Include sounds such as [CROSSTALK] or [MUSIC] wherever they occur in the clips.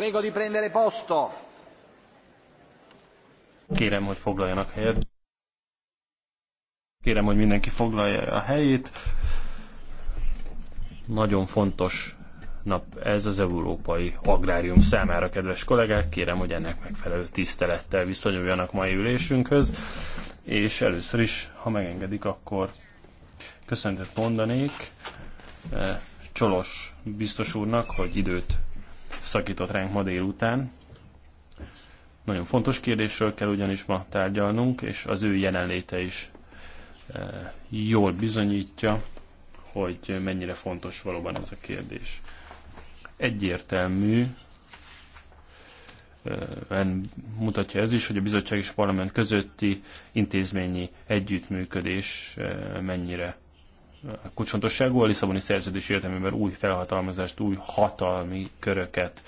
Prego di prendere posto. Kérem, hogy foglaljanak helyet. Kérem, hogy mindenki foglalja a helyét. Nagyon fontos nap ez az Európai Agrárium számára, kedves kollégák. Kérem, hogy ennek megfelelő tisztelettel viszonyuljanak mai ülésünkhöz. És először is, ha megengedik, akkor köszöntet mondanék eh, Csolos biztos úrnak, hogy időt szakított ránk ma délután. Nagyon fontos kérdésről kell ugyanis ma tárgyalnunk, és az ő jelenléte is eh, jól bizonyítja, hogy mennyire fontos valóban ez a kérdés. Egyértelmű, eh, mutatja ez is, hogy a bizottság és a parlament közötti intézményi együttműködés eh, mennyire kulcsfontosságú. A Lisszaboni szerződés értelmében új felhatalmazást, új hatalmi köröket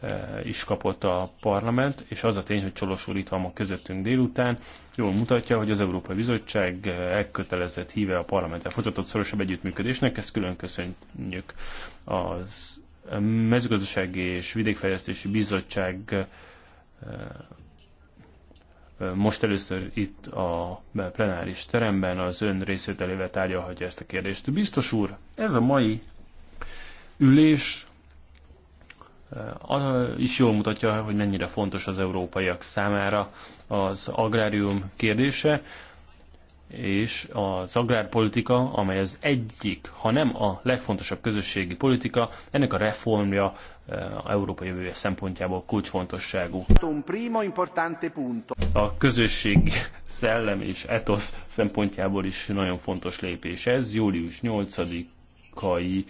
eh, is kapott a parlament, és az a tény, hogy Csolos úr itt van ma közöttünk délután, jól mutatja, hogy az Európai Bizottság eh, elkötelezett híve a parlamenttel folytatott szorosabb együttműködésnek, ezt külön köszönjük az mezőgazdasági és vidékfejlesztési bizottság eh, most először itt a plenáris teremben az ön részvételével tárgyalhatja ezt a kérdést. Biztos úr, ez a mai ülés eh, is jól mutatja, hogy mennyire fontos az európaiak számára az agrárium kérdése, és az agrárpolitika, amely az egyik, ha nem a legfontosabb közösségi politika, ennek a reformja Európa jövője szempontjából kulcsfontosságú. A közösség szellem és etosz szempontjából is nagyon fontos lépés ez. Július 8-ai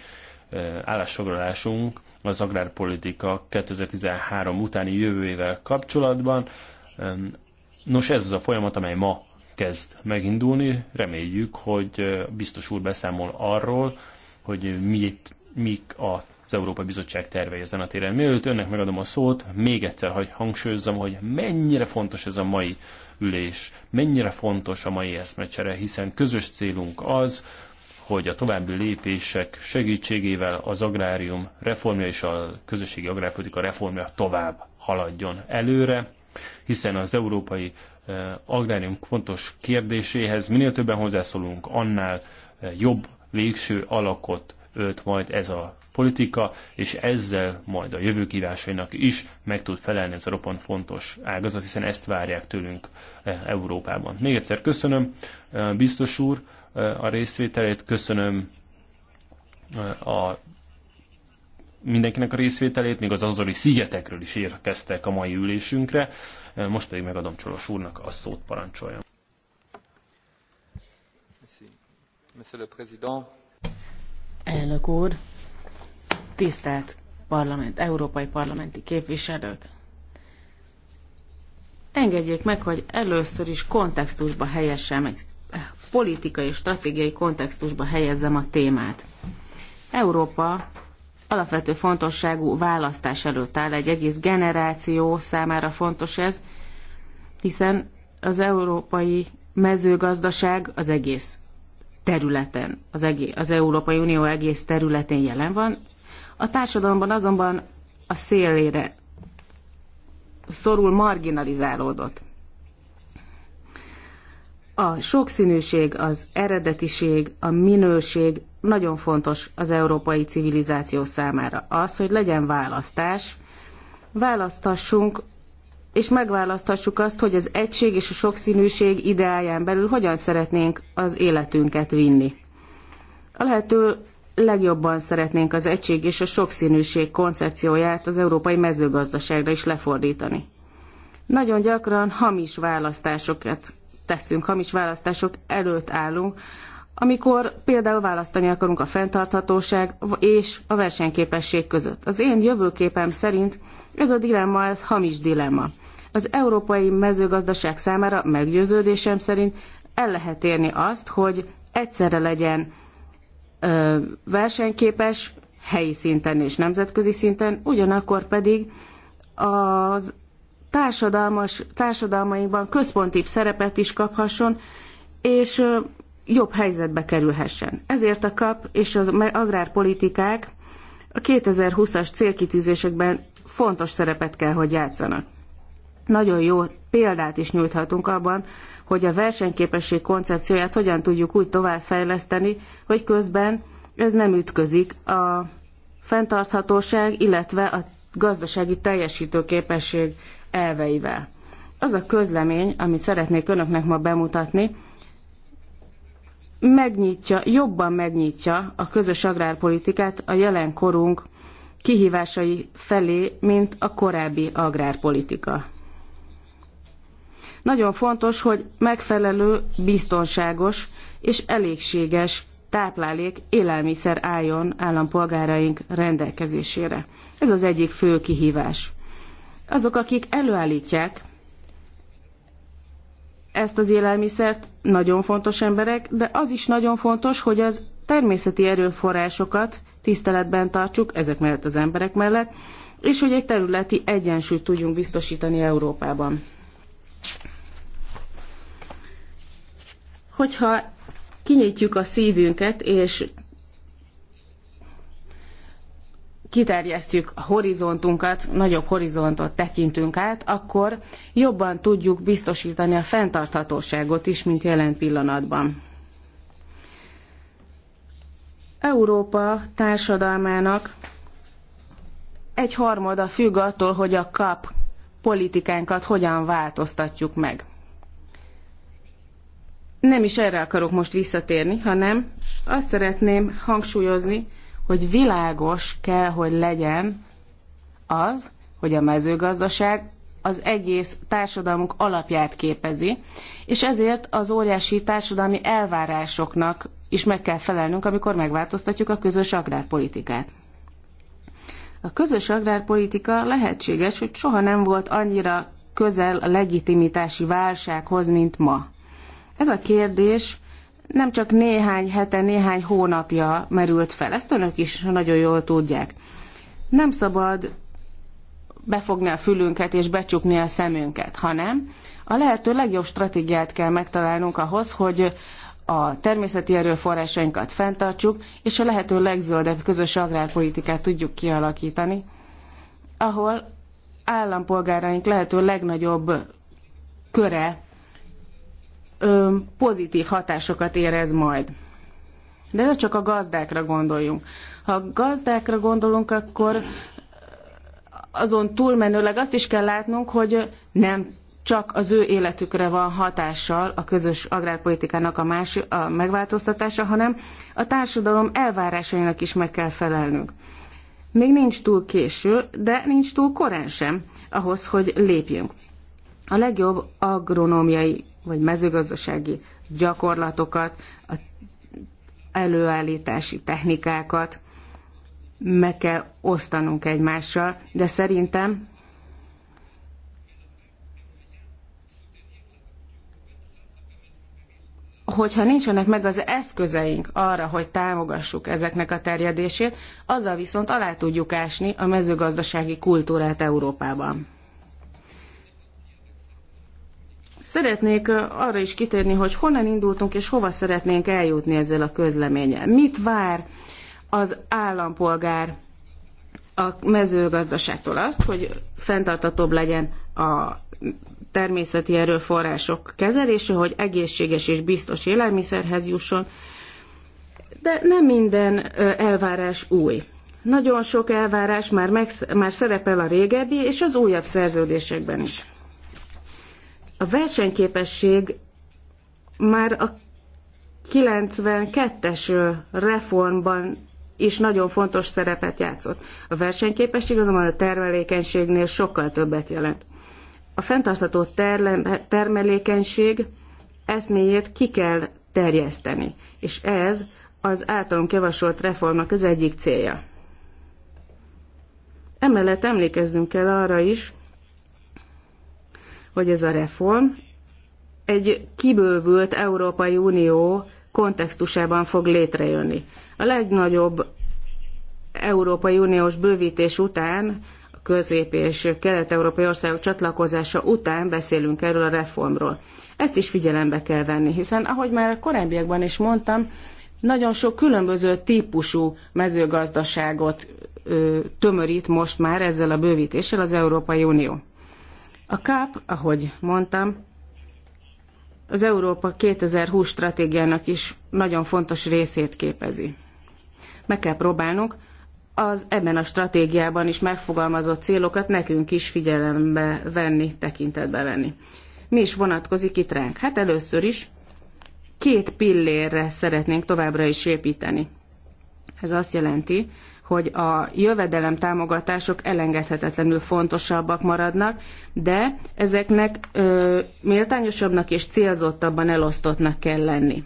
eh, állásfoglalásunk az agrárpolitika 2013 utáni jövőjével kapcsolatban. Nos, ez az a folyamat, amely ma kezd megindulni. Reméljük, hogy eh, biztos úr beszámol arról, hogy mit mik az Európai Bizottság tervei ezen a téren. Mielőtt önnek megadom a szót, még egyszer hagy hangsúlyozzam, hogy mennyire fontos ez a mai ülés, mennyire fontos a mai eszmecsere, hiszen közös célunk az, hogy a további lépések segítségével az agrárium reformja és a közösségi agrárpolitika reformja tovább haladjon előre, hiszen az európai eh, agrárium fontos kérdéséhez minél többen hozzászólunk, annál eh, jobb végső alakot őt majd ez a politika, és ezzel majd a jövő kívásainak is meg tud felelni ez a ropon fontos ágazat, hiszen ezt várják tőlünk eh, Európában. Még egyszer köszönöm eh, biztos úr eh, a részvételét, köszönöm a mindenkinek a részvételét, még az azori szigetekről is érkeztek a mai ülésünkre. Most pedig megadom Csolos úrnak a szót parancsoljon. Monsieur le Président, Elnök úr, tisztelt parlament, európai parlamenti képviselők! Engedjék meg, hogy először is kontextusba helyezzem egy politikai és stratégiai kontextusba helyezzem a témát. Európa alapvető fontosságú választás előtt áll, egy egész generáció számára fontos ez, hiszen az európai mezőgazdaság az egész területen, az, egész, az Európai Unió egész területén jelen van. A társadalomban azonban a szélére szorul marginalizálódott. A sokszínűség, az eredetiség, a minőség nagyon fontos az európai civilizáció számára. Az, hogy legyen választás, választassunk és megválaszthassuk azt, hogy az egység és a sokszínűség ideáján belül hogyan szeretnénk az életünket vinni. A lehető legjobban szeretnénk az egység és a sokszínűség koncepcióját az európai mezőgazdaságra is lefordítani. Nagyon gyakran hamis választásokat teszünk, hamis választások előtt állunk, amikor például választani akarunk a fenntarthatóság és a versenyképesség között. Az én jövőképem szerint ez a dilemma, ez hamis dilemma. Az európai mezőgazdaság számára meggyőződésem szerint el lehet érni azt, hogy egyszerre legyen ö, versenyképes helyi szinten és nemzetközi szinten, ugyanakkor pedig az társadalmas, társadalmainkban központibb szerepet is kaphasson, és ö, jobb helyzetbe kerülhessen. Ezért a kap és az agrárpolitikák a 2020-as célkitűzésekben fontos szerepet kell, hogy játszanak nagyon jó példát is nyújthatunk abban, hogy a versenyképesség koncepcióját hogyan tudjuk úgy továbbfejleszteni, hogy közben ez nem ütközik a fenntarthatóság, illetve a gazdasági teljesítőképesség elveivel. Az a közlemény, amit szeretnék önöknek ma bemutatni, megnyitja, jobban megnyitja a közös agrárpolitikát a jelenkorunk kihívásai felé, mint a korábbi agrárpolitika. Nagyon fontos, hogy megfelelő, biztonságos és elégséges táplálék, élelmiszer álljon állampolgáraink rendelkezésére. Ez az egyik fő kihívás. Azok, akik előállítják ezt az élelmiszert, nagyon fontos emberek, de az is nagyon fontos, hogy az természeti erőforrásokat tiszteletben tartsuk ezek mellett az emberek mellett, és hogy egy területi egyensúlyt tudjunk biztosítani Európában. Hogyha kinyitjuk a szívünket, és kiterjesztjük a horizontunkat, nagyobb horizontot tekintünk át, akkor jobban tudjuk biztosítani a fenntarthatóságot is, mint jelen pillanatban. Európa társadalmának egy harmada függ attól, hogy a kap politikánkat hogyan változtatjuk meg. Nem is erre akarok most visszatérni, hanem azt szeretném hangsúlyozni, hogy világos kell, hogy legyen az, hogy a mezőgazdaság az egész társadalmunk alapját képezi, és ezért az óriási társadalmi elvárásoknak is meg kell felelnünk, amikor megváltoztatjuk a közös agrárpolitikát. A közös agrárpolitika lehetséges, hogy soha nem volt annyira közel a legitimitási válsághoz, mint ma. Ez a kérdés nem csak néhány hete, néhány hónapja merült fel, ezt önök is nagyon jól tudják. Nem szabad befogni a fülünket és becsukni a szemünket, hanem a lehető legjobb stratégiát kell megtalálnunk ahhoz, hogy a természeti erőforrásainkat fenntartsuk, és a lehető legzöldebb közös agrárpolitikát tudjuk kialakítani, ahol állampolgáraink lehető legnagyobb köre ö, pozitív hatásokat érez majd. De ne csak a gazdákra gondoljunk. Ha a gazdákra gondolunk, akkor azon túlmenőleg azt is kell látnunk, hogy nem csak az ő életükre van hatással a közös agrárpolitikának a, más, a megváltoztatása, hanem a társadalom elvárásainak is meg kell felelnünk. Még nincs túl késő, de nincs túl korán sem ahhoz, hogy lépjünk. A legjobb agronómiai vagy mezőgazdasági gyakorlatokat, a előállítási technikákat meg kell osztanunk egymással, de szerintem hogyha nincsenek meg az eszközeink arra, hogy támogassuk ezeknek a terjedését, azzal viszont alá tudjuk ásni a mezőgazdasági kultúrát Európában. Szeretnék arra is kitérni, hogy honnan indultunk és hova szeretnénk eljutni ezzel a közleménnyel. Mit vár az állampolgár a mezőgazdaságtól azt, hogy fenntartatóbb legyen a természeti erőforrások kezelése, hogy egészséges és biztos élelmiszerhez jusson, de nem minden elvárás új. Nagyon sok elvárás már, meg, már szerepel a régebbi és az újabb szerződésekben is. A versenyképesség már a 92-es reformban is nagyon fontos szerepet játszott. A versenyképesség azonban a termelékenységnél sokkal többet jelent. A fenntartható termelékenység eszméjét ki kell terjeszteni, és ez az általunk javasolt reformnak az egyik célja. Emellett emlékeznünk kell arra is, hogy ez a reform egy kibővült Európai Unió kontextusában fog létrejönni. A legnagyobb Európai Uniós bővítés után közép- és kelet-európai országok csatlakozása után beszélünk erről a reformról. Ezt is figyelembe kell venni, hiszen ahogy már a korábbiakban is mondtam, nagyon sok különböző típusú mezőgazdaságot ö, tömörít most már ezzel a bővítéssel az Európai Unió. A KAP, ahogy mondtam, az Európa 2020 stratégiának is nagyon fontos részét képezi. Meg kell próbálnunk az ebben a stratégiában is megfogalmazott célokat nekünk is figyelembe venni, tekintetbe venni. Mi is vonatkozik itt ránk? Hát először is két pillérre szeretnénk továbbra is építeni. Ez azt jelenti, hogy a jövedelem támogatások elengedhetetlenül fontosabbak maradnak, de ezeknek ö, méltányosabbnak és célzottabban elosztottnak kell lenni.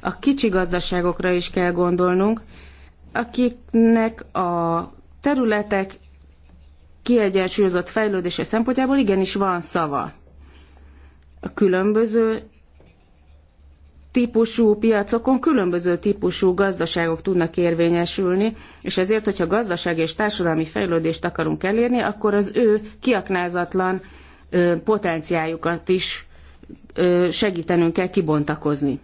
A kicsi gazdaságokra is kell gondolnunk, akiknek a területek kiegyensúlyozott fejlődése szempontjából igenis van szava. A különböző típusú piacokon különböző típusú gazdaságok tudnak érvényesülni, és ezért, hogyha gazdasági és társadalmi fejlődést akarunk elérni, akkor az ő kiaknázatlan ö, potenciájukat is ö, segítenünk kell kibontakozni.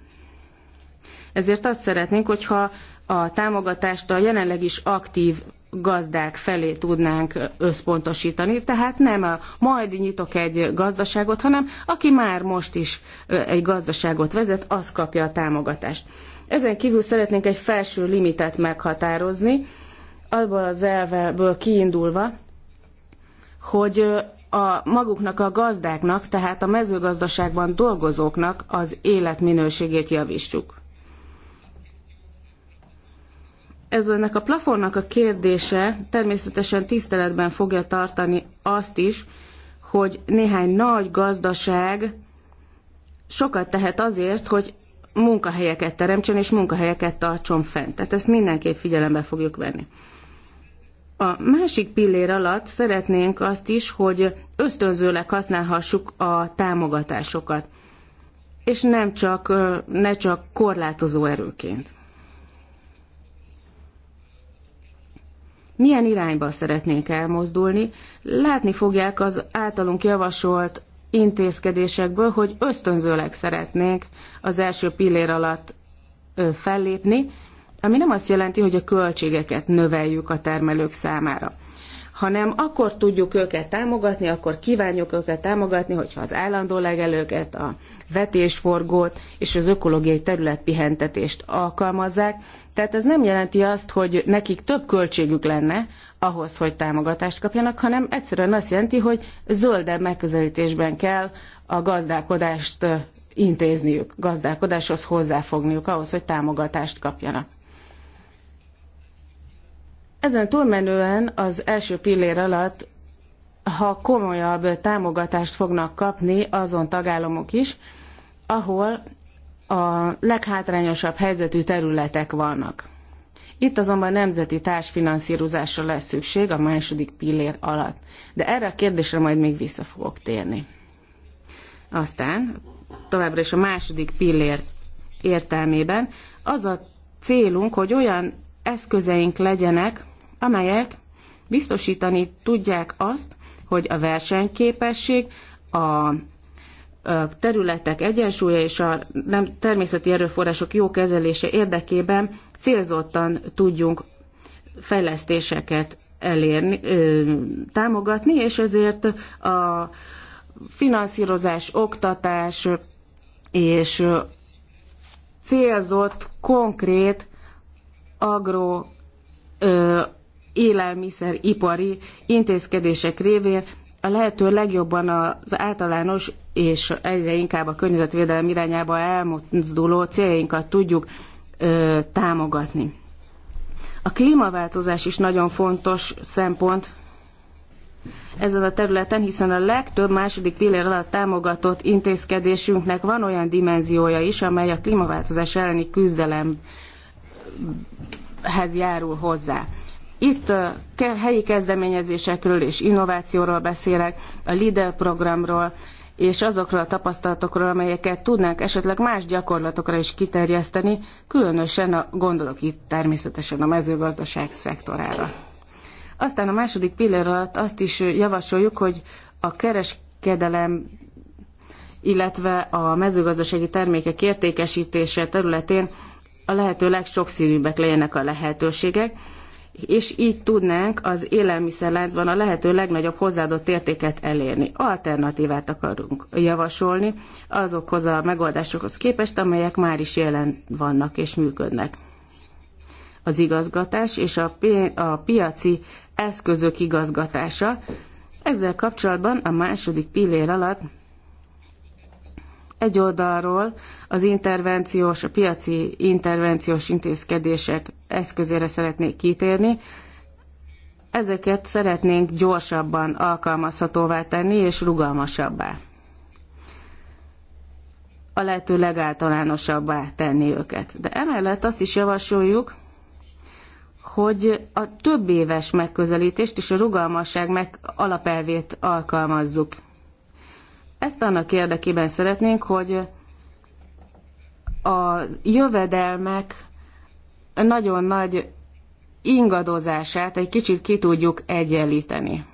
Ezért azt szeretnénk, hogyha a támogatást a jelenleg is aktív gazdák felé tudnánk összpontosítani. Tehát nem a majd nyitok egy gazdaságot, hanem aki már most is egy gazdaságot vezet, az kapja a támogatást. Ezen kívül szeretnénk egy felső limitet meghatározni, abból az elveből kiindulva, hogy a maguknak a gazdáknak, tehát a mezőgazdaságban dolgozóknak az életminőségét javítsuk. ez ennek a plafonnak a kérdése természetesen tiszteletben fogja tartani azt is, hogy néhány nagy gazdaság sokat tehet azért, hogy munkahelyeket teremtsen és munkahelyeket tartson fent. Tehát ezt mindenképp figyelembe fogjuk venni. A másik pillér alatt szeretnénk azt is, hogy ösztönzőleg használhassuk a támogatásokat, és nem csak, ne csak korlátozó erőként. milyen irányba szeretnénk elmozdulni, látni fogják az általunk javasolt intézkedésekből, hogy ösztönzőleg szeretnénk az első pillér alatt fellépni, ami nem azt jelenti, hogy a költségeket növeljük a termelők számára hanem akkor tudjuk őket támogatni, akkor kívánjuk őket támogatni, hogyha az állandó legelőket, a vetésforgót és az ökológiai területpihentetést alkalmazzák. Tehát ez nem jelenti azt, hogy nekik több költségük lenne ahhoz, hogy támogatást kapjanak, hanem egyszerűen azt jelenti, hogy zöldebb megközelítésben kell a gazdálkodást intézniük, gazdálkodáshoz hozzáfogniuk ahhoz, hogy támogatást kapjanak. Ezen túlmenően az első pillér alatt, ha komolyabb támogatást fognak kapni azon tagállamok is, ahol a leghátrányosabb helyzetű területek vannak. Itt azonban nemzeti társfinanszírozásra lesz szükség a második pillér alatt. De erre a kérdésre majd még vissza fogok térni. Aztán továbbra is a második pillér értelmében az a célunk, hogy olyan eszközeink legyenek, amelyek biztosítani tudják azt, hogy a versenyképesség, a területek egyensúlya és a nem természeti erőforrások jó kezelése érdekében célzottan tudjunk fejlesztéseket elérni, támogatni, és ezért a finanszírozás, oktatás és célzott, konkrét agro élelmiszeripari intézkedések révén a lehető legjobban az általános és egyre inkább a környezetvédelem irányába elmozduló céljainkat tudjuk ö, támogatni. A klímaváltozás is nagyon fontos szempont ezen a területen, hiszen a legtöbb második pillér alatt támogatott intézkedésünknek van olyan dimenziója is, amely a klímaváltozás elleni küzdelemhez járul hozzá. Itt helyi kezdeményezésekről és innovációról beszélek, a LIDER programról, és azokról a tapasztalatokról, amelyeket tudnánk esetleg más gyakorlatokra is kiterjeszteni, különösen a, gondolok itt természetesen a mezőgazdaság szektorára. Aztán a második pillér alatt azt is javasoljuk, hogy a kereskedelem, illetve a mezőgazdasági termékek értékesítése területén a lehető legsokszínűbbek legyenek a lehetőségek, és így tudnánk az élelmiszerláncban a lehető legnagyobb hozzáadott értéket elérni. Alternatívát akarunk javasolni azokhoz a megoldásokhoz képest, amelyek már is jelen vannak és működnek. Az igazgatás és a, pi- a piaci eszközök igazgatása. Ezzel kapcsolatban a második pillér alatt egy oldalról az intervenciós, a piaci intervenciós intézkedések eszközére szeretnék kitérni. Ezeket szeretnénk gyorsabban alkalmazhatóvá tenni és rugalmasabbá. A lehető legáltalánosabbá tenni őket. De emellett azt is javasoljuk, hogy a több éves megközelítést és a rugalmasság meg alapelvét alkalmazzuk ezt annak érdekében szeretnénk, hogy a jövedelmek nagyon nagy ingadozását egy kicsit ki tudjuk egyenlíteni.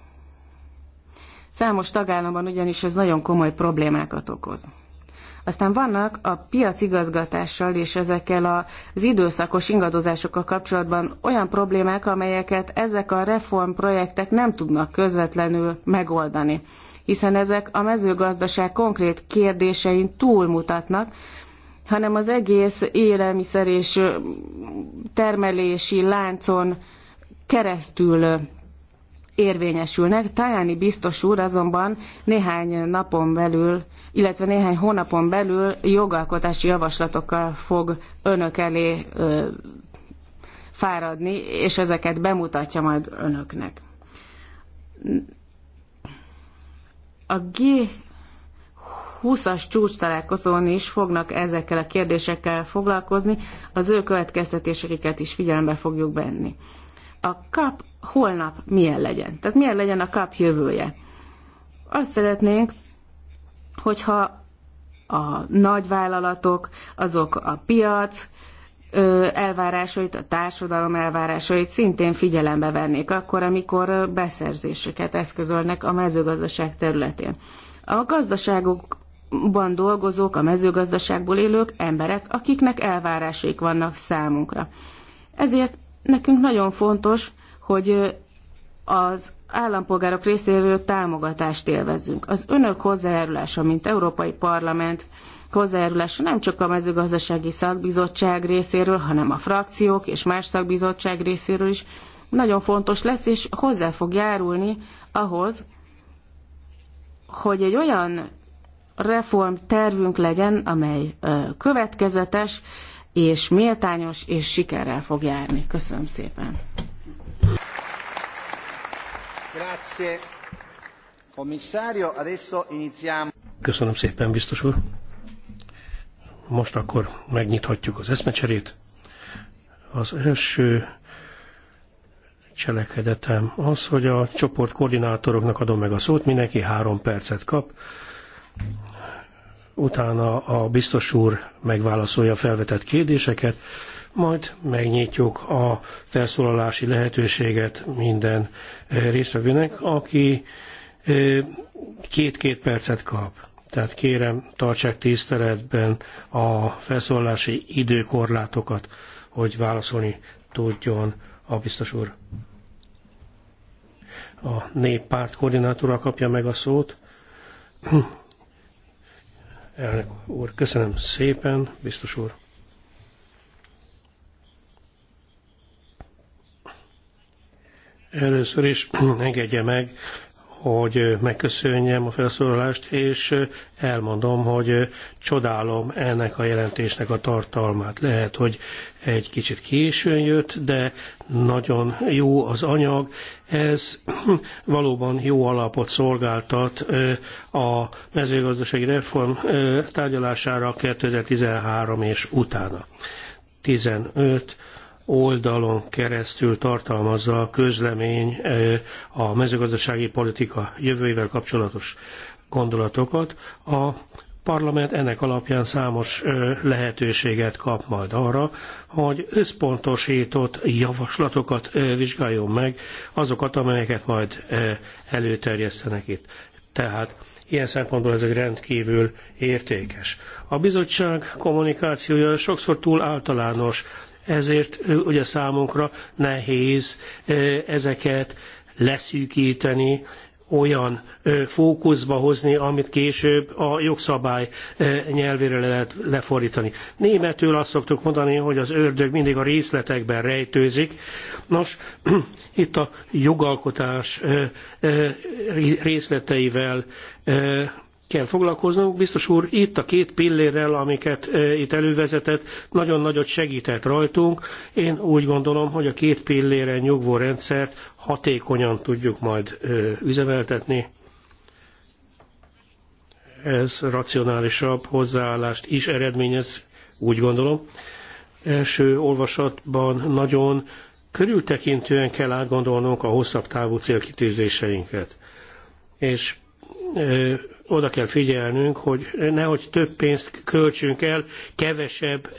Számos tagállamban ugyanis ez nagyon komoly problémákat okoz. Aztán vannak a piacigazgatással és ezekkel az időszakos ingadozásokkal kapcsolatban olyan problémák, amelyeket ezek a reformprojektek nem tudnak közvetlenül megoldani, hiszen ezek a mezőgazdaság konkrét kérdésein túlmutatnak, hanem az egész élelmiszer és termelési láncon keresztül érvényesülnek. Tajani biztos úr azonban néhány napon belül, illetve néhány hónapon belül jogalkotási javaslatokkal fog önök elé ö, fáradni, és ezeket bemutatja majd önöknek. A G20-as csúcs találkozón is fognak ezekkel a kérdésekkel foglalkozni, az ő következtetéseiket is figyelembe fogjuk venni a kap holnap milyen legyen. Tehát milyen legyen a kap jövője. Azt szeretnénk, hogyha a nagyvállalatok, azok a piac elvárásait, a társadalom elvárásait szintén figyelembe vennék akkor, amikor beszerzéseket eszközölnek a mezőgazdaság területén. A gazdaságokban dolgozók, a mezőgazdaságból élők emberek, akiknek elvárásaik vannak számunkra. Ezért Nekünk nagyon fontos, hogy az állampolgárok részéről támogatást élvezünk. Az önök hozzájárulása, mint Európai Parlament hozzájárulása nem csak a mezőgazdasági szakbizottság részéről, hanem a frakciók és más szakbizottság részéről is nagyon fontos lesz, és hozzá fog járulni ahhoz, hogy egy olyan reformtervünk legyen, amely következetes, és méltányos és sikerrel fog járni. Köszönöm szépen. Grazie. adesso iniziamo. Köszönöm szépen, biztos úr. Most akkor megnyithatjuk az eszmecserét. Az első cselekedetem az, hogy a csoport koordinátoroknak adom meg a szót, mindenki három percet kap utána a biztos úr megválaszolja a felvetett kérdéseket, majd megnyitjuk a felszólalási lehetőséget minden eh, résztvevőnek, aki eh, két-két percet kap. Tehát kérem, tartsák tiszteletben a felszólalási időkorlátokat, hogy válaszolni tudjon a biztos úr. A néppárt koordinátora kapja meg a szót. Elnök úr, köszönöm szépen, biztos úr. Először is [CLEARS THROAT] engedje meg, hogy megköszönjem a felszólalást, és elmondom, hogy csodálom ennek a jelentésnek a tartalmát. Lehet, hogy egy kicsit későn jött, de nagyon jó az anyag. Ez [CLEARS THROAT] valóban jó alapot szolgáltat a mezőgazdasági reform tárgyalására 2013 és utána. 15 oldalon keresztül tartalmazza a közlemény a mezőgazdasági politika jövőjével kapcsolatos gondolatokat. A parlament ennek alapján számos lehetőséget kap majd arra, hogy összpontosított javaslatokat vizsgáljon meg, azokat, amelyeket majd előterjesztenek itt. Tehát ilyen szempontból ez egy rendkívül értékes. A bizottság kommunikációja sokszor túl általános, ezért ugye számunkra nehéz ezeket leszűkíteni, olyan fókuszba hozni, amit később a jogszabály nyelvére le lehet lefordítani. Németül azt szoktuk mondani, hogy az ördög mindig a részletekben rejtőzik. Nos, [CLEARS THROAT] itt a jogalkotás részleteivel kell foglalkoznunk. Biztos úr, itt a két pillérrel, amiket e, itt elővezetett, nagyon nagyot segített rajtunk. Én úgy gondolom, hogy a két pilléren nyugvó rendszert hatékonyan tudjuk majd e, üzemeltetni. Ez racionálisabb hozzáállást is eredményez, úgy gondolom. Első olvasatban nagyon körültekintően kell átgondolnunk a hosszabb távú célkitűzéseinket. És e, oda kell figyelnünk, hogy nehogy több pénzt költsünk el kevesebb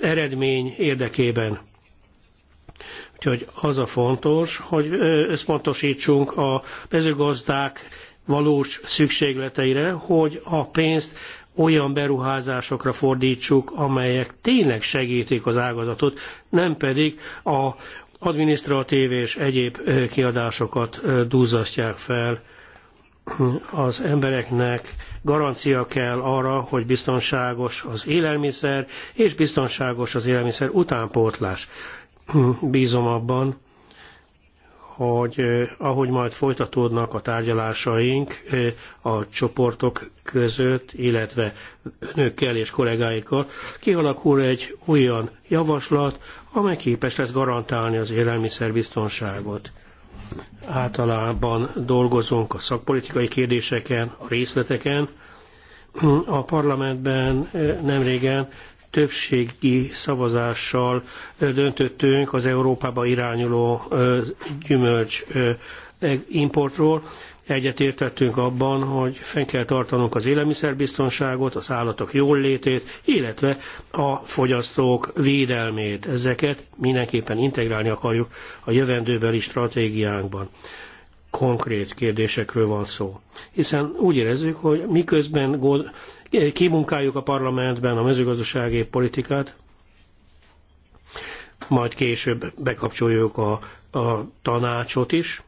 eredmény érdekében. Úgyhogy az a fontos, hogy összpontosítsunk a mezőgazdák valós szükségleteire, hogy a pénzt olyan beruházásokra fordítsuk, amelyek tényleg segítik az ágazatot, nem pedig a adminisztratív és egyéb kiadásokat duzzasztják fel az embereknek garancia kell arra, hogy biztonságos az élelmiszer, és biztonságos az élelmiszer utánpótlás. Bízom abban, hogy eh, ahogy majd folytatódnak a tárgyalásaink eh, a csoportok között, illetve önökkel és kollégáikkal, kialakul egy olyan javaslat, amely képes lesz garantálni az biztonságot általában dolgozunk a szakpolitikai kérdéseken, a részleteken. A parlamentben eh, nem régen többségi szavazással eh, döntöttünk az Európába irányuló eh, gyümölcs importról egyetértettünk abban, hogy fenn kell tartanunk az élelmiszerbiztonságot, az állatok jólétét, illetve a fogyasztók védelmét. Ezeket mindenképpen integrálni akarjuk a jövendőbeli stratégiánkban. Konkrét kérdésekről van szó. Hiszen úgy érezzük, hogy miközben gond, kimunkáljuk a parlamentben a mezőgazdasági politikát, majd később bekapcsoljuk a, a tanácsot is,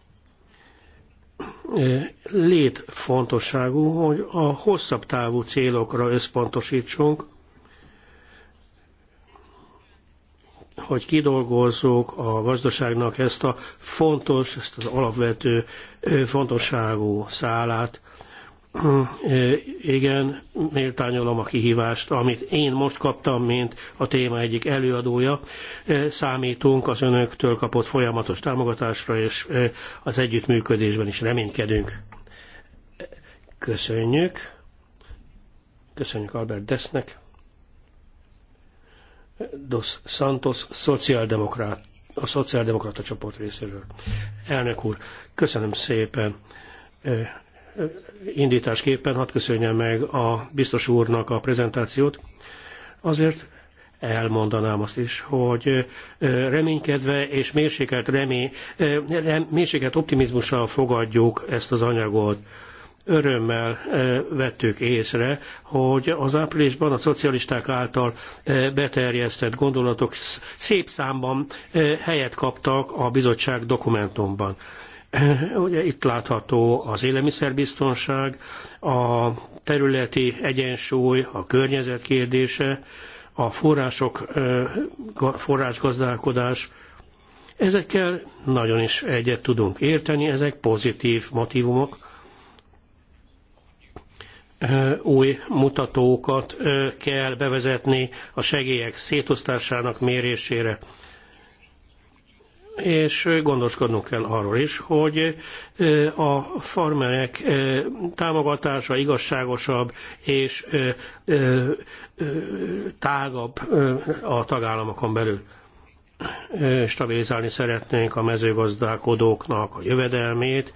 létfontosságú, hogy a hosszabb távú célokra összpontosítsunk, hogy kidolgozzuk a gazdaságnak ezt a fontos, ezt az alapvető fontosságú szálát, igen, méltányolom a kihívást, amit én most kaptam, mint a téma egyik előadója. Számítunk az önöktől kapott folyamatos támogatásra, és az együttműködésben is reménykedünk. Köszönjük. Köszönjük Albert Desznek. Dos Santos, szociáldemokrát, a szociáldemokrata csoport részéről. Elnök úr, köszönöm szépen indításképpen hadd köszönjem meg a biztos úrnak a prezentációt. Azért elmondanám azt is, hogy reménykedve és mérsékelt, remény, mérsékelt optimizmussal fogadjuk ezt az anyagot. Örömmel vettük észre, hogy az áprilisban a szocialisták által beterjesztett gondolatok szép számban helyet kaptak a bizottság dokumentumban. [CLEARS THROAT] Ugye itt látható az élelmiszerbiztonság, a területi egyensúly, a környezet kérdése, a források, forrásgazdálkodás. Ezekkel nagyon is egyet tudunk érteni, ezek pozitív motivumok. Új mutatókat kell bevezetni a segélyek szétosztásának mérésére és gondoskodnunk kell arról is, hogy a farmerek támogatása igazságosabb és tágabb a tagállamokon belül. Stabilizálni szeretnénk a mezőgazdálkodóknak a jövedelmét,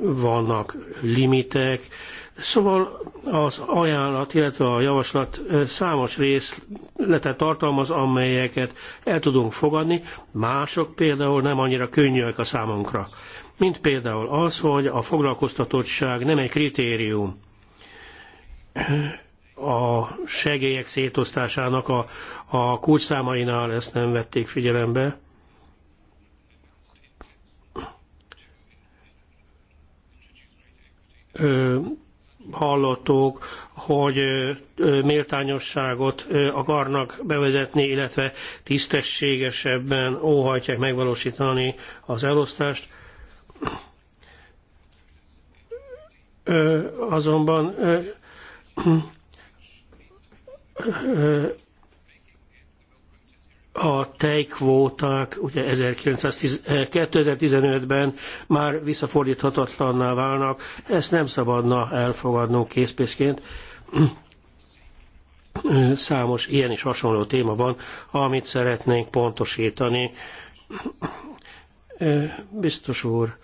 vannak limitek, szóval az ajánlat, illetve a javaslat számos részletet tartalmaz, amelyeket el tudunk fogadni, mások például nem annyira könnyűek a számunkra. Mint például az, hogy a foglalkoztatottság nem egy kritérium a segélyek szétosztásának a, a kulcsszámainál ezt nem vették figyelembe, hallottuk, hogy méltányosságot akarnak bevezetni, illetve tisztességesebben óhajtják megvalósítani az elosztást. Azonban a tejkvóták ugye 2015-ben eh, már visszafordíthatatlanná válnak, ezt nem szabadna elfogadnunk készpészként. [CLEARS THROAT] Számos ilyen is hasonló téma van, amit szeretnénk pontosítani. Eh, biztos úr,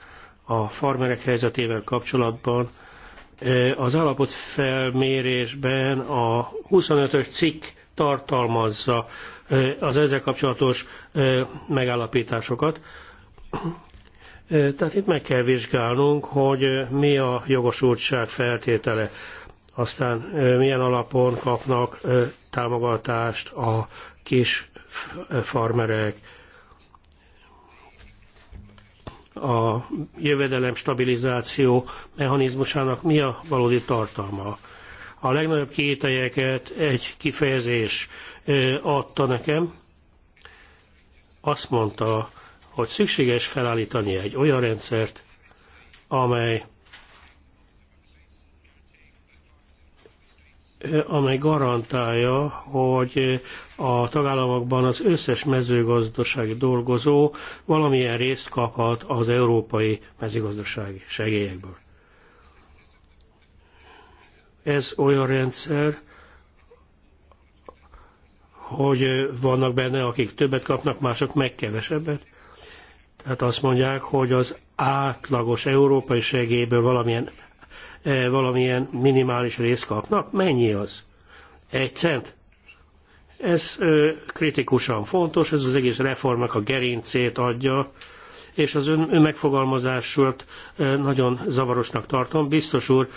a farmerek helyzetével kapcsolatban eh, az alapot felmérésben a 25-ös cikk tartalmazza az ezzel kapcsolatos megállapításokat. Tehát itt meg kell vizsgálnunk, hogy mi a jogosultság feltétele, aztán milyen alapon kapnak támogatást a kis farmerek, a jövedelem stabilizáció mechanizmusának mi a valódi tartalma. A legnagyobb kételyeket egy kifejezés adta nekem. Azt mondta, hogy szükséges felállítani egy olyan rendszert, amely amely garantálja, hogy a tagállamokban az összes mezőgazdasági dolgozó valamilyen részt kaphat az európai mezőgazdasági segélyekből. Ez olyan rendszer, hogy vannak benne, akik többet kapnak, mások meg kevesebbet. Tehát azt mondják, hogy az átlagos európai segélyből valamilyen, valamilyen minimális részt kapnak. Mennyi az? Egy cent? Ez kritikusan fontos, ez az egész reformnak a gerincét adja, és az ön, ön megfogalmazását nagyon zavarosnak tartom. Biztos úr,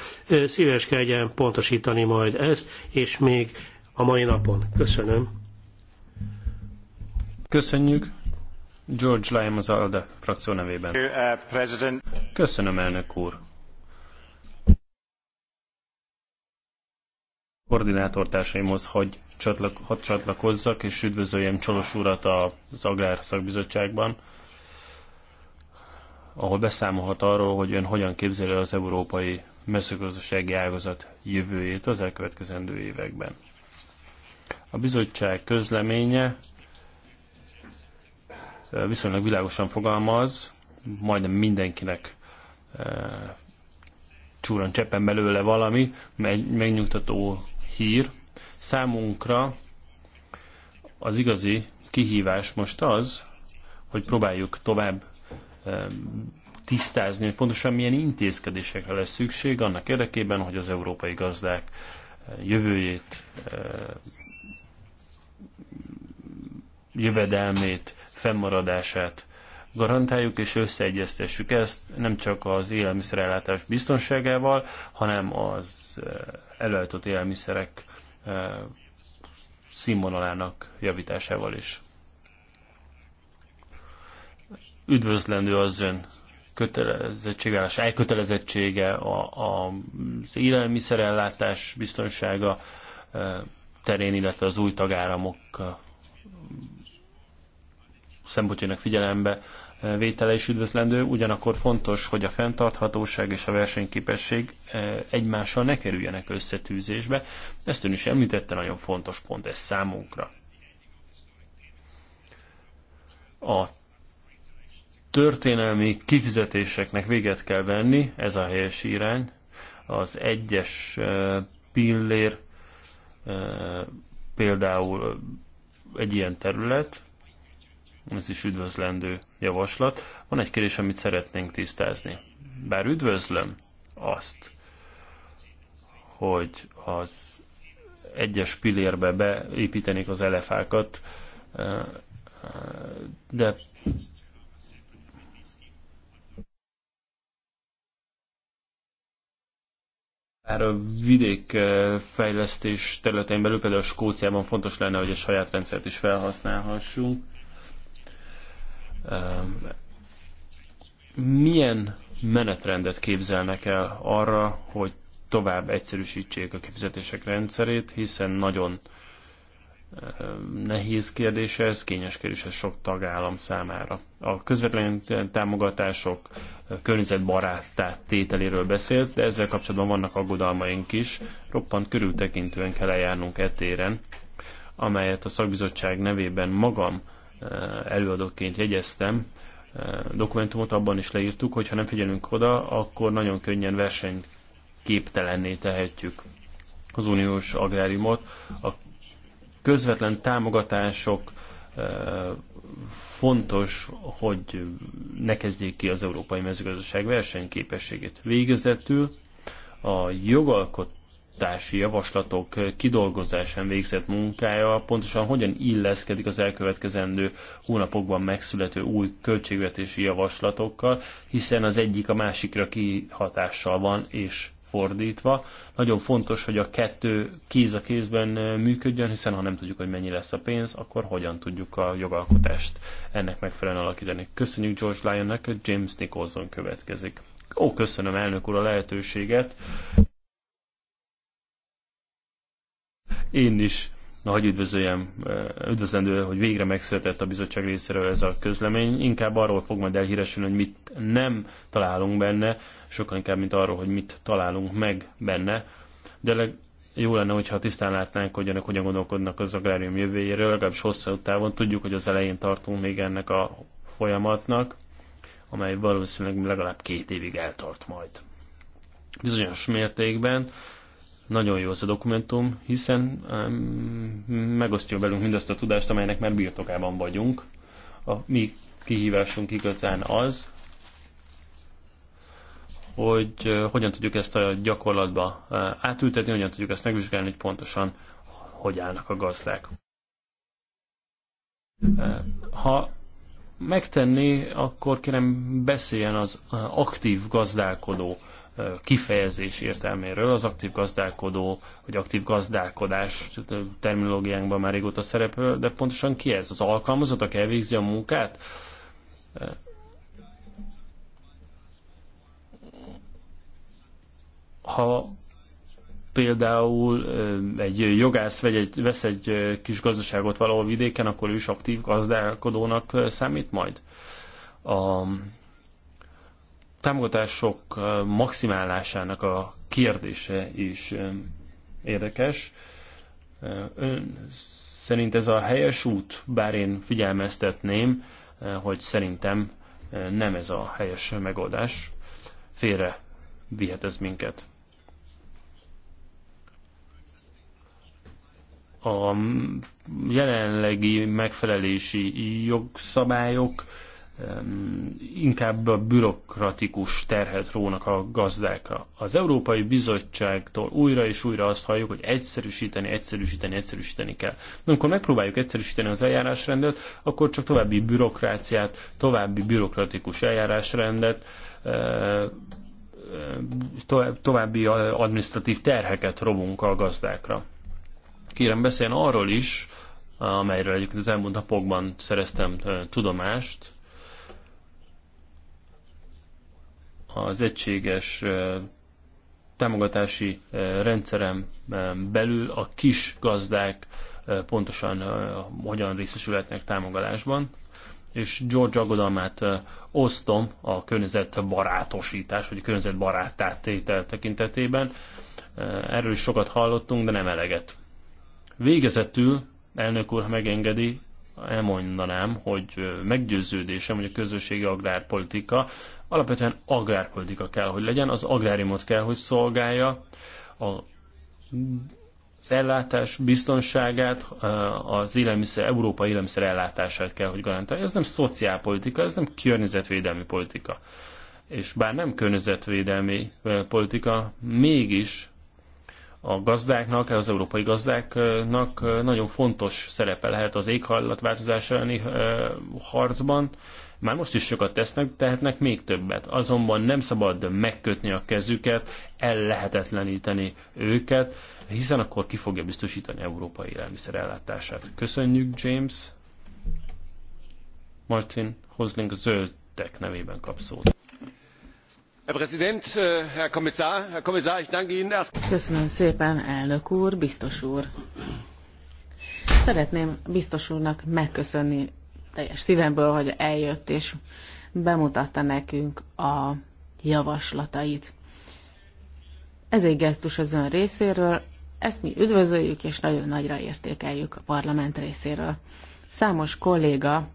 szíveskedjen pontosítani majd ezt, és még a mai napon. Köszönöm. Köszönjük. George Lyon az ALDE frakció nevében. Uh, Köszönöm, elnök úr. koordinátortársaimhoz, hogy csatlak, hadd csatlakozzak, és üdvözöljem Csolos urat az Agrár Szakbizottságban ahol beszámolhat arról, hogy ön hogyan képzeli az európai mezőgazdasági ágazat jövőjét az elkövetkezendő években. A bizottság közleménye e, viszonylag világosan fogalmaz, majdnem mindenkinek e, csúran cseppen belőle valami, megnyugtató hír. Számunkra az igazi kihívás most az, hogy próbáljuk tovább Ehm, tisztázni, hogy pontosan milyen intézkedésekre lesz szükség annak érdekében, hogy az európai gazdák eh, jövőjét, eh, jövedelmét, fennmaradását garantáljuk és összeegyeztessük ezt nem csak az élelmiszerellátás biztonságával, hanem az eh, előállított élelmiszerek színvonalának javításával is üdvözlendő az ön kötelezettségvállás, elkötelezettsége, a, a, az élelmiszerellátás biztonsága e, terén, illetve az új tagállamok e, szempontjának figyelembe e, vétele is üdvözlendő, ugyanakkor fontos, hogy a fenntarthatóság és a versenyképesség egymással ne kerüljenek összetűzésbe. Ezt ön is említette, nagyon fontos pont ez számunkra. A történelmi kifizetéseknek véget kell venni, ez a helyes irány, az egyes eh, pillér eh, például egy ilyen terület, ez is üdvözlendő javaslat. Van egy kérdés, amit szeretnénk tisztázni. Bár üdvözlöm azt, hogy az egyes pillérbe beépítenék az elefákat, eh, de a vidékfejlesztés eh, területein belül, például Skóciában fontos lenne, hogy a saját rendszert is felhasználhassunk. Eh, milyen menetrendet képzelnek el arra, hogy tovább egyszerűsítsék a kifizetések rendszerét, hiszen nagyon nehéz kérdés ez, kényes kérdés ez sok tagállam számára. A közvetlen támogatások környezetbaráttá tételéről beszélt, de ezzel kapcsolatban vannak aggodalmaink is. Roppant körültekintően kell eljárnunk etéren, amelyet a szakbizottság nevében magam eh, előadóként jegyeztem, eh, dokumentumot abban is leírtuk, hogy ha nem figyelünk oda, akkor nagyon könnyen versenyképtelenné tehetjük az uniós agráriumot a közvetlen támogatások fontos, hogy ne kezdjék ki az európai mezőgazdaság versenyképességét. Végezetül a jogalkotási javaslatok kidolgozásán végzett munkája pontosan hogyan illeszkedik az elkövetkezendő hónapokban megszülető új költségvetési javaslatokkal, hiszen az egyik a másikra kihatással van, és fordítva. Nagyon fontos, hogy a kettő kéz a kézben működjön, hiszen ha nem tudjuk, hogy mennyi lesz a pénz, akkor hogyan tudjuk a jogalkotást ennek megfelelően alakítani. Köszönjük George Lyonnek, James Nicholson következik. Ó, köszönöm elnök úr a lehetőséget. Én is Na, hogy üdvözöljem, üdvözlendő, hogy végre megszületett a bizottság részéről ez a közlemény. Inkább arról fog majd elhíresülni, hogy mit nem találunk benne, sokkal inkább, mint arról, hogy mit találunk meg benne. De leg, jó lenne, hogyha tisztán látnánk, hogy önök hogyan gondolkodnak az agrárium jövőjéről, legalábbis hosszú távon tudjuk, hogy az elején tartunk még ennek a folyamatnak, amely valószínűleg legalább két évig eltart majd. Bizonyos mértékben nagyon jó az a dokumentum, hiszen megosztja velünk mindazt a tudást, amelynek már birtokában vagyunk. A mi kihívásunk igazán az, hogy hogyan tudjuk ezt a gyakorlatba átültetni, hogyan tudjuk ezt megvizsgálni, hogy pontosan hogy állnak a gazdák. Ha megtenni, akkor kérem beszéljen az aktív gazdálkodó kifejezés értelméről. Az aktív gazdálkodó, vagy aktív gazdálkodás terminológiánkban már régóta szerepel, de pontosan ki ez? Az alkalmazott, aki elvégzi a munkát? Ha például egy jogász vagy egy, vesz egy kis gazdaságot valahol vidéken, akkor ő is aktív gazdálkodónak számít majd. A támogatások maximálásának a kérdése is érdekes. Ön szerint ez a helyes út, bár én figyelmeztetném, hogy szerintem nem ez a helyes megoldás. Félre vihet ez minket. A jelenlegi megfelelési jogszabályok inkább a bürokratikus terhet rónak a gazdákra. Az Európai Bizottságtól újra és újra azt halljuk, hogy egyszerűsíteni, egyszerűsíteni, egyszerűsíteni kell. De amikor megpróbáljuk egyszerűsíteni az eljárásrendet, akkor csak további bürokráciát, további bürokratikus eljárásrendet, e, e, további e, administratív terheket rovunk a gazdákra. Kérem beszéljen arról is, amelyről egyébként az elmúlt napokban szereztem tudomást, az egységes támogatási rendszerem belül a kis gazdák pontosan hogyan részesülhetnek támogatásban, és George aggodalmát osztom a környezetbarátosítás, vagy környezetbaráttá tétel tekintetében. Erről is sokat hallottunk, de nem eleget. Végezetül, elnök úr, ha megengedi, elmondanám, hogy meggyőződésem, hogy a közösségi agrárpolitika alapvetően agrárpolitika kell, hogy legyen, az agráriumot kell, hogy szolgálja, a, az ellátás biztonságát, az élelmiszer, Európa élelmiszer ellátását kell, hogy garantálja. Ez nem szociálpolitika, ez nem környezetvédelmi politika. És bár nem környezetvédelmi politika, mégis a gazdáknak, az európai gazdáknak nagyon fontos szerepe lehet az éghajlatváltozás elleni harcban. Már most is sokat tesznek, tehetnek még többet. Azonban nem szabad megkötni a kezüket, ellehetetleníteni őket, hiszen akkor ki fogja biztosítani európai élelmiszer ellátását. Köszönjük, James. Martin Hosling zöldek nevében kap szót. Äh, Köszönöm szépen, elnök úr, biztos úr. Szeretném biztos úrnak megköszönni teljes szívemből, hogy eljött és bemutatta nekünk a javaslatait. Ez egy gesztus az ön részéről, ezt mi üdvözöljük és nagyon nagyra értékeljük a parlament részéről. Számos kolléga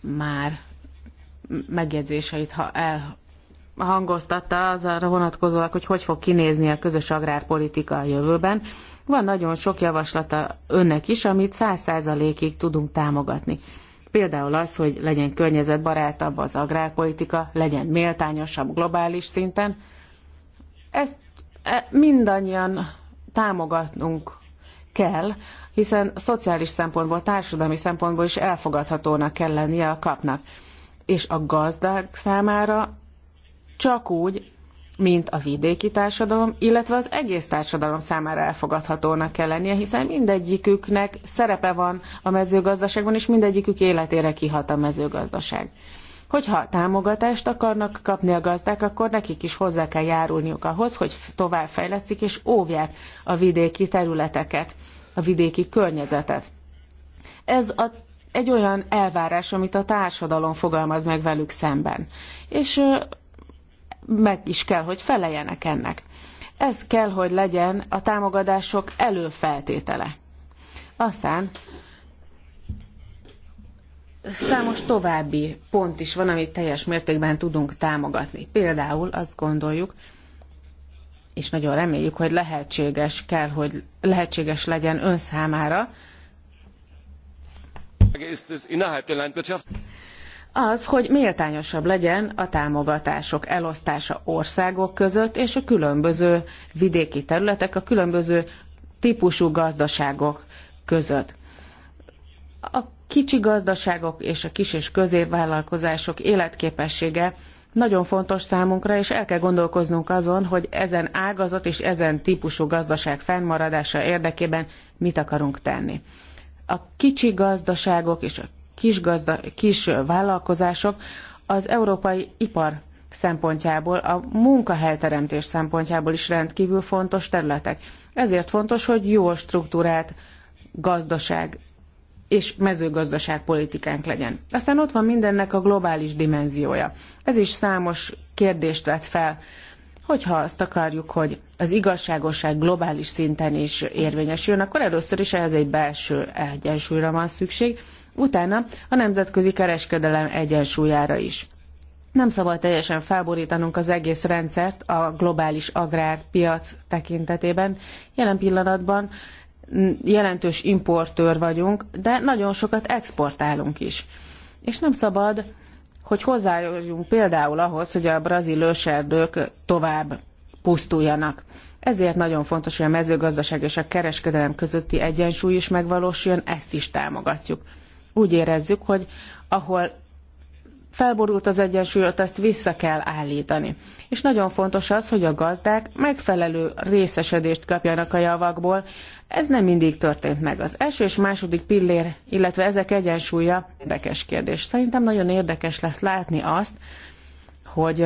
már megjegyzéseit ha el hangoztatta az arra vonatkozólag, hogy hogy fog kinézni a közös agrárpolitika a jövőben. Van nagyon sok javaslata önnek is, amit száz százalékig tudunk támogatni. Például az, hogy legyen környezetbarátabb az agrárpolitika, legyen méltányosabb globális szinten. Ezt e, mindannyian támogatnunk kell, hiszen szociális szempontból, társadalmi szempontból is elfogadhatónak kell lennie a kapnak. És a gazdák számára csak úgy, mint a vidéki társadalom, illetve az egész társadalom számára elfogadhatónak kell lennie, hiszen mindegyiküknek szerepe van a mezőgazdaságban, és mindegyikük életére kihat a mezőgazdaság. Hogyha támogatást akarnak kapni a gazdák, akkor nekik is hozzá kell járulniuk ahhoz, hogy továbbfejlesztik és óvják a vidéki területeket, a vidéki környezetet. Ez a egy olyan elvárás, amit a társadalom fogalmaz meg velük szemben. És meg is kell, hogy feleljenek ennek. Ez kell, hogy legyen a támogatások előfeltétele. Aztán számos további pont is van, amit teljes mértékben tudunk támogatni. Például azt gondoljuk, és nagyon reméljük, hogy lehetséges kell, hogy lehetséges legyen ön számára, az, hogy méltányosabb legyen a támogatások elosztása országok között és a különböző vidéki területek, a különböző típusú gazdaságok között. A kicsi gazdaságok és a kis és középvállalkozások életképessége nagyon fontos számunkra, és el kell gondolkoznunk azon, hogy ezen ágazat és ezen típusú gazdaság fennmaradása érdekében mit akarunk tenni. A kicsi gazdaságok és a kis, gazda, kis vállalkozások az európai ipar szempontjából, a munkahelyteremtés szempontjából is rendkívül fontos területek. Ezért fontos, hogy jól struktúrált gazdaság és mezőgazdaság politikánk legyen. Aztán ott van mindennek a globális dimenziója. Ez is számos kérdést vet fel, hogyha azt akarjuk, hogy az igazságosság globális szinten is érvényesüljön, akkor először is ehhez egy belső egyensúlyra van szükség, utána a nemzetközi kereskedelem egyensúlyára is. Nem szabad teljesen felborítanunk az egész rendszert a globális agrárpiac tekintetében. Jelen pillanatban jelentős importőr vagyunk, de nagyon sokat exportálunk is. És nem szabad, hogy hozzájuljunk például ahhoz, hogy a brazil őserdők tovább pusztuljanak. Ezért nagyon fontos, hogy a mezőgazdaság és a kereskedelem közötti egyensúly is megvalósuljon, ezt is támogatjuk úgy érezzük, hogy ahol felborult az ott ezt vissza kell állítani. És nagyon fontos az, hogy a gazdák megfelelő részesedést kapjanak a javakból. Ez nem mindig történt meg. Az első és második pillér, illetve ezek egyensúlya érdekes kérdés. Szerintem nagyon érdekes lesz látni azt, hogy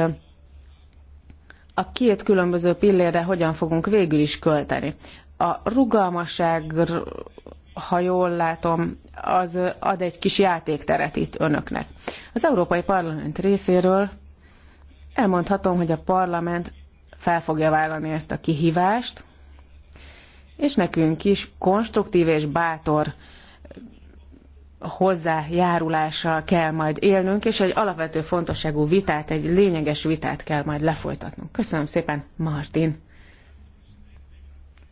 a két különböző pillérre hogyan fogunk végül is költeni. A rugalmasság ha jól látom, az ad egy kis játékteret itt önöknek. Az Európai Parlament részéről elmondhatom, hogy a parlament fel fogja vállalni ezt a kihívást, és nekünk is konstruktív és bátor hozzájárulással kell majd élnünk, és egy alapvető fontosságú vitát, egy lényeges vitát kell majd lefolytatnunk. Köszönöm szépen, Martin!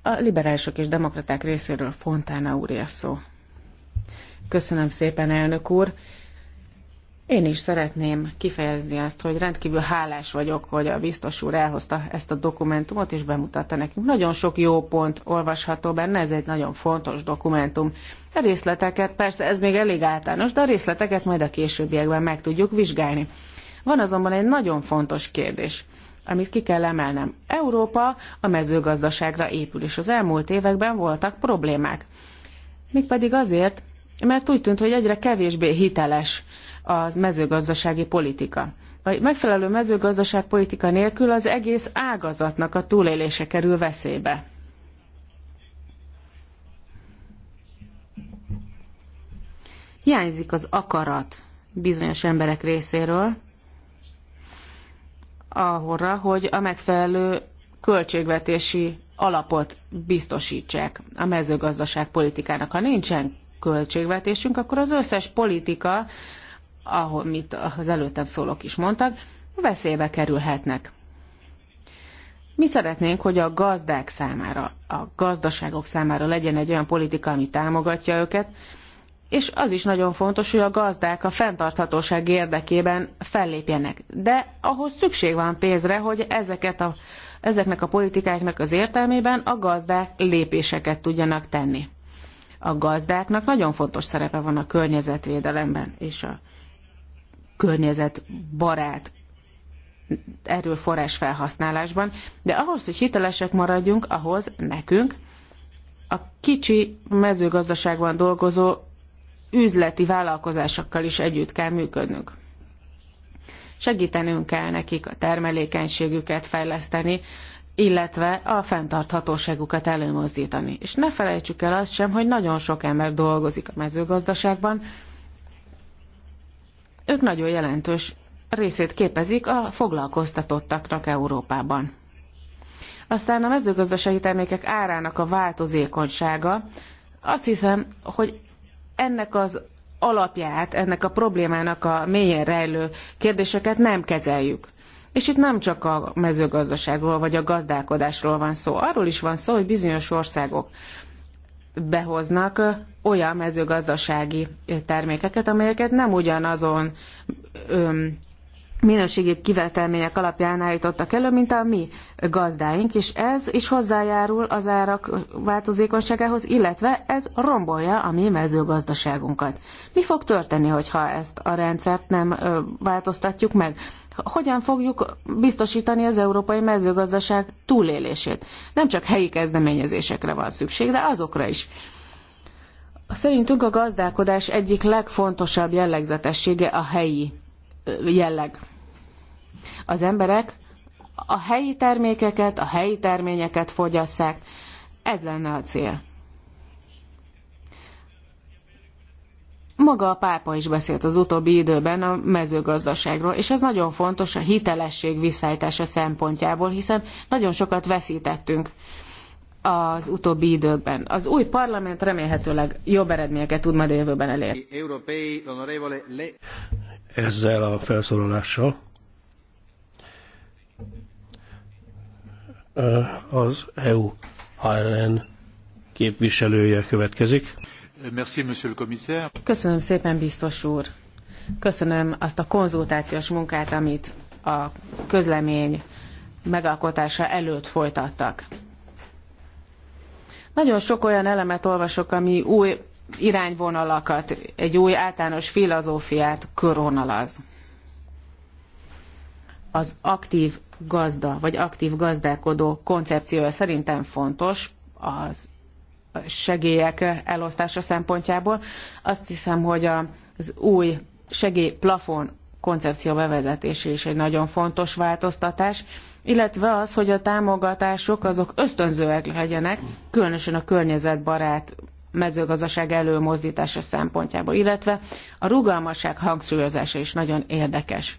A liberálisok és demokraták részéről Fontána úr a szó. Köszönöm szépen, elnök úr. Én is szeretném kifejezni azt, hogy rendkívül hálás vagyok, hogy a biztos úr elhozta ezt a dokumentumot és bemutatta nekünk. Nagyon sok jó pont olvasható benne, ez egy nagyon fontos dokumentum. A részleteket, persze ez még elég általános, de a részleteket majd a későbbiekben meg tudjuk vizsgálni. Van azonban egy nagyon fontos kérdés amit ki kell emelnem. Európa a mezőgazdaságra épül, és az elmúlt években voltak problémák. Mégpedig azért, mert úgy tűnt, hogy egyre kevésbé hiteles a mezőgazdasági politika. A megfelelő mezőgazdaságpolitika nélkül az egész ágazatnak a túlélése kerül veszélybe. Hiányzik az akarat bizonyos emberek részéről, arra, hogy a megfelelő költségvetési alapot biztosítsák a mezőgazdaság politikának. Ha nincsen költségvetésünk, akkor az összes politika, ahol mit az előttem szólók is mondtak, veszélybe kerülhetnek. Mi szeretnénk, hogy a gazdák számára, a gazdaságok számára legyen egy olyan politika, ami támogatja őket, és az is nagyon fontos, hogy a gazdák a fenntarthatóság érdekében fellépjenek. De ahhoz szükség van pénzre, hogy ezeket a, ezeknek a politikáknak az értelmében a gazdák lépéseket tudjanak tenni. A gazdáknak nagyon fontos szerepe van a környezetvédelemben és a környezetbarát erőforrás felhasználásban, de ahhoz, hogy hitelesek maradjunk, ahhoz nekünk, a kicsi mezőgazdaságban dolgozó üzleti vállalkozásokkal is együtt kell működnünk. Segítenünk kell nekik a termelékenységüket fejleszteni, illetve a fenntarthatóságukat előmozdítani. És ne felejtsük el azt sem, hogy nagyon sok ember dolgozik a mezőgazdaságban, ők nagyon jelentős részét képezik a foglalkoztatottaknak Európában. Aztán a mezőgazdasági termékek árának a változékonysága, azt hiszem, hogy ennek az alapját, ennek a problémának a mélyen rejlő kérdéseket nem kezeljük. És itt nem csak a mezőgazdaságról vagy a gazdálkodásról van szó. Arról is van szó, hogy bizonyos országok behoznak olyan mezőgazdasági termékeket, amelyeket nem ugyanazon minőségi kivetelmények alapján állítottak elő, mint a mi gazdáink, és ez is hozzájárul az árak változékonyságához, illetve ez rombolja a mi mezőgazdaságunkat. Mi fog történni, hogyha ezt a rendszert nem változtatjuk meg? Hogyan fogjuk biztosítani az európai mezőgazdaság túlélését? Nem csak helyi kezdeményezésekre van szükség, de azokra is. Szerintünk a gazdálkodás egyik legfontosabb jellegzetessége a helyi jelleg. Az emberek a helyi termékeket, a helyi terményeket fogyasszák. Ez lenne a cél. Maga a pápa is beszélt az utóbbi időben a mezőgazdaságról, és ez nagyon fontos a hitelesség visszajtása szempontjából, hiszen nagyon sokat veszítettünk az utóbbi időkben. Az új parlament remélhetőleg jobb eredményeket tud majd a jövőben elérni. Ezzel a felszólalással az EU ALN képviselője következik. Köszönöm szépen, biztos úr. Köszönöm azt a konzultációs munkát, amit a közlemény megalkotása előtt folytattak. Nagyon sok olyan elemet olvasok, ami új irányvonalakat, egy új általános filozófiát körvonalaz. Az aktív gazda, vagy aktív gazdálkodó koncepciója szerintem fontos az segélyek elosztása szempontjából. Azt hiszem, hogy az új segélyplafon koncepció bevezetése is egy nagyon fontos változtatás, illetve az, hogy a támogatások azok ösztönzőek legyenek, különösen a környezetbarát mezőgazdaság előmozdítása szempontjából, illetve a rugalmasság hangsúlyozása is nagyon érdekes.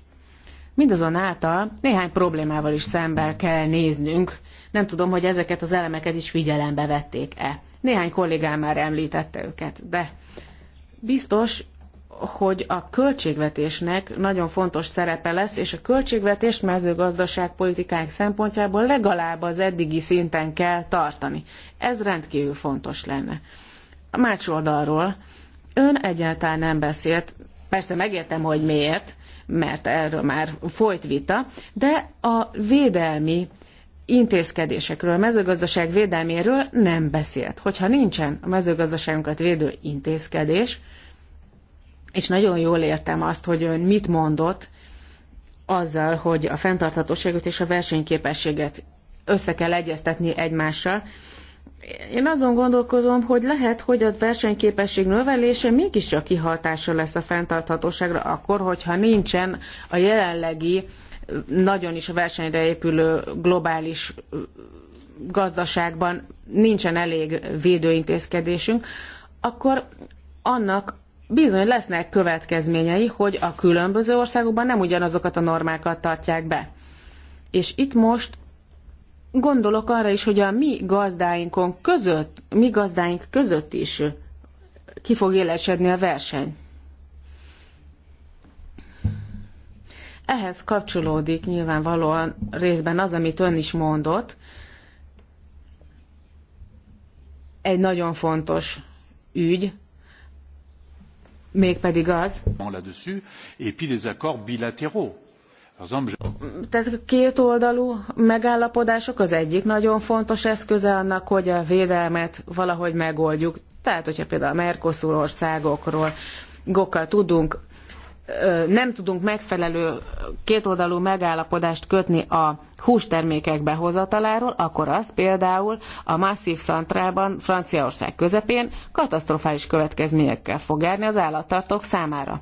Mindazonáltal néhány problémával is szembe kell néznünk. Nem tudom, hogy ezeket az elemeket is figyelembe vették-e. Néhány kollégám már említette őket, de biztos, hogy a költségvetésnek nagyon fontos szerepe lesz, és a költségvetést mezőgazdaságpolitikánk szempontjából legalább az eddigi szinten kell tartani. Ez rendkívül fontos lenne. A más oldalról ön egyáltalán nem beszélt, persze megértem, hogy miért, mert erről már folyt vita, de a védelmi intézkedésekről, a mezőgazdaság védelméről nem beszélt. Hogyha nincsen a mezőgazdaságunkat védő intézkedés, és nagyon jól értem azt, hogy ön mit mondott azzal, hogy a fenntarthatóságot és a versenyképességet össze kell egyeztetni egymással, én azon gondolkozom, hogy lehet, hogy a versenyképesség növelése mégiscsak kihatása lesz a fenntarthatóságra, akkor, hogyha nincsen a jelenlegi nagyon is a versenyre épülő globális gazdaságban nincsen elég védőintézkedésünk, akkor annak bizony lesznek következményei, hogy a különböző országokban nem ugyanazokat a normákat tartják be. És itt most gondolok arra is, hogy a mi gazdáinkon között, mi gazdáink között is ki fog élesedni a verseny. Ehhez kapcsolódik nyilvánvalóan részben az, amit ön is mondott. Egy nagyon fontos ügy, mégpedig az, et puis les accords bilatéraux tehát a kétoldalú megállapodások az egyik nagyon fontos eszköze annak, hogy a védelmet valahogy megoldjuk. Tehát, hogyha például a Mercosur országokról gokkal tudunk, nem tudunk megfelelő kétoldalú megállapodást kötni a hústermékek behozataláról, akkor az például a masszív szantrában Franciaország közepén katasztrofális következményekkel fog járni az állattartók számára.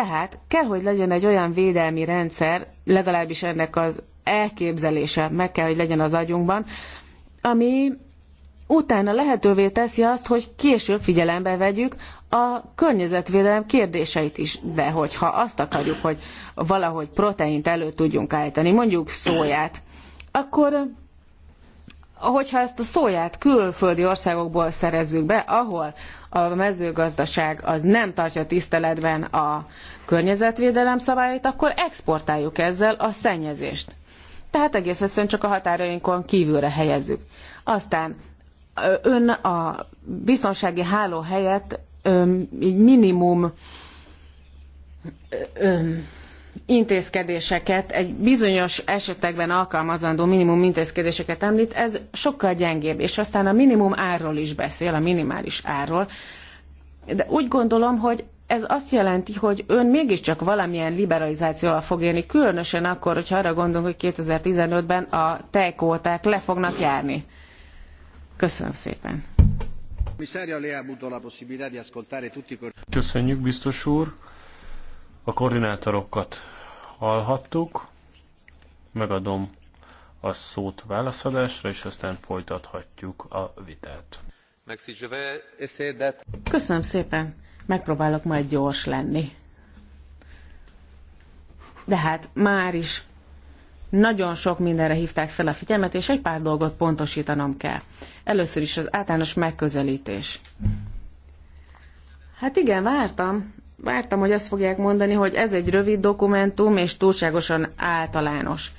Tehát kell, hogy legyen egy olyan védelmi rendszer, legalábbis ennek az elképzelése meg kell, hogy legyen az agyunkban, ami utána lehetővé teszi azt, hogy később figyelembe vegyük a környezetvédelem kérdéseit is. De hogyha azt akarjuk, hogy valahogy proteint elő tudjunk állítani, mondjuk szóját, akkor hogyha ezt a szóját külföldi országokból szerezzük be, ahol a mezőgazdaság az nem tartja tiszteletben a környezetvédelem szabályait, akkor exportáljuk ezzel a szennyezést. Tehát egész egyszerűen csak a határainkon kívülre helyezzük. Aztán ön a biztonsági háló helyett öm, így minimum öm, intézkedéseket, egy bizonyos esetekben alkalmazandó minimum intézkedéseket említ, ez sokkal gyengébb. És aztán a minimum árról is beszél, a minimális árról. De úgy gondolom, hogy ez azt jelenti, hogy ön mégiscsak valamilyen liberalizációval fog élni, különösen akkor, hogyha arra gondolunk, hogy 2015-ben a tejkóták le fognak járni. Köszönöm szépen. Köszönjük, biztos úr. A koordinátorokat hallhattuk, megadom a szót válaszadásra, és aztán folytathatjuk a vitát. Köszönöm szépen, megpróbálok majd gyors lenni. De hát már is nagyon sok mindenre hívták fel a figyelmet, és egy pár dolgot pontosítanom kell. Először is az általános megközelítés. Hát igen, vártam vártam, hogy azt fogják mondani, hogy ez egy rövid dokumentum, és túlságosan általános.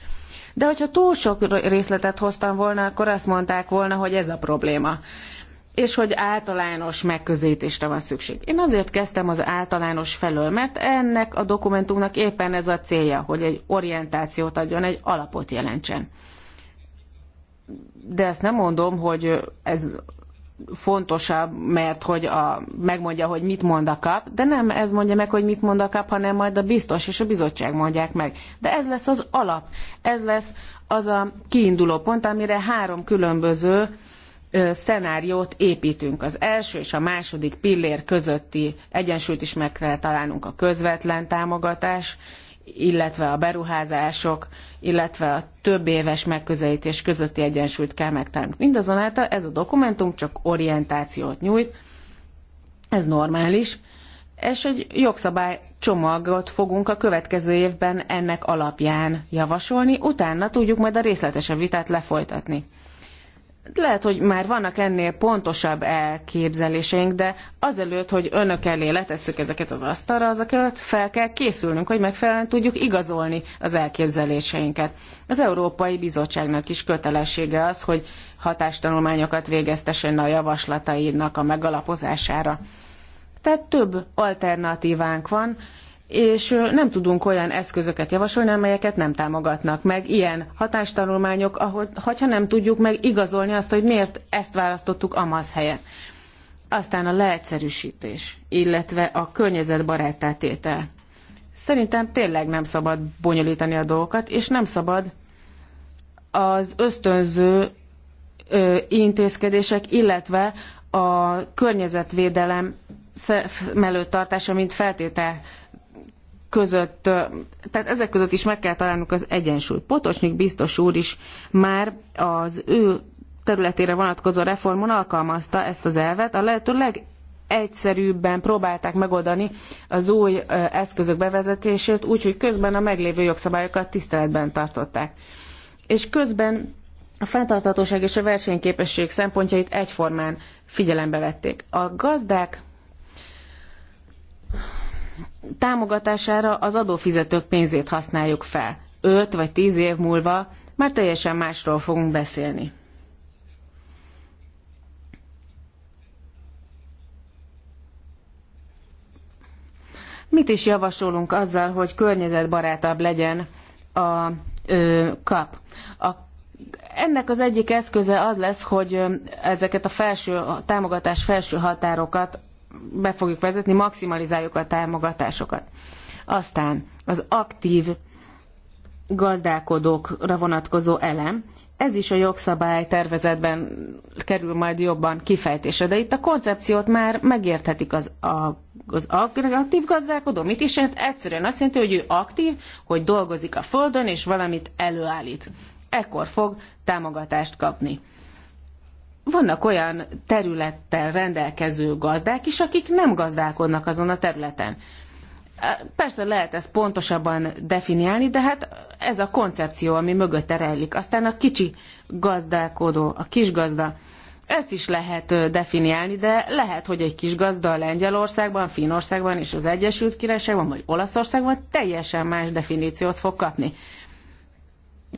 De hogyha túl sok részletet hoztam volna, akkor azt mondták volna, hogy ez a probléma. És hogy általános megközelítésre van szükség. Én azért kezdtem az általános felől, mert ennek a dokumentumnak éppen ez a célja, hogy egy orientációt adjon, egy alapot jelentsen. De ezt nem mondom, hogy ez fontosabb, mert hogy a, megmondja, hogy mit mond a kap, de nem ez mondja meg, hogy mit mond a kap, hanem majd a biztos és a bizottság mondják meg. De ez lesz az alap, ez lesz az a kiinduló pont, amire három különböző ö, szenáriót építünk. Az első és a második pillér közötti egyensúlyt is meg kell találnunk a közvetlen támogatás illetve a beruházások, illetve a több éves megközelítés közötti egyensúlyt kell megtalálnunk. Mindazonáltal ez a dokumentum csak orientációt nyújt, ez normális, és egy jogszabály csomagot fogunk a következő évben ennek alapján javasolni, utána tudjuk majd a részletesebb vitát lefolytatni lehet, hogy már vannak ennél pontosabb elképzeléseink, de azelőtt, hogy önök elé letesszük ezeket az asztalra, azokat fel kell készülnünk, hogy megfelelően tudjuk igazolni az elképzeléseinket. Az Európai Bizottságnak is kötelessége az, hogy hatástanulmányokat végeztessen a javaslatainak a megalapozására. Tehát több alternatívánk van, és nem tudunk olyan eszközöket javasolni, amelyeket nem támogatnak meg. Ilyen hatástanulmányok, ahol, hogyha nem tudjuk meg igazolni azt, hogy miért ezt választottuk amaz helyen. Aztán a leegyszerűsítés, illetve a környezetbarát tétel. Szerintem tényleg nem szabad bonyolítani a dolgokat, és nem szabad az ösztönző ö, intézkedések, illetve a környezetvédelem mellőtt tartása, mint feltétel között, tehát ezek között is meg kell találnunk az egyensúlyt. Potosnik biztos úr is már az ő területére vonatkozó reformon alkalmazta ezt az elvet, a lehető legegyszerűbben próbálták megoldani az új eszközök bevezetését, úgyhogy közben a meglévő jogszabályokat tiszteletben tartották. És közben a fenntarthatóság és a versenyképesség szempontjait egyformán figyelembe vették. A gazdák támogatására az adófizetők pénzét használjuk fel. Öt vagy tíz év múlva már teljesen másról fogunk beszélni. Mit is javasolunk azzal, hogy környezetbarátabb legyen a ö, kap? A, ennek az egyik eszköze az lesz, hogy ezeket a felső a támogatás felső határokat be fogjuk vezetni, maximalizáljuk a támogatásokat. Aztán az aktív gazdálkodókra vonatkozó elem, ez is a jogszabály tervezetben kerül majd jobban kifejtésre, de itt a koncepciót már megérthetik az, a, az aktív gazdálkodó. Mit is jelent? Egyszerűen azt jelenti, hogy ő aktív, hogy dolgozik a földön, és valamit előállít. Ekkor fog támogatást kapni vannak olyan területtel rendelkező gazdák is, akik nem gazdálkodnak azon a területen. Persze lehet ezt pontosabban definiálni, de hát ez a koncepció, ami mögötte rejlik. Aztán a kicsi gazdálkodó, a kis gazda, ezt is lehet definiálni, de lehet, hogy egy kis gazda a Lengyelországban, Finnországban és az Egyesült Királyságban, vagy Olaszországban teljesen más definíciót fog kapni.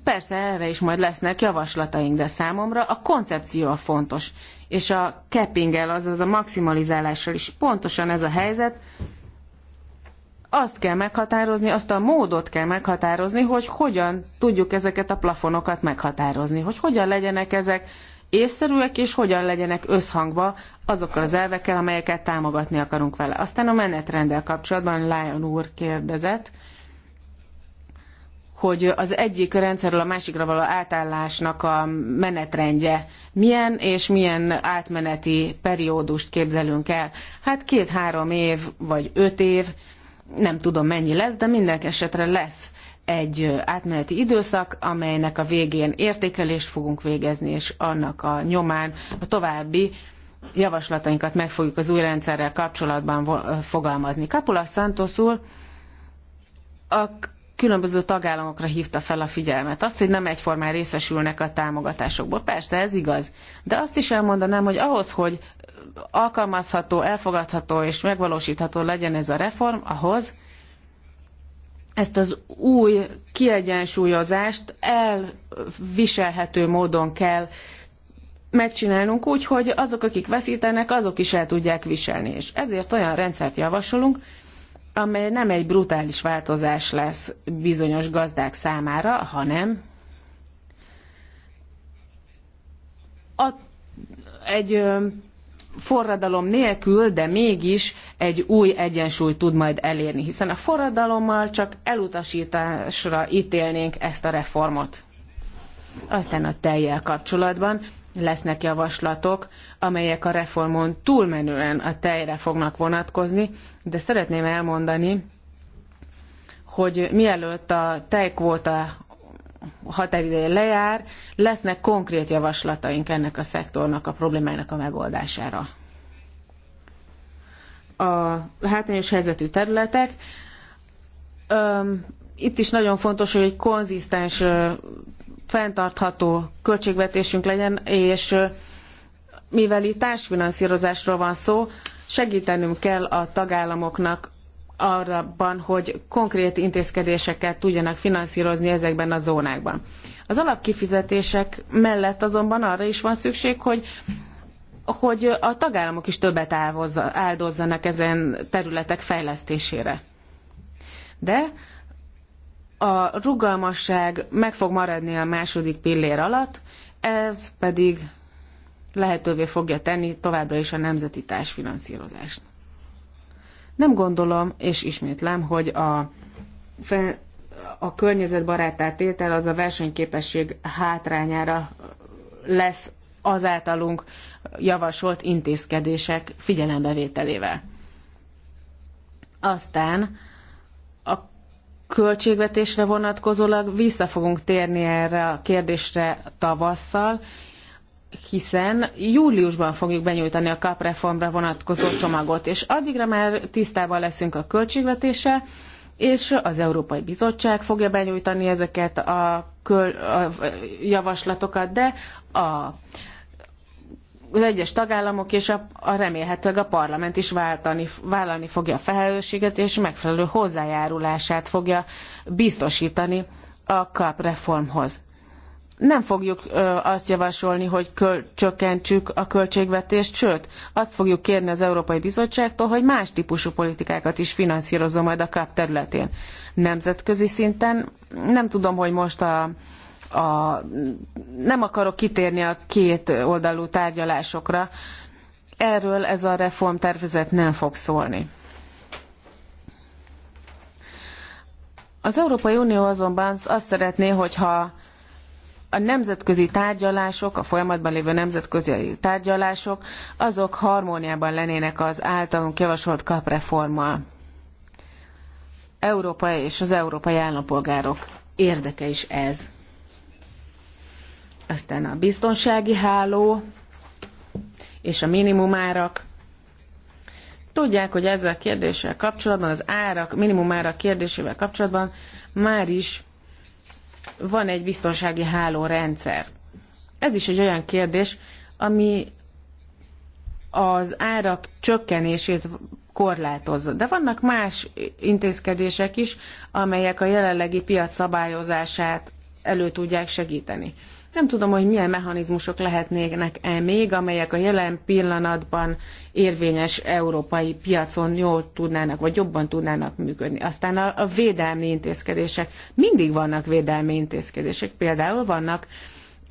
Persze erre is majd lesznek javaslataink, de számomra a koncepció a fontos. És a capping azaz a maximalizálással is pontosan ez a helyzet. Azt kell meghatározni, azt a módot kell meghatározni, hogy hogyan tudjuk ezeket a plafonokat meghatározni, hogy hogyan legyenek ezek észszerűek, és hogyan legyenek összhangba azokkal az elvekkel, amelyeket támogatni akarunk vele. Aztán a menetrenddel kapcsolatban Lion úr kérdezett, hogy az egyik rendszerről a másikra való átállásnak a menetrendje milyen és milyen átmeneti periódust képzelünk el. Hát két-három év vagy öt év, nem tudom mennyi lesz, de minden esetre lesz egy átmeneti időszak, amelynek a végén értékelést fogunk végezni, és annak a nyomán a további javaslatainkat meg fogjuk az új rendszerrel kapcsolatban fogalmazni. Kapula Santos úr a különböző tagállamokra hívta fel a figyelmet. Azt, hogy nem egyformán részesülnek a támogatásokból. Persze, ez igaz. De azt is elmondanám, hogy ahhoz, hogy alkalmazható, elfogadható és megvalósítható legyen ez a reform, ahhoz ezt az új kiegyensúlyozást elviselhető módon kell megcsinálnunk úgy, hogy azok, akik veszítenek, azok is el tudják viselni. És ezért olyan rendszert javasolunk, amely nem egy brutális változás lesz bizonyos gazdák számára, hanem a, egy ö, forradalom nélkül, de mégis egy új egyensúlyt tud majd elérni, hiszen a forradalommal csak elutasításra ítélnénk ezt a reformot. Aztán a tejjel kapcsolatban lesznek javaslatok, amelyek a reformon túlmenően a tejre fognak vonatkozni, de szeretném elmondani, hogy mielőtt a tejkvóta határideje lejár, lesznek konkrét javaslataink ennek a szektornak a problémának a megoldására. A hátrányos helyzetű területek. Öm, itt is nagyon fontos, hogy egy konzisztens fenntartható költségvetésünk legyen, és mivel itt társfinanszírozásról van szó, segítenünk kell a tagállamoknak arraban, hogy konkrét intézkedéseket tudjanak finanszírozni ezekben a zónákban. Az alapkifizetések mellett azonban arra is van szükség, hogy hogy a tagállamok is többet áldozzanak ezen területek fejlesztésére. De a rugalmasság meg fog maradni a második pillér alatt, ez pedig lehetővé fogja tenni továbbra is a nemzeti társfinanszírozást. Nem gondolom, és ismétlem, hogy a, a környezetbarát tétel az a versenyképesség hátrányára lesz az általunk javasolt intézkedések figyelembevételével. Aztán a költségvetésre vonatkozólag vissza fogunk térni erre a kérdésre tavasszal, hiszen júliusban fogjuk benyújtani a kapreformra vonatkozó csomagot, és addigra már tisztában leszünk a költségvetéssel, és az Európai Bizottság fogja benyújtani ezeket a, köl, a javaslatokat, de a az egyes tagállamok és a, a remélhetőleg a parlament is váltani, vállalni fogja a felelősséget, és megfelelő hozzájárulását fogja biztosítani a KAP reformhoz. Nem fogjuk ö, azt javasolni, hogy köl, csökkentsük a költségvetést, sőt, azt fogjuk kérni az Európai Bizottságtól, hogy más típusú politikákat is finanszírozza majd a KAP területén. Nemzetközi szinten nem tudom, hogy most a, a, nem akarok kitérni a két oldalú tárgyalásokra, erről ez a reformtervezet nem fog szólni. Az Európai Unió azonban azt szeretné, hogyha a nemzetközi tárgyalások, a folyamatban lévő nemzetközi tárgyalások, azok harmóniában lennének az általunk javasolt kapreformmal. Európa és az európai állampolgárok érdeke is ez aztán a biztonsági háló és a minimumárak. Tudják, hogy ezzel a kérdéssel kapcsolatban, az árak, minimumárak kérdésével kapcsolatban már is van egy biztonsági háló rendszer. Ez is egy olyan kérdés, ami az árak csökkenését korlátozza. De vannak más intézkedések is, amelyek a jelenlegi piac szabályozását elő tudják segíteni. Nem tudom, hogy milyen mechanizmusok lehetnének -e még, amelyek a jelen pillanatban érvényes európai piacon jól tudnának, vagy jobban tudnának működni. Aztán a, a védelmi intézkedések. Mindig vannak védelmi intézkedések. Például vannak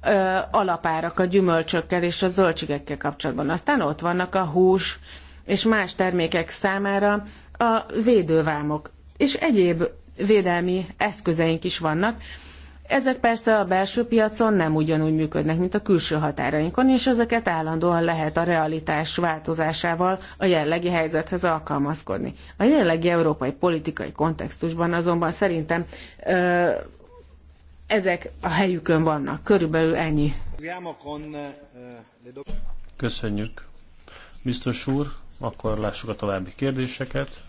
ö, alapárak a gyümölcsökkel és a zöldségekkel kapcsolatban. Aztán ott vannak a hús és más termékek számára a védővámok. És egyéb védelmi eszközeink is vannak ezek persze a belső piacon nem ugyanúgy működnek, mint a külső határainkon, és ezeket állandóan lehet a realitás változásával a jellegi helyzethez alkalmazkodni. A jellegi európai politikai kontextusban azonban szerintem ö, ezek a helyükön vannak. Körülbelül ennyi. Köszönjük. Biztos úr, akkor lássuk a további kérdéseket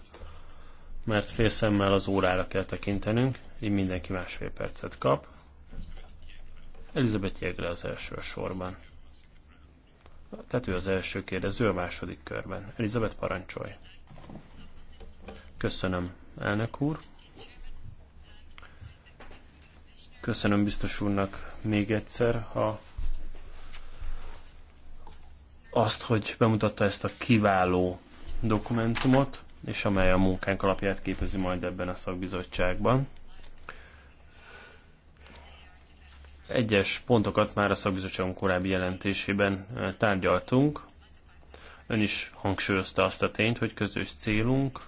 mert félszemmel az órára kell tekintenünk, így mindenki másfél percet kap. Elizabeth Jegre az első sorban. Tehát ő az első kérdező a második körben. Elizabeth, parancsolj! Köszönöm, elnök úr! Köszönöm biztos úrnak még egyszer a, azt, hogy bemutatta ezt a kiváló dokumentumot és amely a munkánk alapját képezi majd ebben a szakbizottságban. Egyes pontokat már a szakbizottságunk korábbi jelentésében eh, tárgyaltunk. Ön is hangsúlyozta azt a tényt, hogy közös célunk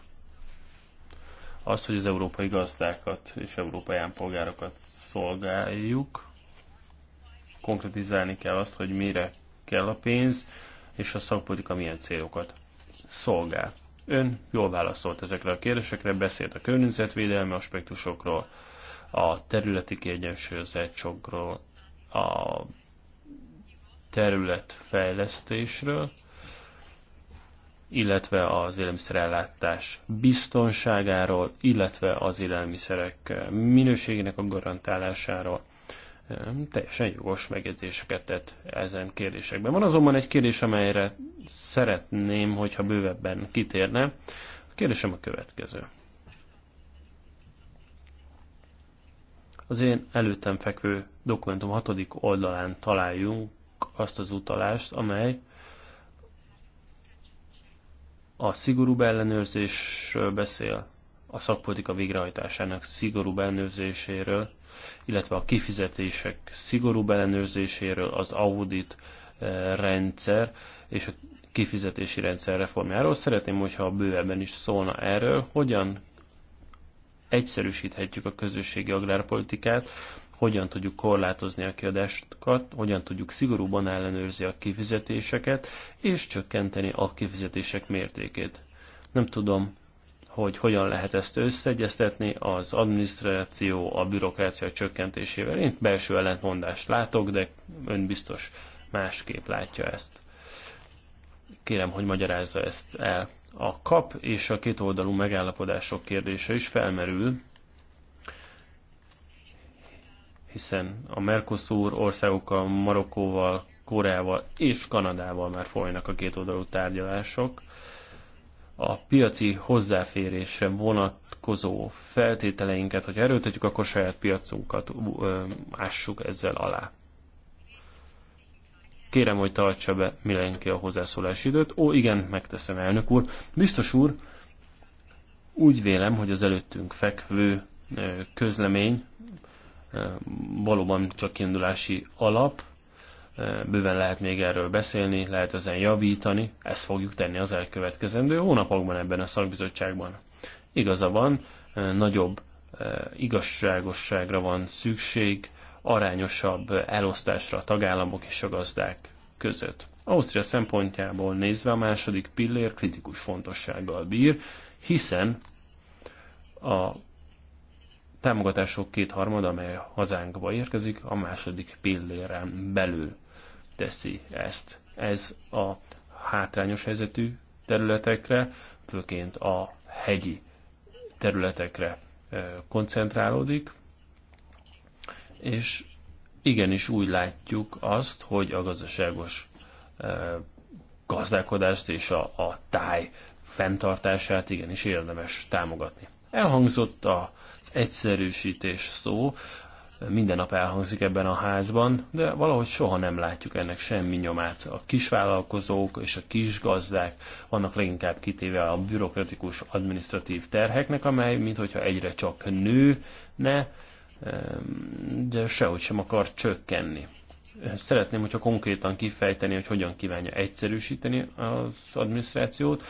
az, hogy az európai gazdákat és európai állampolgárokat szolgáljuk. Konkretizálni kell azt, hogy mire kell a pénz, és a szakpolitika milyen célokat szolgál. Ön jól válaszolt ezekre a kérdésekre, beszélt a környezetvédelmi aspektusokról, a területi kiegyensúlyozásokról, a területfejlesztésről, illetve az élelmiszerellátás biztonságáról, illetve az élelmiszerek minőségének a garantálásáról teljesen jogos megjegyzéseket tett ezen kérdésekben. Van azonban egy kérdés, amelyre szeretném, hogyha bővebben kitérne. A kérdésem a következő. Az én előttem fekvő dokumentum hatodik oldalán találjunk azt az utalást, amely a szigorú ellenőrzésről beszél, a szakpolitika végrehajtásának szigorú ellenőrzéséről, illetve a kifizetések szigorú ellenőrzéséről, az audit eh, rendszer és a kifizetési rendszer reformjáról. Szeretném, hogyha bővebben is szólna erről, hogyan egyszerűsíthetjük a közösségi agrárpolitikát, hogyan tudjuk korlátozni a kiadásokat, hogyan tudjuk szigorúban ellenőrzni a kifizetéseket, és csökkenteni a kifizetések mértékét. Nem tudom, hogy hogyan lehet ezt összeegyeztetni az adminisztráció, a bürokrácia csökkentésével. Én belső ellentmondást látok, de ön biztos másképp látja ezt. Kérem, hogy magyarázza ezt el. A kap és a kétoldalú megállapodások kérdése is felmerül, hiszen a Mercosur országokkal, Marokkóval, Koreával és Kanadával már folynak a kétoldalú tárgyalások a piaci hozzáférésre vonatkozó feltételeinket, hogyha erőltetjük, akkor saját piacunkat ö, ássuk ezzel alá. Kérem, hogy tartsa be mindenki a hozzászólási időt. Ó, igen, megteszem, elnök úr. Biztos úr, úgy vélem, hogy az előttünk fekvő közlemény valóban csak kiindulási alap, bőven lehet még erről beszélni, lehet ezen javítani, ezt fogjuk tenni az elkövetkezendő hónapokban ebben a szakbizottságban. Igaza van, nagyobb igazságosságra van szükség, arányosabb elosztásra a tagállamok és a gazdák között. Ausztria szempontjából nézve a második pillér kritikus fontossággal bír, hiszen a támogatások kétharmada, amely hazánkba érkezik, a második pilléren belül teszi ezt. Ez a hátrányos helyzetű területekre, főként a hegyi területekre eh, koncentrálódik, és igenis úgy látjuk azt, hogy a gazdaságos eh, gazdálkodást és a, a táj fenntartását igenis érdemes támogatni. Elhangzott az egyszerűsítés szó, minden nap elhangzik ebben a házban, de valahogy soha nem látjuk ennek semmi nyomát. A kisvállalkozók és a kisgazdák vannak leginkább kitéve a bürokratikus administratív terheknek, amely mintha egyre csak nőne, de sehogy sem akar csökkenni. Szeretném, hogyha konkrétan kifejteni, hogy hogyan kívánja egyszerűsíteni az adminisztrációt,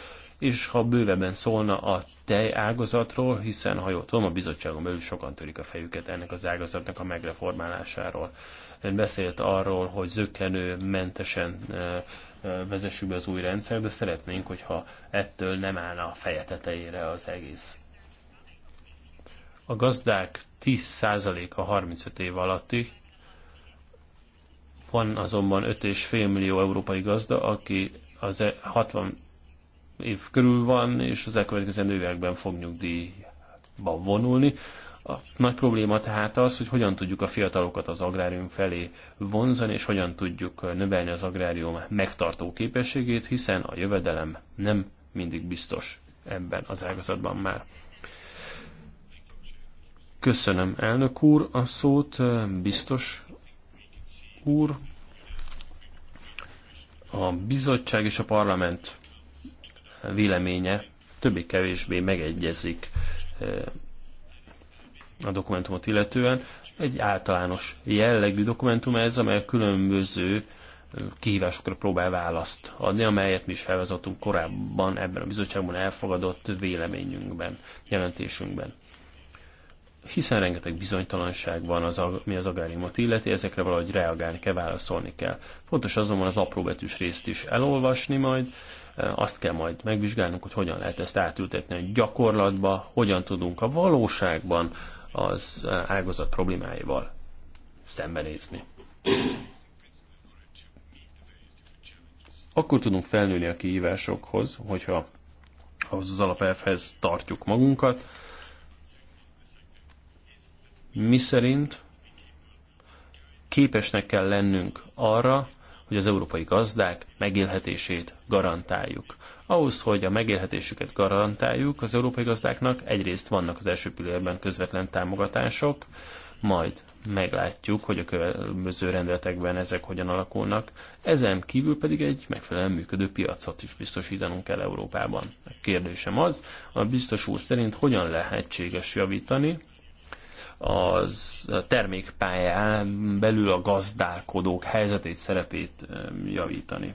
és ha bővebben szólna a tej ágazatról, hiszen ha jól tudom, a bizottságon belül sokan törik a fejüket ennek az ágazatnak a megreformálásáról. Ön beszélt arról, hogy zökkenő mentesen e, e, vezessük be az új rendszer, de szeretnénk, hogyha ettől nem állna a feje tetejére az egész. A gazdák 10%-a 35 év alatti, van azonban 5,5 millió európai gazda, aki az 60 e- év körül van, és az elkövetkező években fog nyugdíjba vonulni. A nagy probléma tehát az, hogy hogyan tudjuk a fiatalokat az agrárium felé vonzani, és hogyan tudjuk növelni az agrárium megtartó képességét, hiszen a jövedelem nem mindig biztos ebben az ágazatban már. Köszönöm, elnök úr, a szót, biztos úr. A bizottság és a parlament véleménye többé-kevésbé megegyezik eh, a dokumentumot illetően. Egy általános jellegű dokumentum ez, amely különböző eh, kihívásokra próbál választ adni, amelyet mi is felvezettünk korábban ebben a bizottságban elfogadott véleményünkben, jelentésünkben. Hiszen rengeteg bizonytalanság van, az, mi az agráriumot illeti, ezekre valahogy reagálni kell, válaszolni kell. Fontos azonban az apróbetűs részt is elolvasni majd, azt kell majd megvizsgálnunk, hogy hogyan lehet ezt átültetni a gyakorlatba, hogyan tudunk a valóságban az ágazat problémáival szembenézni. Akkor tudunk felnőni a kihívásokhoz, hogyha ahhoz az alapelvhez tartjuk magunkat, mi szerint képesnek kell lennünk arra, hogy az európai gazdák megélhetését garantáljuk. Ahhoz, hogy a megélhetésüket garantáljuk az európai gazdáknak, egyrészt vannak az első pillérben közvetlen támogatások, majd meglátjuk, hogy a különböző rendeletekben ezek hogyan alakulnak. Ezen kívül pedig egy megfelelően működő piacot is biztosítanunk kell Európában. A kérdésem az, a biztos úr szerint hogyan lehetséges javítani az termékpályán belül a gazdálkodók helyzetét, szerepét javítani.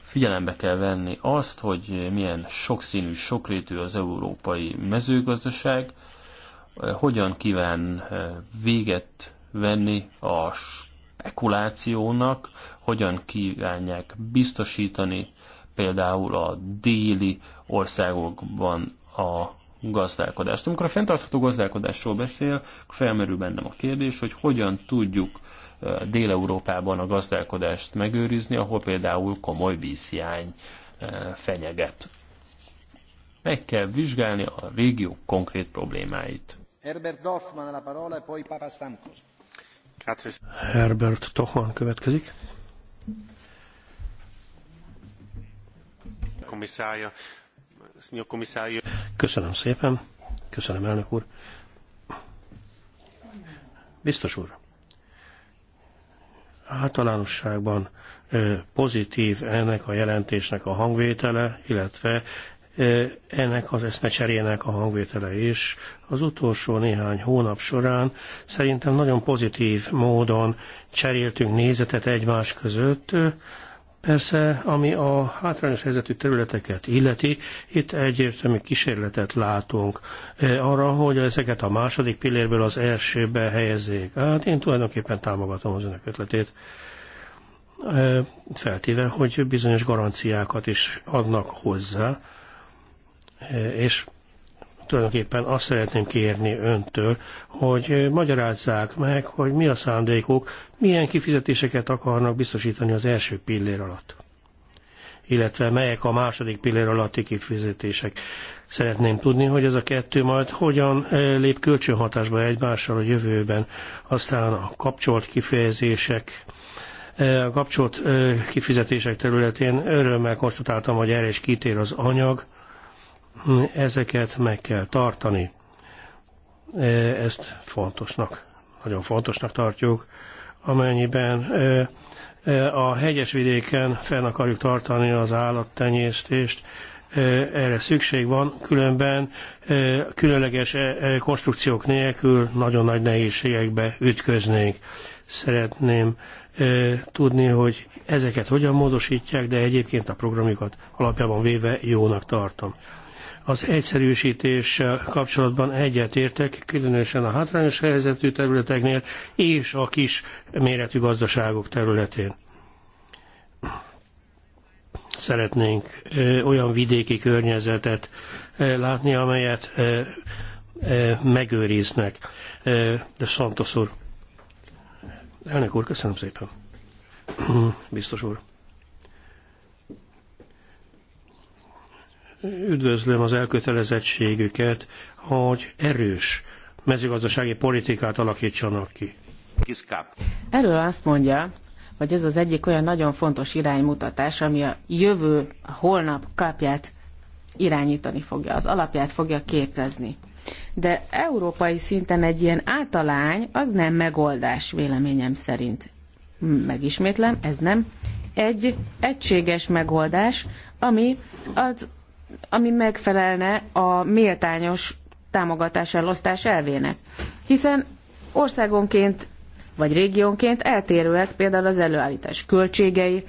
Figyelembe kell venni azt, hogy milyen sokszínű, sokrétű az európai mezőgazdaság, hogyan kíván véget venni a spekulációnak, hogyan kívánják biztosítani például a déli országokban a gazdálkodást. Amikor a fenntartható gazdálkodásról beszél, felmerül bennem a kérdés, hogy hogyan tudjuk Dél-Európában a gazdálkodást megőrizni, ahol például komoly vízhiány fenyeget. Meg kell vizsgálni a régió konkrét problémáit. Herbert Dorfman a parola, e poi Papa Stamkos. Herbert Tohan következik. Komisszája. Köszönöm szépen. Köszönöm, elnök úr. Biztos úr. Általánosságban pozitív ennek a jelentésnek a hangvétele, illetve ennek az eszmecserének a hangvétele is az utolsó néhány hónap során szerintem nagyon pozitív módon cseréltünk nézetet egymás között, Persze, ami a hátrányos helyzetű területeket illeti, itt egyértelmű kísérletet látunk eh, arra, hogy ezeket a második pillérből az elsőbe helyezzék. Hát én tulajdonképpen támogatom az önök ötletét, eh, feltéve, hogy bizonyos garanciákat is adnak hozzá, eh, és tulajdonképpen azt szeretném kérni öntől, hogy magyarázzák meg, hogy mi a szándékuk, milyen kifizetéseket akarnak biztosítani az első pillér alatt illetve melyek a második pillér alatti kifizetések. Szeretném tudni, hogy ez a kettő majd hogyan lép kölcsönhatásba egymással a jövőben. Aztán a kapcsolt kifejezések, a kapcsolt kifizetések területén örömmel konstatáltam, hogy erre is kitér az anyag, ezeket meg kell tartani. E, ezt fontosnak, nagyon fontosnak tartjuk, amennyiben e, e, a hegyes vidéken fenn akarjuk tartani az állattenyésztést, erre szükség van, különben különleges konstrukciók nélkül nagyon nagy nehézségekbe ütköznénk. Szeretném tudni, hogy ezeket hogyan módosítják, de egyébként a programjukat alapjában véve jónak tartom. Az egyszerűsítéssel kapcsolatban egyetértek, különösen a hátrányos helyzetű területeknél és a kis méretű gazdaságok területén. Szeretnénk olyan vidéki környezetet látni, amelyet megőriznek. De Santos úr. Elnök úr, köszönöm szépen. [CLEARS THROAT] Biztos úr. üdvözlöm az elkötelezettségüket, hogy erős mezőgazdasági politikát alakítsanak ki. Erről azt mondja, hogy ez az egyik olyan nagyon fontos iránymutatás, ami a jövő, a holnap kapját irányítani fogja, az alapját fogja képezni. De európai szinten egy ilyen általány az nem megoldás véleményem szerint. Megismétlem, ez nem egy egységes megoldás, ami az ami megfelelne a méltányos támogatás elosztás elvének. Hiszen országonként vagy régiónként eltérőek például az előállítás költségei,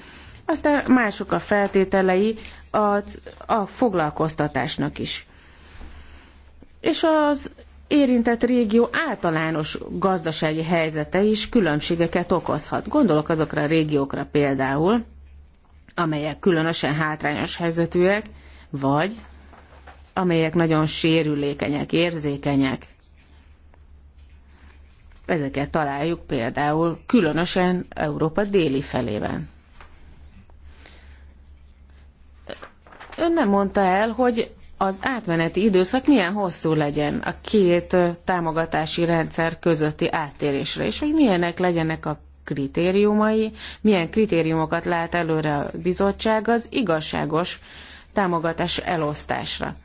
aztán mások a feltételei a, a foglalkoztatásnak is. És az érintett régió általános gazdasági helyzete is különbségeket okozhat. Gondolok azokra a régiókra például, amelyek különösen hátrányos helyzetűek, vagy amelyek nagyon sérülékenyek, érzékenyek. Ezeket találjuk például különösen Európa déli felében. Ön nem mondta el, hogy az átmeneti időszak milyen hosszú legyen a két támogatási rendszer közötti áttérésre, és hogy milyenek legyenek a kritériumai, milyen kritériumokat lát előre a bizottság az igazságos támogatás elosztásra.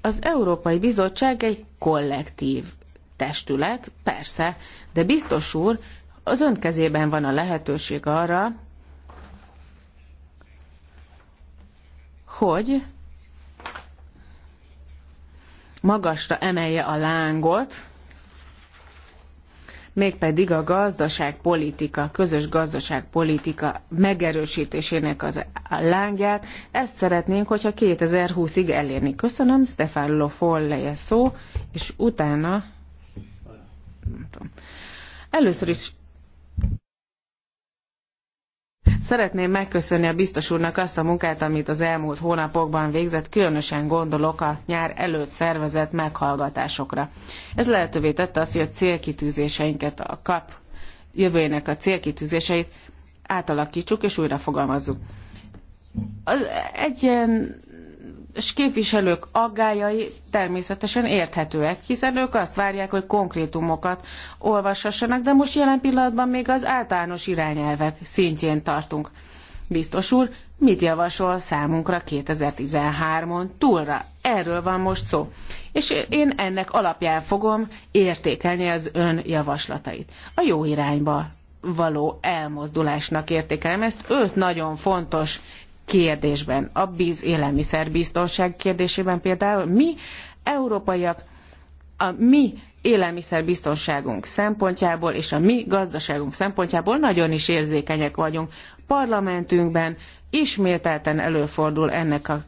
Az Európai Bizottság egy kollektív testület, persze, de biztos úr, az ön kezében van a lehetőség arra, hogy magasra emelje a lángot, mégpedig a gazdaságpolitika, közös gazdaságpolitika megerősítésének az lángját. Ezt szeretnénk, hogyha 2020-ig elérni. Köszönöm, Stefan Lofolle szó, és utána... Először is Szeretném megköszönni a biztos úrnak azt a munkát, amit az elmúlt hónapokban végzett, különösen gondolok a nyár előtt szervezett meghallgatásokra. Ez lehetővé tette azt, hogy a célkitűzéseinket, a kap jövőjének a célkitűzéseit átalakítsuk és újra fogalmazzuk. Egy ilyen és képviselők aggályai természetesen érthetőek, hiszen ők azt várják, hogy konkrétumokat olvashassanak, de most jelen pillanatban még az általános irányelvek szintjén tartunk. Biztos úr, mit javasol számunkra 2013-on túlra? Erről van most szó. És én ennek alapján fogom értékelni az ön javaslatait. A jó irányba való elmozdulásnak értékelem. Ezt öt nagyon fontos kérdésben, a biz élelmiszerbiztonság kérdésében például mi európaiak a mi élelmiszerbiztonságunk szempontjából és a mi gazdaságunk szempontjából nagyon is érzékenyek vagyunk. Parlamentünkben ismételten előfordul ennek a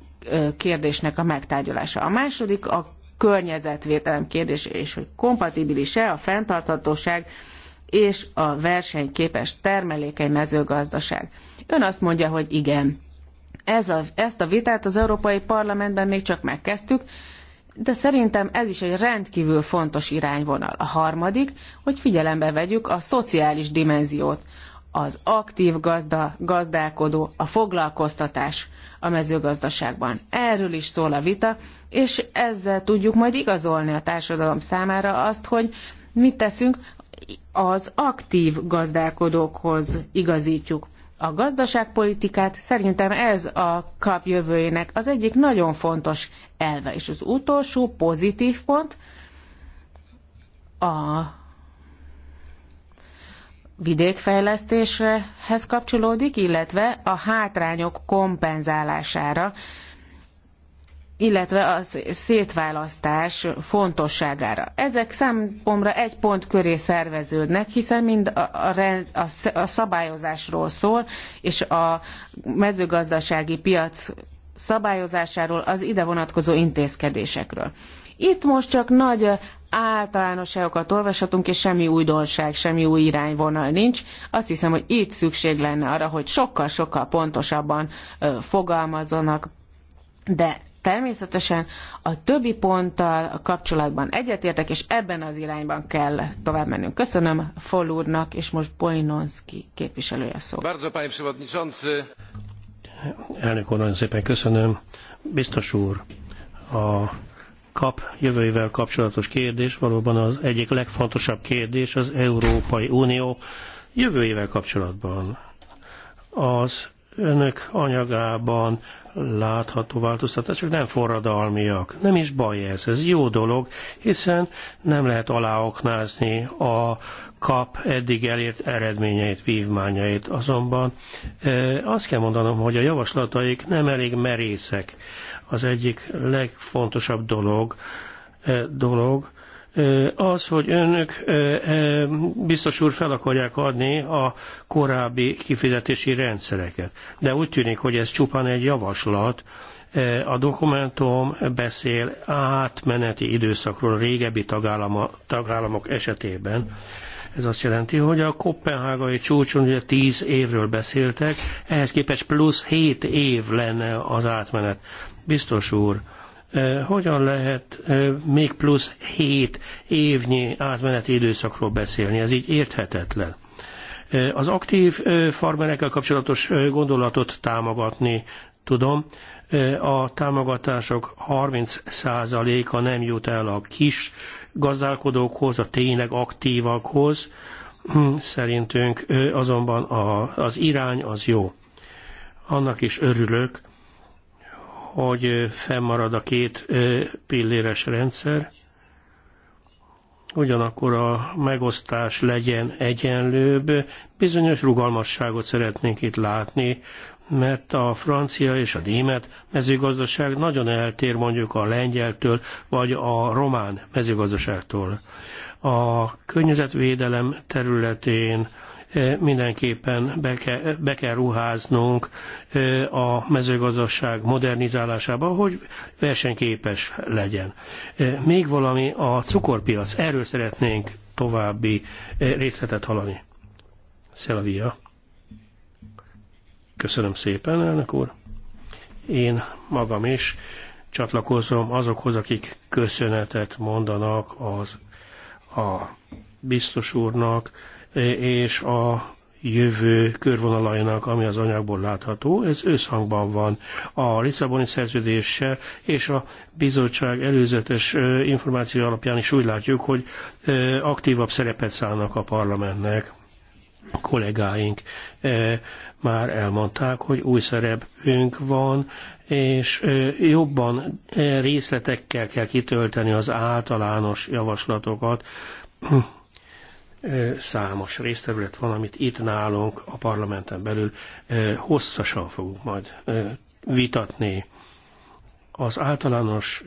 kérdésnek a megtárgyalása. A második a környezetvédelem kérdése, és hogy kompatibilis-e a fenntarthatóság és a versenyképes termelékeny mezőgazdaság. Ön azt mondja, hogy igen. Ez a, ezt a vitát az Európai Parlamentben még csak megkezdtük, de szerintem ez is egy rendkívül fontos irányvonal. A harmadik, hogy figyelembe vegyük a szociális dimenziót, az aktív gazda, gazdálkodó, a foglalkoztatás a mezőgazdaságban. Erről is szól a vita, és ezzel tudjuk majd igazolni a társadalom számára azt, hogy mit teszünk, az aktív gazdálkodókhoz igazítjuk a gazdaságpolitikát, szerintem ez a kap jövőjének az egyik nagyon fontos elve. És az utolsó pozitív pont a vidékfejlesztéshez kapcsolódik, illetve a hátrányok kompenzálására illetve a szétválasztás fontosságára. Ezek számomra egy pont köré szerveződnek, hiszen mind a, a, a szabályozásról szól, és a mezőgazdasági piac szabályozásáról, az ide vonatkozó intézkedésekről. Itt most csak nagy általánosságokat olvashatunk, és semmi újdonság, semmi új irányvonal nincs. Azt hiszem, hogy itt szükség lenne arra, hogy sokkal-sokkal pontosabban fogalmazzanak, de Természetesen a többi ponttal a kapcsolatban egyetértek, és ebben az irányban kell tovább mennünk. Köszönöm Foll úrnak, és most Bojnonszki képviselője szó. Elnök úr, nagyon szépen köszönöm. Biztos úr, a kap jövőjével kapcsolatos kérdés valóban az egyik legfontosabb kérdés az Európai Unió jövőjével kapcsolatban. Az önök anyagában látható változtatások nem forradalmiak. Nem is baj ez, ez jó dolog, hiszen nem lehet aláoknázni a kap eddig elért eredményeit, vívmányait. Azonban e, azt kell mondanom, hogy a javaslataik nem elég merészek. Az egyik legfontosabb dolog, e, dolog az, hogy önök biztos úr fel akarják adni a korábbi kifizetési rendszereket. De úgy tűnik, hogy ez csupán egy javaslat. A dokumentum beszél átmeneti időszakról régebbi tagállamok esetében. Ez azt jelenti, hogy a kopenhágai csúcson ugye 10 évről beszéltek, ehhez képest plusz 7 év lenne az átmenet. Biztos úr, hogyan lehet még plusz 7 évnyi átmeneti időszakról beszélni? Ez így érthetetlen. Az aktív farmerekkel kapcsolatos gondolatot támogatni tudom. A támogatások 30%-a nem jut el a kis gazdálkodókhoz, a tényleg aktívakhoz. Hm, szerintünk azonban az irány az jó. Annak is örülök, hogy fennmarad a két pilléres rendszer, ugyanakkor a megosztás legyen egyenlőbb. Bizonyos rugalmasságot szeretnénk itt látni, mert a francia és a német mezőgazdaság nagyon eltér mondjuk a lengyeltől, vagy a román mezőgazdaságtól. A környezetvédelem területén mindenképpen be kell, be kell ruháznunk a mezőgazdaság modernizálásába, hogy versenyképes legyen. Még valami a cukorpiac, erről szeretnénk további részletet hallani. Szelvia. Köszönöm szépen, elnök úr. Én magam is csatlakozom azokhoz, akik köszönetet mondanak az a biztos úrnak, és a jövő körvonalainak, ami az anyagból látható, ez összhangban van a Lisszaboni szerződéssel, és a bizottság előzetes információ alapján is úgy látjuk, hogy aktívabb szerepet szállnak a parlamentnek a kollégáink már elmondták, hogy új szerepünk van, és jobban részletekkel kell kitölteni az általános javaslatokat, számos részterület van, amit itt nálunk a parlamenten belül hosszasan fogunk majd vitatni. Az általános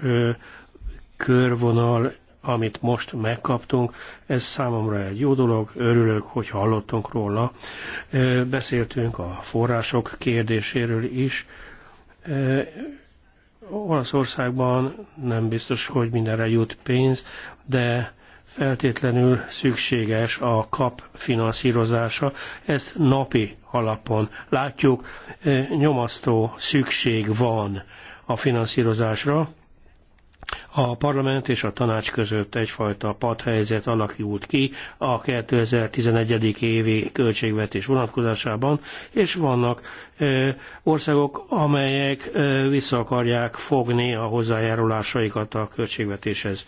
körvonal, amit most megkaptunk, ez számomra egy jó dolog, örülök, hogy hallottunk róla. Beszéltünk a források kérdéséről is. Olaszországban nem biztos, hogy mindenre jut pénz, de feltétlenül szükséges a kap finanszírozása, ezt napi alapon látjuk, e, nyomasztó szükség van a finanszírozásra. A parlament és a tanács között egyfajta padhelyzet alakult ki a 2011. évi költségvetés vonatkozásában, és vannak ö, e, országok, amelyek ö, e, vissza akarják fogni a hozzájárulásaikat a költségvetéshez.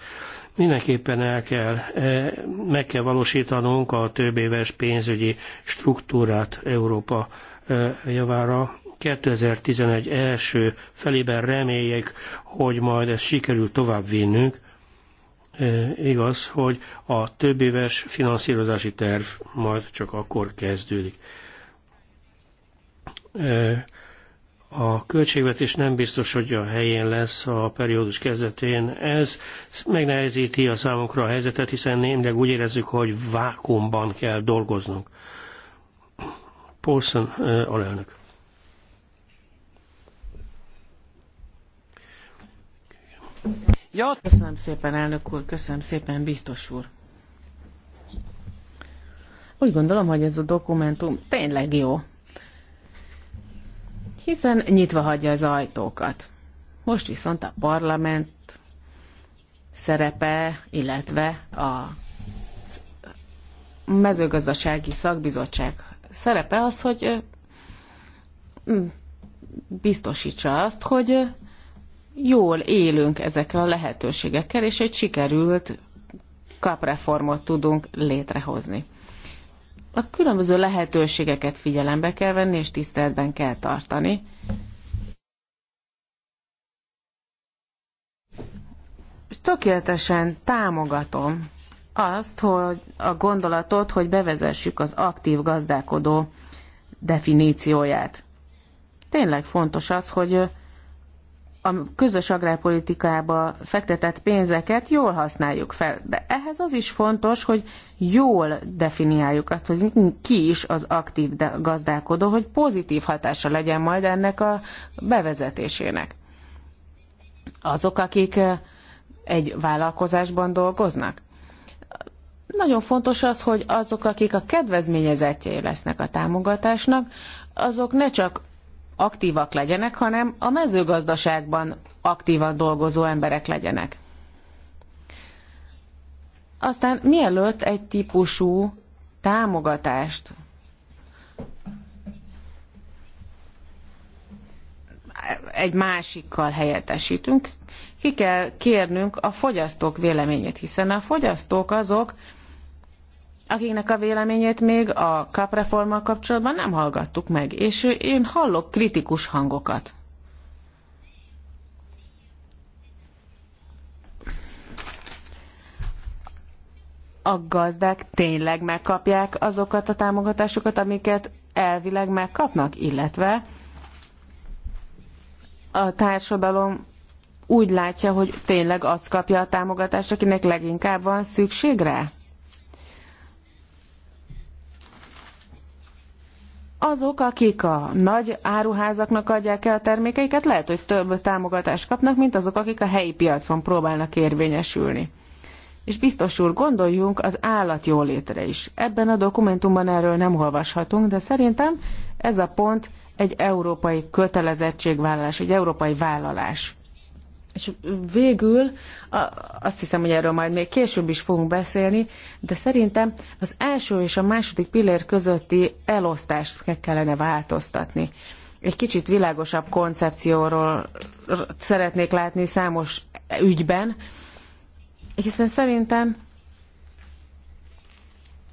Mindenképpen el kell, e, meg kell valósítanunk a több éves pénzügyi struktúrát Európa e, javára. 2011 első felében reméljük, hogy majd ezt sikerül tovább vinnünk. E, igaz, hogy a több éves finanszírozási terv majd csak akkor kezdődik a költségvetés nem biztos, hogy a helyén lesz a periódus kezdetén. Ez megnehezíti a számunkra a helyzetet, hiszen némileg úgy érezzük, hogy vákumban kell dolgoznunk. Paulson alelnök. Köszönöm szépen, elnök úr, köszönöm szépen, biztos úr. Úgy gondolom, hogy ez a dokumentum tényleg jó hiszen nyitva hagyja az ajtókat. Most viszont a parlament szerepe, illetve a mezőgazdasági szakbizottság szerepe az, hogy biztosítsa azt, hogy jól élünk ezekkel a lehetőségekkel, és egy sikerült kapreformot tudunk létrehozni. A különböző lehetőségeket figyelembe kell venni, és tiszteletben kell tartani. tökéletesen támogatom azt, hogy a gondolatot, hogy bevezessük az aktív gazdálkodó definícióját. Tényleg fontos az, hogy a közös agrárpolitikába fektetett pénzeket jól használjuk fel. De ehhez az is fontos, hogy jól definiáljuk azt, hogy ki is az aktív gazdálkodó, hogy pozitív hatása legyen majd ennek a bevezetésének. Azok, akik eh, egy vállalkozásban dolgoznak. Nagyon fontos az, hogy azok, akik a kedvezményezettjei lesznek a támogatásnak, azok ne csak aktívak legyenek, hanem a mezőgazdaságban aktívan dolgozó emberek legyenek. Aztán mielőtt egy típusú támogatást egy másikkal helyettesítünk, ki kell kérnünk a fogyasztók véleményét, hiszen a fogyasztók azok, akiknek a véleményét még a kapreformmal kapcsolatban nem hallgattuk meg, és én hallok kritikus hangokat. A gazdák tényleg megkapják azokat a támogatásokat, amiket elvileg megkapnak, illetve a társadalom úgy látja, hogy tényleg azt kapja a támogatást, akinek leginkább van szükség rá? azok, akik a nagy áruházaknak adják el a termékeiket, lehet, hogy több támogatást kapnak, mint azok, akik a helyi piacon próbálnak érvényesülni. És biztos úr, gondoljunk az jólétre is. Ebben a dokumentumban erről nem olvashatunk, de szerintem ez a pont egy európai kötelezettségvállalás, egy európai vállalás. És végül, azt hiszem, hogy erről majd még később is fogunk beszélni, de szerintem az első és a második pillér közötti elosztást meg kellene változtatni. Egy kicsit világosabb koncepcióról szeretnék látni számos ügyben, hiszen szerintem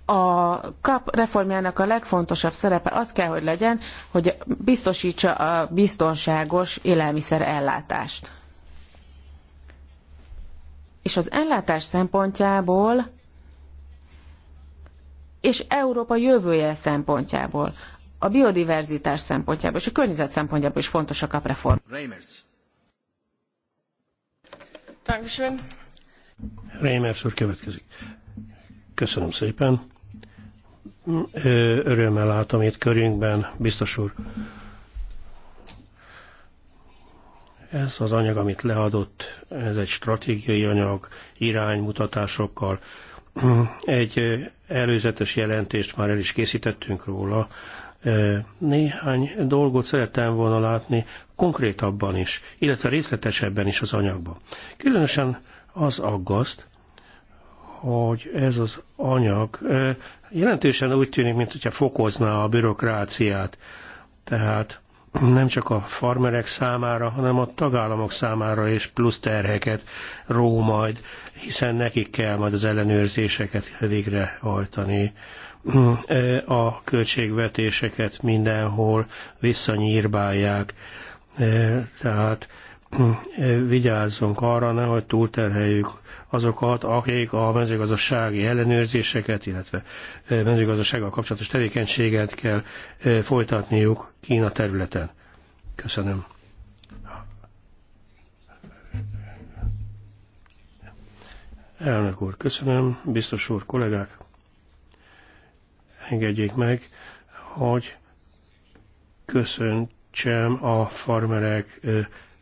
a kap reformjának a legfontosabb szerepe az kell, hogy legyen, hogy biztosítsa a biztonságos ellátást és az ellátás szempontjából, és Európa jövője szempontjából, a biodiverzitás szempontjából és a környezet szempontjából is fontos a kapreform. Reimers. Reimers úr következik. Köszönöm szépen. Örömmel látom itt körünkben, biztos úr. Ez az anyag, amit leadott, ez egy stratégiai anyag, iránymutatásokkal. Egy előzetes jelentést már el is készítettünk róla. Néhány dolgot szerettem volna látni konkrétabban is, illetve részletesebben is az anyagban. Különösen az aggaszt, hogy ez az anyag jelentősen úgy tűnik, mintha fokozná a bürokráciát. Tehát nem csak a farmerek számára, hanem a tagállamok számára és plusz terheket ró majd, hiszen nekik kell majd az ellenőrzéseket végrehajtani. Mm, e, a költségvetéseket mindenhol visszanyírbálják, e, tehát [CLEARS THROAT] vigyázzunk arra, nehogy túlterheljük azokat, akik a mezőgazdasági ellenőrzéseket, illetve mezőgazdasággal kapcsolatos tevékenységet kell folytatniuk Kína területen. Köszönöm. Elnök úr, köszönöm. Biztos úr, kollégák, engedjék meg, hogy köszöntsem a farmerek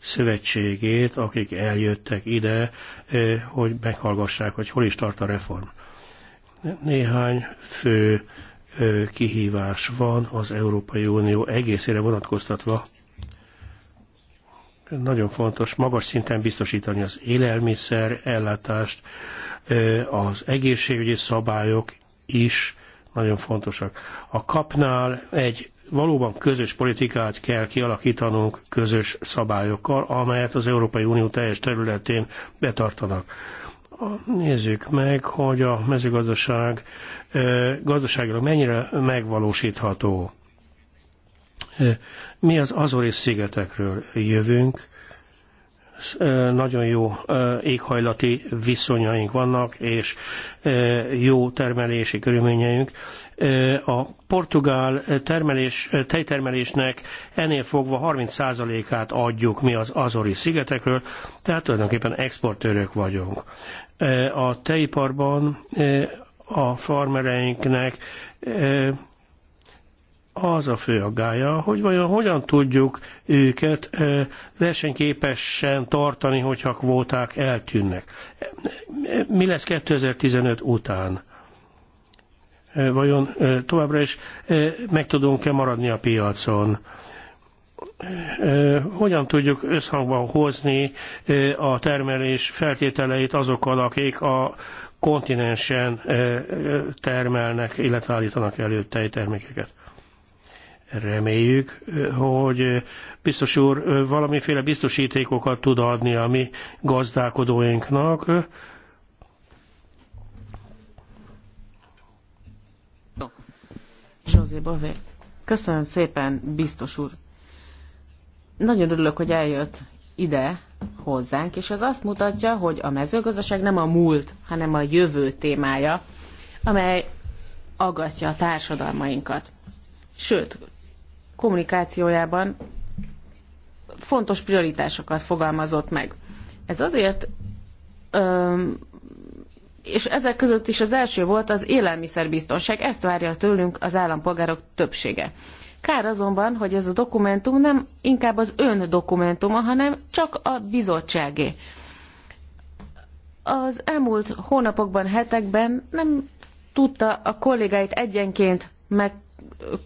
szövetségét, akik eljöttek ide, eh, hogy meghallgassák, hogy hol is tart a reform. Néhány fő eh, kihívás van az Európai Unió egészére vonatkoztatva. Nagyon fontos magas szinten biztosítani az élelmiszer ellátást, eh, az egészségügyi szabályok is nagyon fontosak. A kapnál egy valóban közös politikát kell kialakítanunk közös szabályokkal, amelyet az Európai Unió teljes területén betartanak. Nézzük meg, hogy a mezőgazdaság gazdaságilag mennyire megvalósítható. Mi az Azori szigetekről jövünk, nagyon jó éghajlati viszonyaink vannak, és jó termelési körülményeink. A portugál termelés, tejtermelésnek ennél fogva 30%-át adjuk mi az Azori szigetekről, tehát tulajdonképpen exportőrök vagyunk. A tejiparban a farmereinknek az a fő aggája, hogy vajon hogyan tudjuk őket versenyképesen tartani, hogyha kvóták eltűnnek. Mi lesz 2015 után? Vajon továbbra is meg tudunk-e maradni a piacon? Hogyan tudjuk összhangban hozni a termelés feltételeit azokkal, akik a kontinensen termelnek, illetve állítanak elő tejtermékeket? Reméljük, hogy biztos úr valamiféle biztosítékokat tud adni a mi gazdálkodóinknak. José Bové, köszönöm szépen, biztos úr. Nagyon örülök, hogy eljött ide hozzánk, és ez azt mutatja, hogy a mezőgazdaság nem a múlt, hanem a jövő témája, amely aggasztja a társadalmainkat. Sőt, kommunikációjában fontos prioritásokat fogalmazott meg. Ez azért, és ezek között is az első volt az élelmiszerbiztonság, ezt várja tőlünk az állampolgárok többsége. Kár azonban, hogy ez a dokumentum nem inkább az ön dokumentuma, hanem csak a bizottságé. Az elmúlt hónapokban, hetekben nem tudta a kollégáit egyenként meg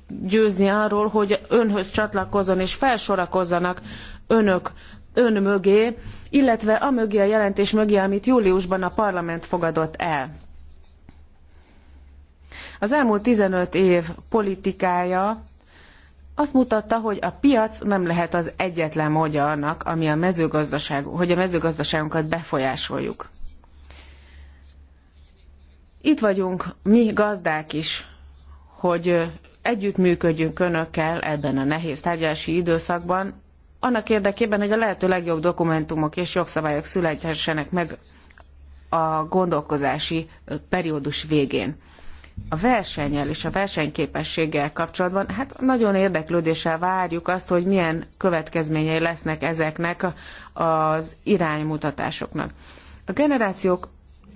győzni arról, hogy önhöz csatlakozzon és felsorakozzanak önök ön mögé, illetve a mögé a jelentés mögé, amit júliusban a parlament fogadott el. Az elmúlt 15 év politikája azt mutatta, hogy a piac nem lehet az egyetlen módja annak, ami a mezőgazdaság, hogy a mezőgazdaságunkat befolyásoljuk. Itt vagyunk mi gazdák is, hogy együttműködjünk önökkel ebben a nehéz tárgyalási időszakban, annak érdekében, hogy a lehető legjobb dokumentumok és jogszabályok születhessenek meg a gondolkozási periódus végén. A versennyel és a versenyképességgel kapcsolatban, hát nagyon érdeklődéssel várjuk azt, hogy milyen következményei lesznek ezeknek az iránymutatásoknak. A generációk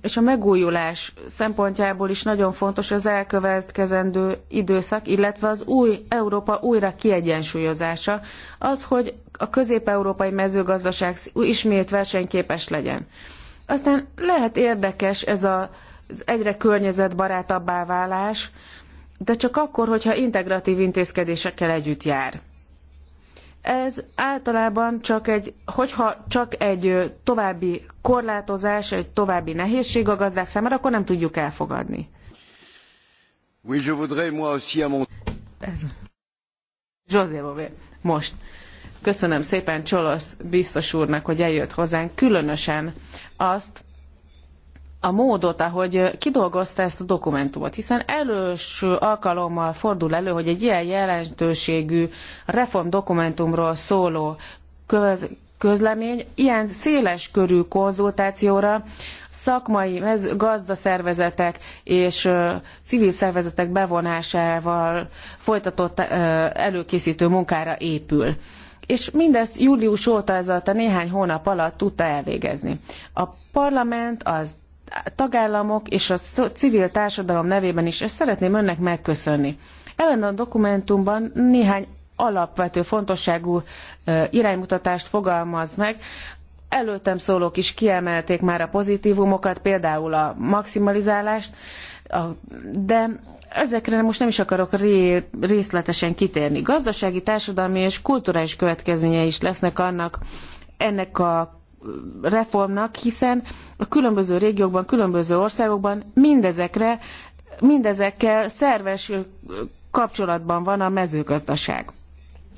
és a megújulás szempontjából is nagyon fontos az elkövetkezendő időszak, illetve az új Európa újra kiegyensúlyozása, az, hogy a közép-európai mezőgazdaság ismét versenyképes legyen. Aztán lehet érdekes ez a, az egyre környezetbarátabbá válás, de csak akkor, hogyha integratív intézkedésekkel együtt jár. Ez általában csak egy, hogyha csak egy további korlátozás, egy további nehézség a gazdák számára, akkor nem tudjuk elfogadni. Oui, je voudrais moi aussi à mon... Ez. José Bové, most. Köszönöm szépen Csolosz biztos úrnak, hogy eljött hozzánk, különösen azt, a módot, ahogy kidolgozta ezt a dokumentumot, hiszen első alkalommal fordul elő, hogy egy ilyen jelentőségű reformdokumentumról szóló köz, közlemény ilyen széles körű konzultációra szakmai gazdaszervezetek és civil szervezetek bevonásával folytatott előkészítő munkára épül és mindezt július óta, ez alatt a néhány hónap alatt tudta elvégezni. A parlament, az tagállamok és a civil társadalom nevében is, ezt szeretném önnek megköszönni. Ebben a dokumentumban néhány alapvető fontosságú iránymutatást fogalmaz meg. Előttem szólók is kiemelték már a pozitívumokat, például a maximalizálást, de ezekre most nem is akarok részletesen kitérni. Gazdasági, társadalmi és kulturális következményei is lesznek annak, ennek a reformnak, hiszen a különböző régiókban, különböző országokban mindezekre, mindezekkel szerves kapcsolatban van a mezőgazdaság.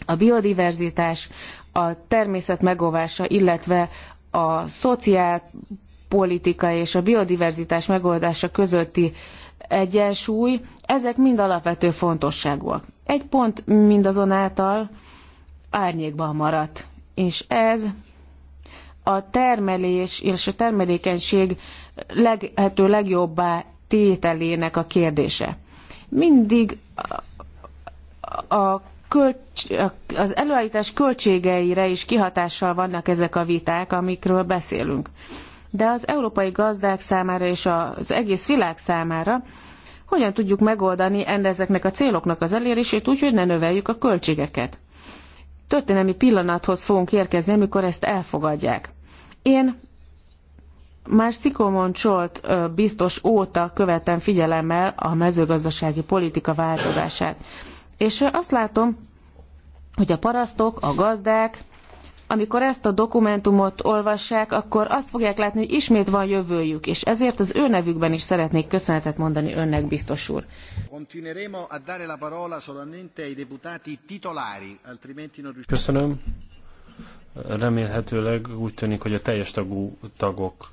A biodiverzitás, a természet megóvása, illetve a szociálpolitika és a biodiverzitás megoldása közötti egyensúly, ezek mind alapvető fontosságúak. Egy pont mindazonáltal árnyékban maradt, és ez a termelés és a termelékenység lehető legjobbá tételének a kérdése. Mindig a, a költs, az előállítás költségeire is kihatással vannak ezek a viták, amikről beszélünk. De az európai gazdák számára és az egész világ számára hogyan tudjuk megoldani ezeknek a céloknak az elérését úgy, hogy ne növeljük a költségeket? történelmi pillanathoz fogunk érkezni, amikor ezt elfogadják. Én már Szikomon Csolt biztos óta követem figyelemmel a mezőgazdasági politika változását. És azt látom, hogy a parasztok, a gazdák, amikor ezt a dokumentumot olvassák, akkor azt fogják látni, hogy ismét van jövőjük, és ezért az ő nevükben is szeretnék köszönetet mondani önnek, biztos úr. Köszönöm. Remélhetőleg úgy tűnik, hogy a teljes tagú tagok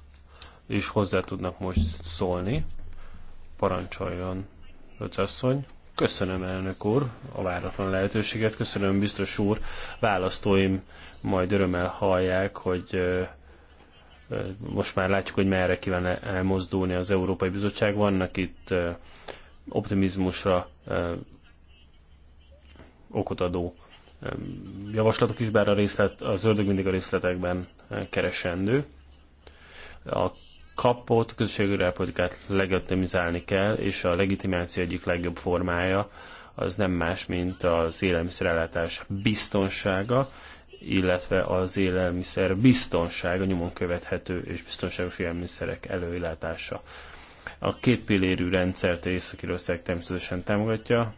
is hozzá tudnak most szólni. Parancsoljon, Öcasszony. Köszönöm, elnök úr, a váratlan lehetőséget. Köszönöm, biztos úr, választóim majd örömmel hallják, hogy most már látjuk, hogy merre kíván elmozdulni az Európai Bizottság. Vannak itt optimizmusra okot adó javaslatok is, bár a részlet, a zöldök mindig a részletekben keresendő. A kapott politikát legitimizálni kell, és a legitimáció egyik legjobb formája az nem más, mint az élelmiszerellátás biztonsága, illetve az élelmiszer biztonsága, nyomon követhető és biztonságos élelmiszerek előillátása. A két pillérű rendszert Észak-Irország természetesen támogatja.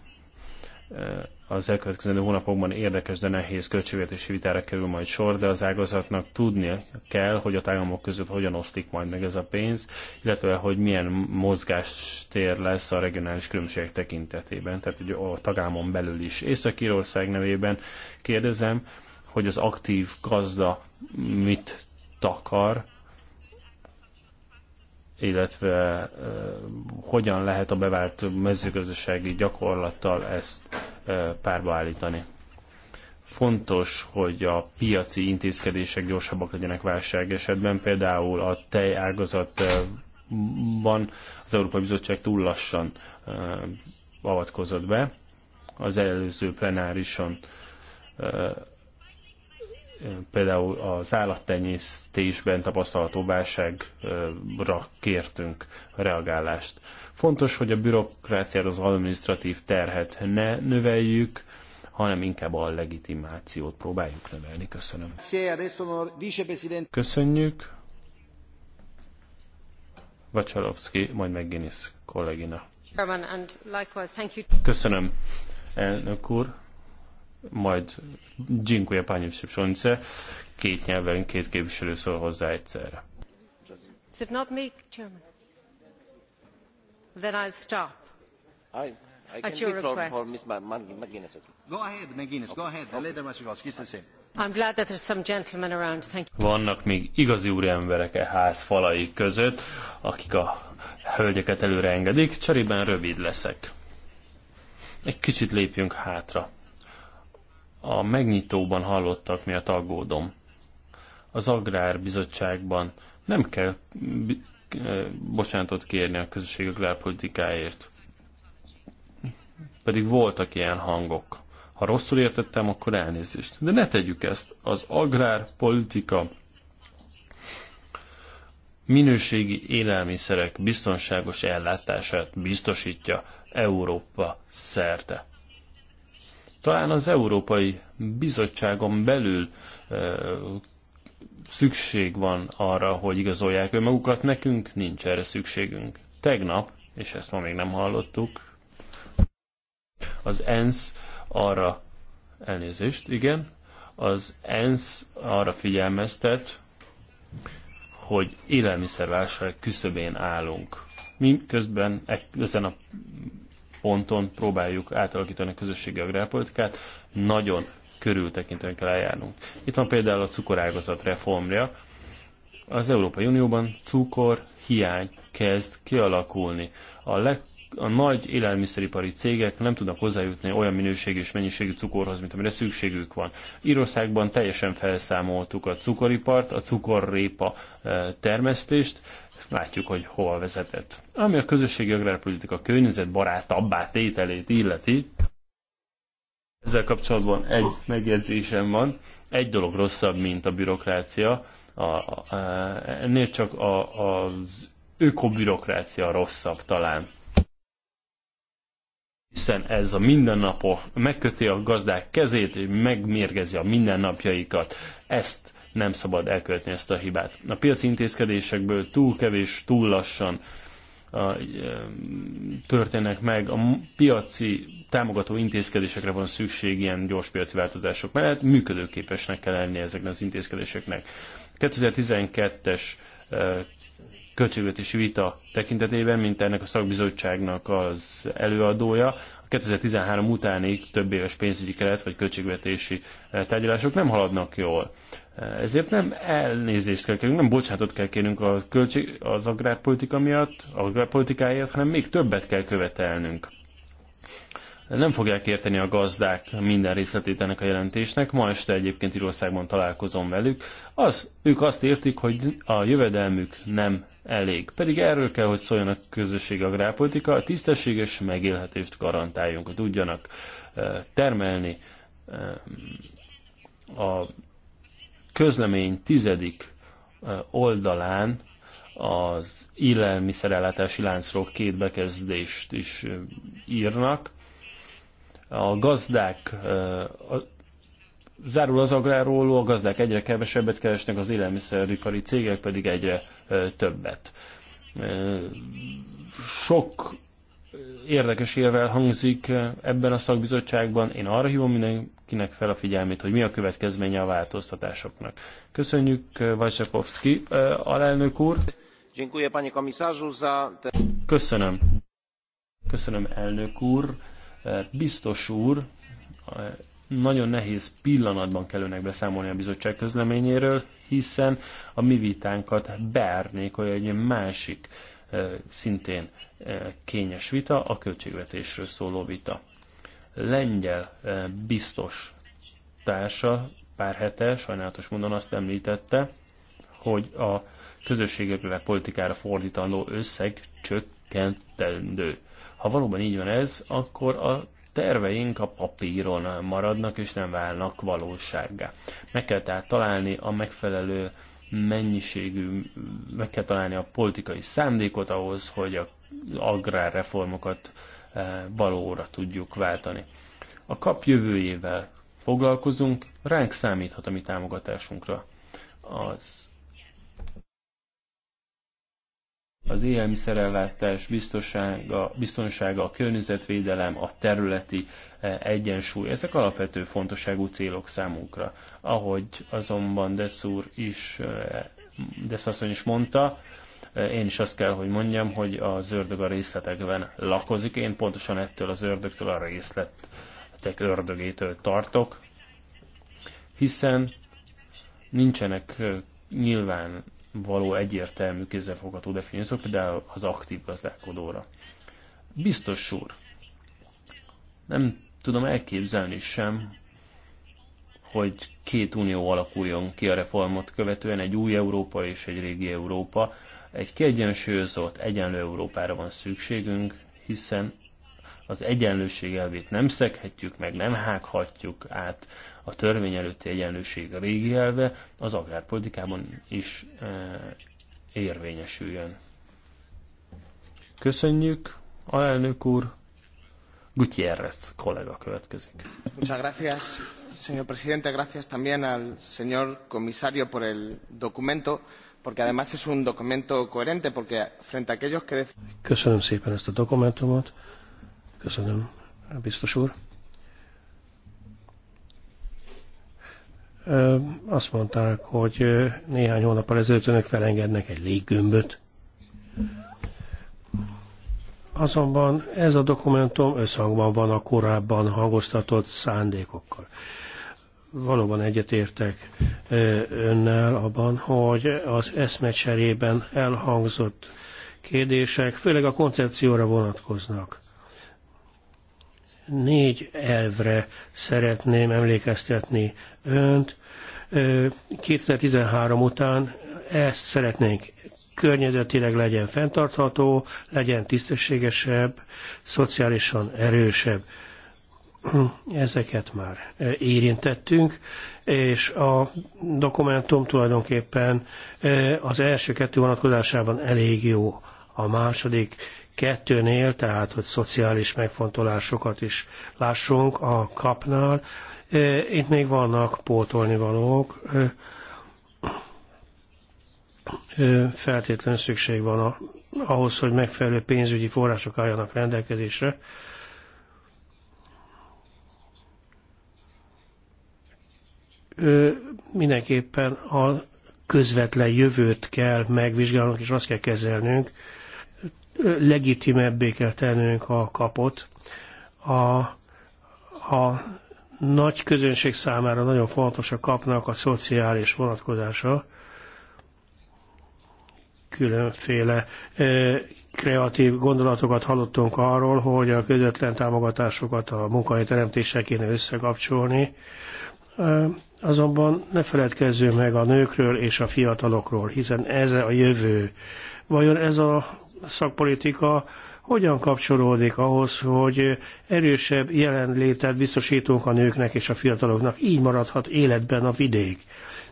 Az elkövetkező hónapokban érdekes, de nehéz költségvetési vitára kerül majd sor, de az ágazatnak tudnia kell, hogy a tagállamok között hogyan osztik majd meg ez a pénz, illetve hogy milyen mozgástér lesz a regionális különbségek tekintetében, tehát hogy a tagállamon belül is. Észak-Írország nevében kérdezem, hogy az aktív gazda mit takar, illetve uh, hogyan lehet a bevált mezőgazdasági gyakorlattal ezt uh, párba állítani. Fontos, hogy a piaci intézkedések gyorsabbak legyenek válság esetben, például a tej az Európai Bizottság túl lassan uh, avatkozott be. Az előző plenárison uh, például az állattenyésztésben tapasztalható válságra kértünk reagálást. Fontos, hogy a bürokráciára az administratív terhet ne növeljük, hanem inkább a legitimációt próbáljuk növelni. Köszönöm. Köszönjük. Vacsalovszki, majd megint is kollégina. Köszönöm, elnök úr majd Dziękuję Panie Przewodniczący, két nyelven két képviselő szól hozzá egyszerre. Is it not me, Chairman? Then I'll stop. I, I can At your request. For Ms. McGuinness. Go ahead, McGuinness, go ahead. Okay. Later, Masukovsky, it's the same. I'm glad that there's some gentlemen around. Thank you. Vannak még igazi úriemberek e ház falai között, akik a hölgyeket előre engedik. Cserében rövid leszek. Egy kicsit lépjünk hátra a megnyitóban hallottak miatt aggódom. Az Agrárbizottságban nem kell eh, bocsánatot kérni a közösség agrárpolitikáért. Pedig voltak ilyen hangok. Ha rosszul értettem, akkor elnézést. De ne tegyük ezt. Az agrárpolitika minőségi élelmiszerek biztonságos ellátását biztosítja Európa szerte. Talán az Európai Bizottságon belül eh, szükség van arra, hogy igazolják önmagukat, nekünk nincs erre szükségünk. Tegnap, és ezt ma még nem hallottuk, az ENSZ arra elnézést, igen, az ENSZ arra figyelmeztet, hogy élelmiszerválság küszöbén állunk. Mi közben e- ezen a ponton próbáljuk átalakítani a közösségi agrárpolitikát, nagyon körültekintően kell eljárnunk. Itt van például a cukorágazat reformja. Az Európai Unióban cukor hiány kezd kialakulni. A, leg, a nagy élelmiszeripari cégek nem tudnak hozzájutni olyan minőségű és mennyiségű cukorhoz, mint amire szükségük van. Írországban teljesen felszámoltuk a cukoripart, a cukorrépa eh, termesztést, látjuk, hogy hova vezetett. Ami a közösségi agrárpolitika környezetbarátabbá tételét illeti, ezzel kapcsolatban egy megjegyzésem van. Egy dolog rosszabb, mint a bürokrácia. A, a, ennél csak a, az ökobürokrácia rosszabb talán. Hiszen ez a mindennapok megköti a gazdák kezét, megmérgezi a mindennapjaikat. Ezt nem szabad elkövetni ezt a hibát. A piaci intézkedésekből túl kevés, túl lassan e, történnek meg. A piaci támogató intézkedésekre van szükség ilyen gyors piaci változások mellett, működőképesnek kell lenni ezeknek az intézkedéseknek. 2012-es e, költségvetési vita tekintetében, mint ennek a szakbizottságnak az előadója, 2013 utáni több éves pénzügyi keret vagy költségvetési eh, tárgyalások nem haladnak jól. Eh, ezért nem elnézést kell kérnünk, nem bocsánatot kell kérnünk a költség, az agrárpolitika miatt, az agrárpolitikáért, hanem még többet kell követelnünk. Nem fogják érteni a gazdák minden részletét ennek a jelentésnek. Ma este egyébként Írországban találkozom velük. Az, ők azt értik, hogy a jövedelmük nem elég. Pedig erről kell, hogy szóljon a közösség agrárpolitika, a tisztességes megélhetést garantáljunk, hogy tudjanak eh, termelni. Eh, a közlemény tizedik eh, oldalán az élelmiszerellátási láncról két bekezdést is írnak. A gazdák, zárul az agrárról, a gazdák egyre kevesebbet keresnek, az élelmiszeripari cégek pedig egyre többet. Sok érdekes érvel hangzik ebben a szakbizottságban. Én arra hívom mindenkinek fel a figyelmét, hogy mi a következménye a változtatásoknak. Köszönjük, Vajsepovszki, alelnök úr. Köszönöm. Köszönöm, elnök úr. Biztos úr, nagyon nehéz pillanatban kell önnek beszámolni a bizottság közleményéről, hiszen a mi vitánkat beárnék olyan egy másik, szintén kényes vita, a költségvetésről szóló vita. Lengyel biztos társa pár hete sajnálatos módon azt említette, hogy a közösségekre politikára fordítandó összeg csökkentendő. Ha valóban így van ez, akkor a terveink a papíron maradnak és nem válnak valósággá. Meg kell tehát találni a megfelelő mennyiségű, meg kell találni a politikai szándékot ahhoz, hogy a agrárreformokat eh, valóra tudjuk váltani. A kap jövőjével foglalkozunk, ránk számíthat a mi támogatásunkra. Az az élelmiszerellátás biztonsága, biztonsága, a környezetvédelem, a területi e, egyensúly. Ezek alapvető fontosságú célok számunkra. Ahogy azonban Deszúr is, e, Deszasszony is mondta, e, én is azt kell, hogy mondjam, hogy az ördög a részletekben lakozik. Én pontosan ettől az ördögtől a részletek ördögétől tartok, hiszen nincsenek nyilván való egyértelmű kézzelfogható definíció, például az aktív gazdálkodóra. Biztos úr, nem tudom elképzelni sem, hogy két unió alakuljon ki a reformot követően, egy új Európa és egy régi Európa. Egy kiegyensúlyozott, egyenlő Európára van szükségünk, hiszen az egyenlőség elvét nem szeghetjük, meg nem hághatjuk át a törvény előtti egyenlőség a régi elve az agrárpolitikában is e, érvényesüljön. Köszönjük, alelnök úr! Gutiérrez kollega következik. Muchas gracias, señor presidente. Gracias también al señor comisario por el documento, porque además es un documento coherente, porque frente a aquellos que... Köszönöm szépen ezt a dokumentumot. Köszönöm, biztos úr. azt mondták, hogy néhány hónap ezelőtt önök felengednek egy léggömböt. Azonban ez a dokumentum összhangban van a korábban hangoztatott szándékokkal. Valóban egyetértek önnel abban, hogy az eszmecserében elhangzott kérdések főleg a koncepcióra vonatkoznak négy elvre szeretném emlékeztetni önt. 2013 után ezt szeretnénk környezetileg legyen fenntartható, legyen tisztességesebb, szociálisan erősebb. Ezeket már érintettünk, és a dokumentum tulajdonképpen az első kettő vonatkozásában elég jó. A második kettőnél, tehát hogy szociális megfontolásokat is lássunk a kapnál. Itt még vannak pótolni valók. Feltétlenül szükség van a, ahhoz, hogy megfelelő pénzügyi források álljanak rendelkezésre. Mindenképpen a közvetlen jövőt kell megvizsgálnunk, és azt kell kezelnünk, legitimebbé kell tennünk a kapot. A, a nagy közönség számára nagyon fontos a kapnak a szociális vonatkozása. Különféle kreatív gondolatokat hallottunk arról, hogy a közvetlen támogatásokat a teremtése kéne összekapcsolni. Azonban ne feledkezzünk meg a nőkről és a fiatalokról, hiszen ez a jövő. Vajon ez a szakpolitika hogyan kapcsolódik ahhoz, hogy erősebb jelenlétet biztosítunk a nőknek és a fiataloknak, így maradhat életben a vidék.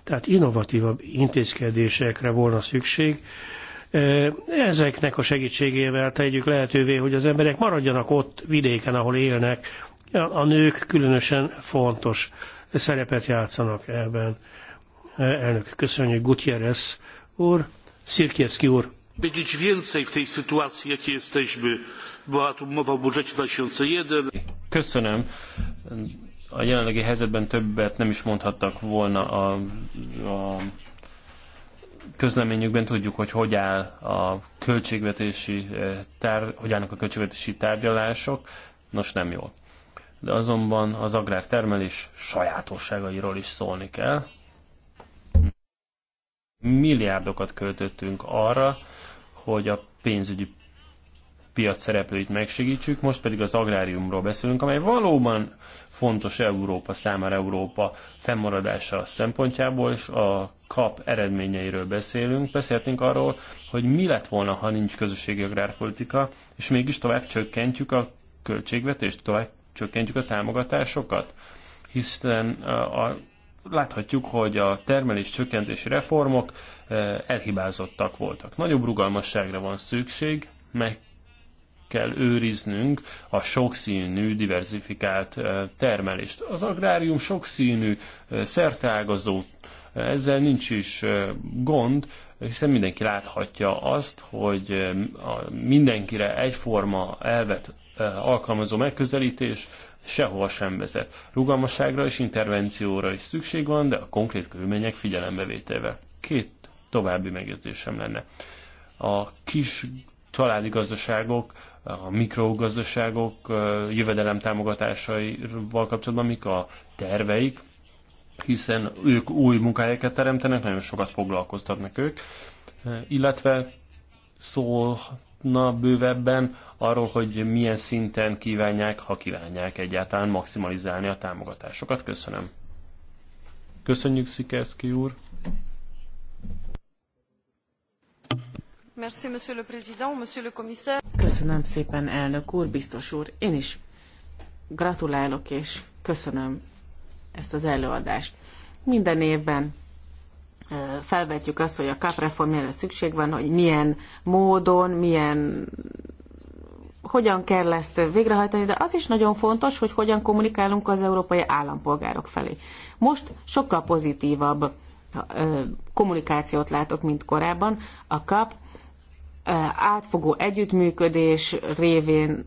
Tehát innovatívabb intézkedésekre volna szükség. Ezeknek a segítségével tegyük lehetővé, hogy az emberek maradjanak ott vidéken, ahol élnek. A nők különösen fontos szerepet játszanak ebben. Elnök, köszönjük, Gutierrez úr, Szirkieszki úr powiedzieć więcej w tej sytuacji, w jakiej jesteśmy. Była tu mowa o budżecie 2001. Köszönöm. A jelenlegi helyzetben többet nem is mondhattak volna a, a közleményükben tudjuk, hogy hogy áll a költségvetési eh, tár, hogy állnak a költségvetési tárgyalások. Nos, nem jól. De azonban az agrártermelés sajátosságairól is szólni kell milliárdokat költöttünk arra, hogy a pénzügyi piac szereplőit megsegítsük, most pedig az agráriumról beszélünk, amely valóban fontos Európa számára, Európa fennmaradása szempontjából, és a kap eredményeiről beszélünk. Beszéltünk arról, hogy mi lett volna, ha nincs közösségi agrárpolitika, és mégis tovább csökkentjük a költségvetést, tovább csökkentjük a támogatásokat, hiszen a láthatjuk, hogy a termelés csökkentési reformok eh, elhibázottak voltak. Nagyobb rugalmasságra van szükség, meg kell őriznünk a sokszínű, diversifikált eh, termelést. Az agrárium sokszínű, eh, szerteágazó, ezzel nincs is gond, hiszen mindenki láthatja azt, hogy mindenkire egyforma elvet alkalmazó megközelítés sehova sem vezet. Rugalmasságra és intervencióra is szükség van, de a konkrét körülmények figyelembevételével. Két további megjegyzésem lenne. A kis családi gazdaságok, a mikrogazdaságok jövedelem támogatásaival kapcsolatban mik a terveik, hiszen ők új munkahelyeket teremtenek, nagyon sokat foglalkoztatnak ők, illetve szól tudna bővebben arról, hogy milyen szinten kívánják, ha kívánják egyáltalán maximalizálni a támogatásokat. Köszönöm. Köszönjük Szikerszki úr. Merci, monsieur le président, monsieur le commissaire. Köszönöm szépen, elnök úr, biztos úr. Én is gratulálok és köszönöm ezt az előadást. Minden évben felvetjük azt, hogy a kapreformjára szükség van, hogy milyen módon, milyen hogyan kell ezt végrehajtani, de az is nagyon fontos, hogy hogyan kommunikálunk az európai állampolgárok felé. Most sokkal pozitívabb kommunikációt látok, mint korábban. A kap átfogó együttműködés révén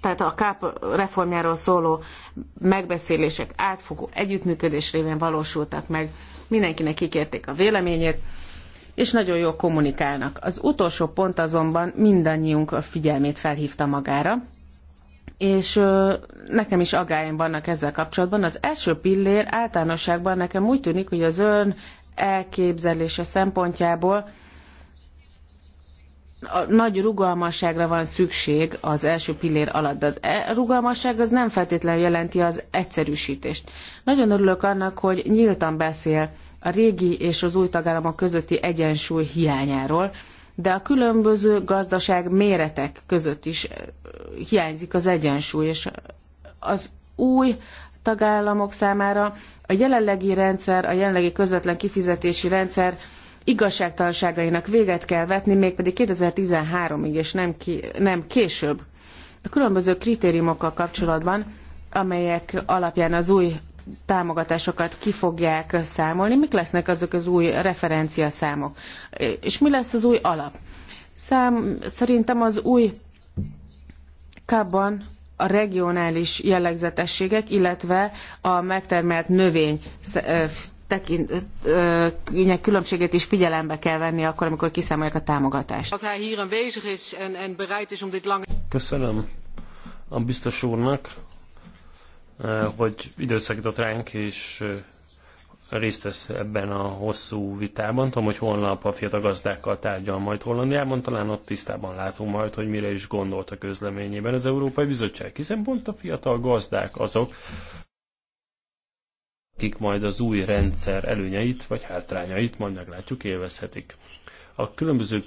tehát a KÁP reformjáról szóló megbeszélések átfogó együttműködés révén valósultak meg, mindenkinek kikérték a véleményét, és nagyon jól kommunikálnak. Az utolsó pont azonban mindannyiunk a figyelmét felhívta magára, és nekem is agályom vannak ezzel kapcsolatban. Az első pillér általánosságban nekem úgy tűnik, hogy az ön elképzelése szempontjából a nagy rugalmasságra van szükség az első pillér alatt, de az e rugalmasság az nem feltétlenül jelenti az egyszerűsítést. Nagyon örülök annak, hogy nyíltan beszél a régi és az új tagállamok közötti egyensúly hiányáról, de a különböző gazdaság méretek között is hiányzik az egyensúly, és az új tagállamok számára a jelenlegi rendszer, a jelenlegi közvetlen kifizetési rendszer igazságtalanságainak véget kell vetni, mégpedig 2013-ig, és nem, ki, nem később. A különböző kritériumokkal kapcsolatban, amelyek alapján az új támogatásokat ki fogják számolni, mik lesznek azok az új referenciaszámok, és mi lesz az új alap. Szám, szerintem az új kában a regionális jellegzetességek, illetve a megtermelt növény tekint, különbségét is figyelembe kell venni akkor, amikor kiszámolják a támogatást. Köszönöm a biztos úrnak, hogy időszakított ránk, és részt vesz ebben a hosszú vitában. Tudom, hogy holnap a fiatal gazdákkal tárgyal majd Hollandiában, talán ott tisztában látunk majd, hogy mire is gondolt a közleményében az Európai Bizottság, hiszen pont a fiatal gazdák azok, akik majd az új rendszer előnyeit vagy hátrányait majd meglátjuk, élvezhetik. A különböző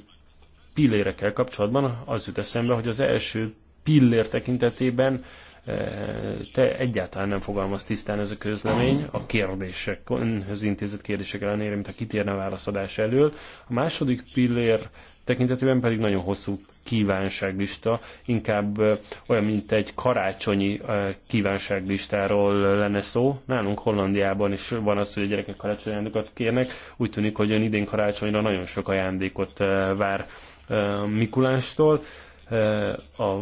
pillérekkel kapcsolatban az jut eszembe, hogy az első pillér tekintetében eh, te egyáltalán nem fogalmaz tisztán ez a közlemény, a kérdések, az intézett kérdések ellenére, mint a kitérne válaszadás elől. A második pillér tekintetében pedig nagyon hosszú kívánságlista, inkább olyan, mint egy karácsonyi kívánságlistáról lenne szó. Nálunk Hollandiában is van az, hogy a gyerekek karácsonyi ajándékot kérnek. Úgy tűnik, hogy ön idén karácsonyra nagyon sok ajándékot vár Mikulástól. A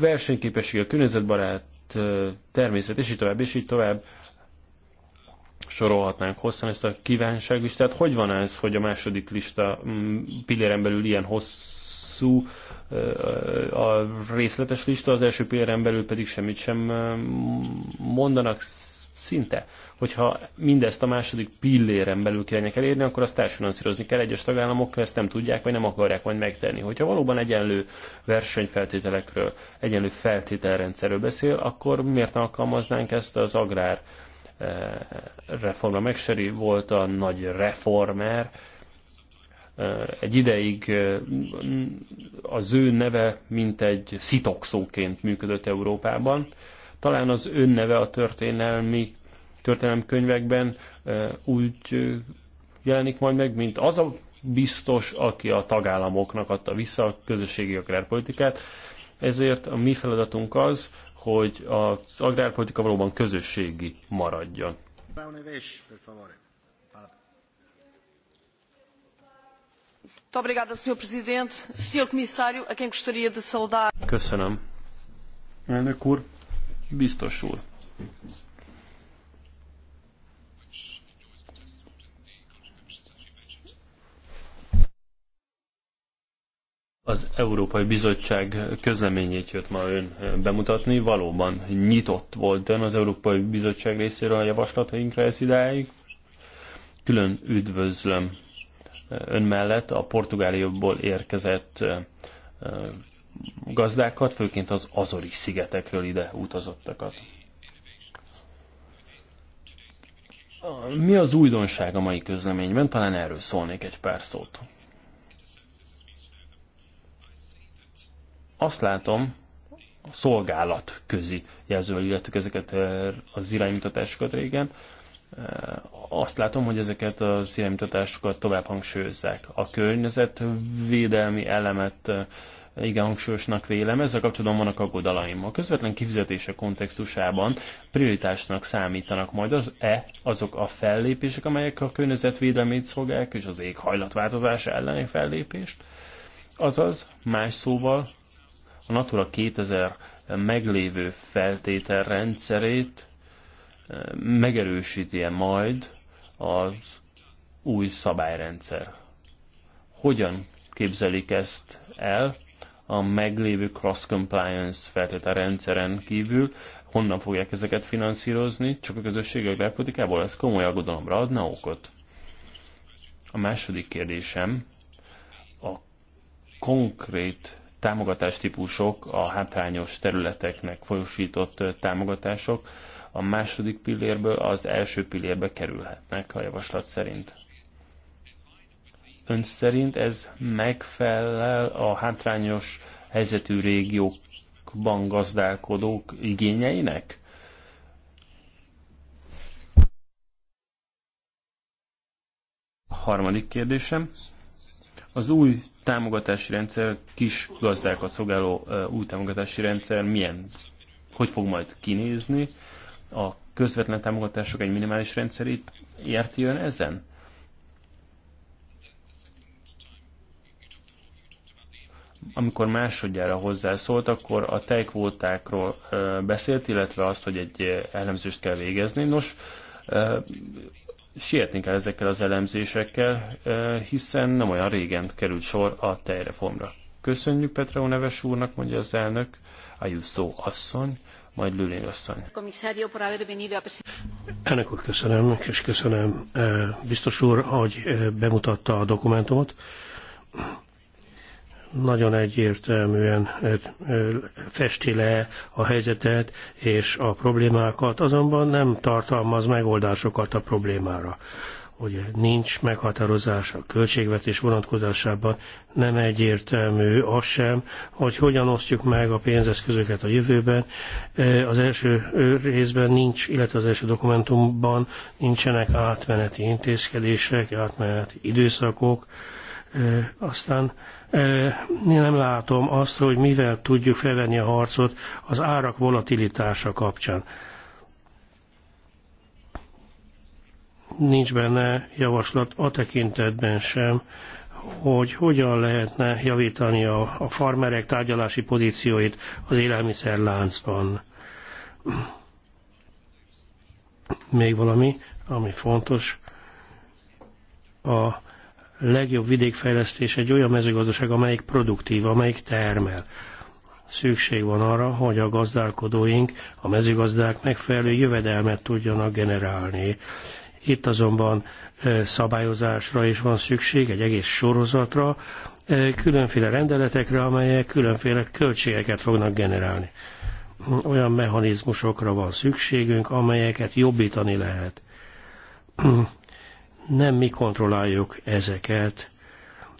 versenyképesség, a környezetbarát természet, és így tovább, és így tovább sorolhatnánk hosszan ezt a tehát Hogy van ez, hogy a második lista mm, pilléren belül ilyen hosszú a részletes lista, az első pilléren belül pedig semmit sem mondanak szinte. Hogyha mindezt a második pilléren belül kellene elérni, akkor azt társfinanszírozni kell. Egyes tagállamok ezt nem tudják, vagy nem akarják majd megtenni. Hogyha valóban egyenlő versenyfeltételekről, egyenlő feltételrendszerről beszél, akkor miért ne alkalmaznánk ezt az agrár Eh, reformra. Megseri volt a nagy reformer, eh, egy ideig eh, az ő neve mint egy szitokszóként működött Európában. Talán az ő neve a történelmi történelemkönyvekben úgy jelenik majd meg, mint az a biztos, aki a tagállamoknak adta vissza a közösségi agrárpolitikát. Ezért a mi feladatunk az, hogy az agrárpolitika valóban közösségi maradjon. Köszönöm. Elnök úr, biztos úr. az Európai Bizottság közleményét jött ma ön bemutatni. Valóban nyitott volt ön az Európai Bizottság részéről a javaslatainkra ez idáig. Külön üdvözlöm ön mellett a Portugáliából érkezett gazdákat, főként az Azori szigetekről ide utazottakat. Mi az újdonság a mai közleményben? Talán erről szólnék egy pár szót. Azt látom, a szolgálat közi jelzővel illettük ezeket eh, az iránymutatásokat régen. Eh, azt látom, hogy ezeket az iránymutatásokat tovább hangsúlyozzák. A környezetvédelmi elemet eh, igen hangsúlyosnak vélem, ezzel kapcsolatban vannak aggodalaim. A közvetlen kifizetése kontextusában prioritásnak számítanak majd az E, azok a fellépések, amelyek a környezetvédelmét szolgálják, és az éghajlatváltozás elleni fellépést. Azaz, más szóval a Natura 2000 meglévő feltételrendszerét eh, megerősíti-e majd az új szabályrendszer. Hogyan képzelik ezt el a meglévő cross-compliance feltételrendszeren kívül? Honnan fogják ezeket finanszírozni? Csak a közösségek belpolitikából? Ez komoly aggodalomra adna okot. A második kérdésem a konkrét támogatástípusok, a hátrányos területeknek folyosított támogatások a második pillérből az első pillérbe kerülhetnek a javaslat szerint. Ön szerint ez megfelel a hátrányos helyzetű régiókban gazdálkodók igényeinek? A harmadik kérdésem. Az új támogatási rendszer, kis gazdákat szolgáló új támogatási rendszer milyen, hogy fog majd kinézni, a közvetlen támogatások egy minimális rendszerét érti jön ezen? amikor másodjára hozzászólt, akkor a tejkvótákról beszélt, illetve azt, hogy egy elemzést kell végezni. Nos, sietni kell ezekkel az elemzésekkel, eh, hiszen nem olyan régen került sor a tejreformra. Köszönjük Petra neves úrnak, mondja az elnök, Ajuszó asszony, majd Lülén asszony. Elnök úr, köszönöm, és köszönöm eh, biztos úr, hogy eh, bemutatta a dokumentumot nagyon egyértelműen festi le a helyzetet és a problémákat, azonban nem tartalmaz megoldásokat a problémára. Ugye nincs meghatározás a költségvetés vonatkozásában, nem egyértelmű az sem, hogy hogyan osztjuk meg a pénzeszközöket a jövőben. Az első részben nincs, illetve az első dokumentumban nincsenek átmeneti intézkedések, átmeneti időszakok, aztán én nem látom azt, hogy mivel tudjuk felvenni a harcot az árak volatilitása kapcsán. Nincs benne javaslat a tekintetben sem, hogy hogyan lehetne javítani a, a farmerek tárgyalási pozícióit az élelmiszerláncban. Még valami, ami fontos, a legjobb vidékfejlesztés egy olyan mezőgazdaság, amelyik produktív, amelyik termel. Szükség van arra, hogy a gazdálkodóink, a mezőgazdák megfelelő jövedelmet tudjanak generálni. Itt azonban szabályozásra is van szükség, egy egész sorozatra, különféle rendeletekre, amelyek különféle költségeket fognak generálni. Olyan mechanizmusokra van szükségünk, amelyeket jobbítani lehet nem mi kontrolláljuk ezeket,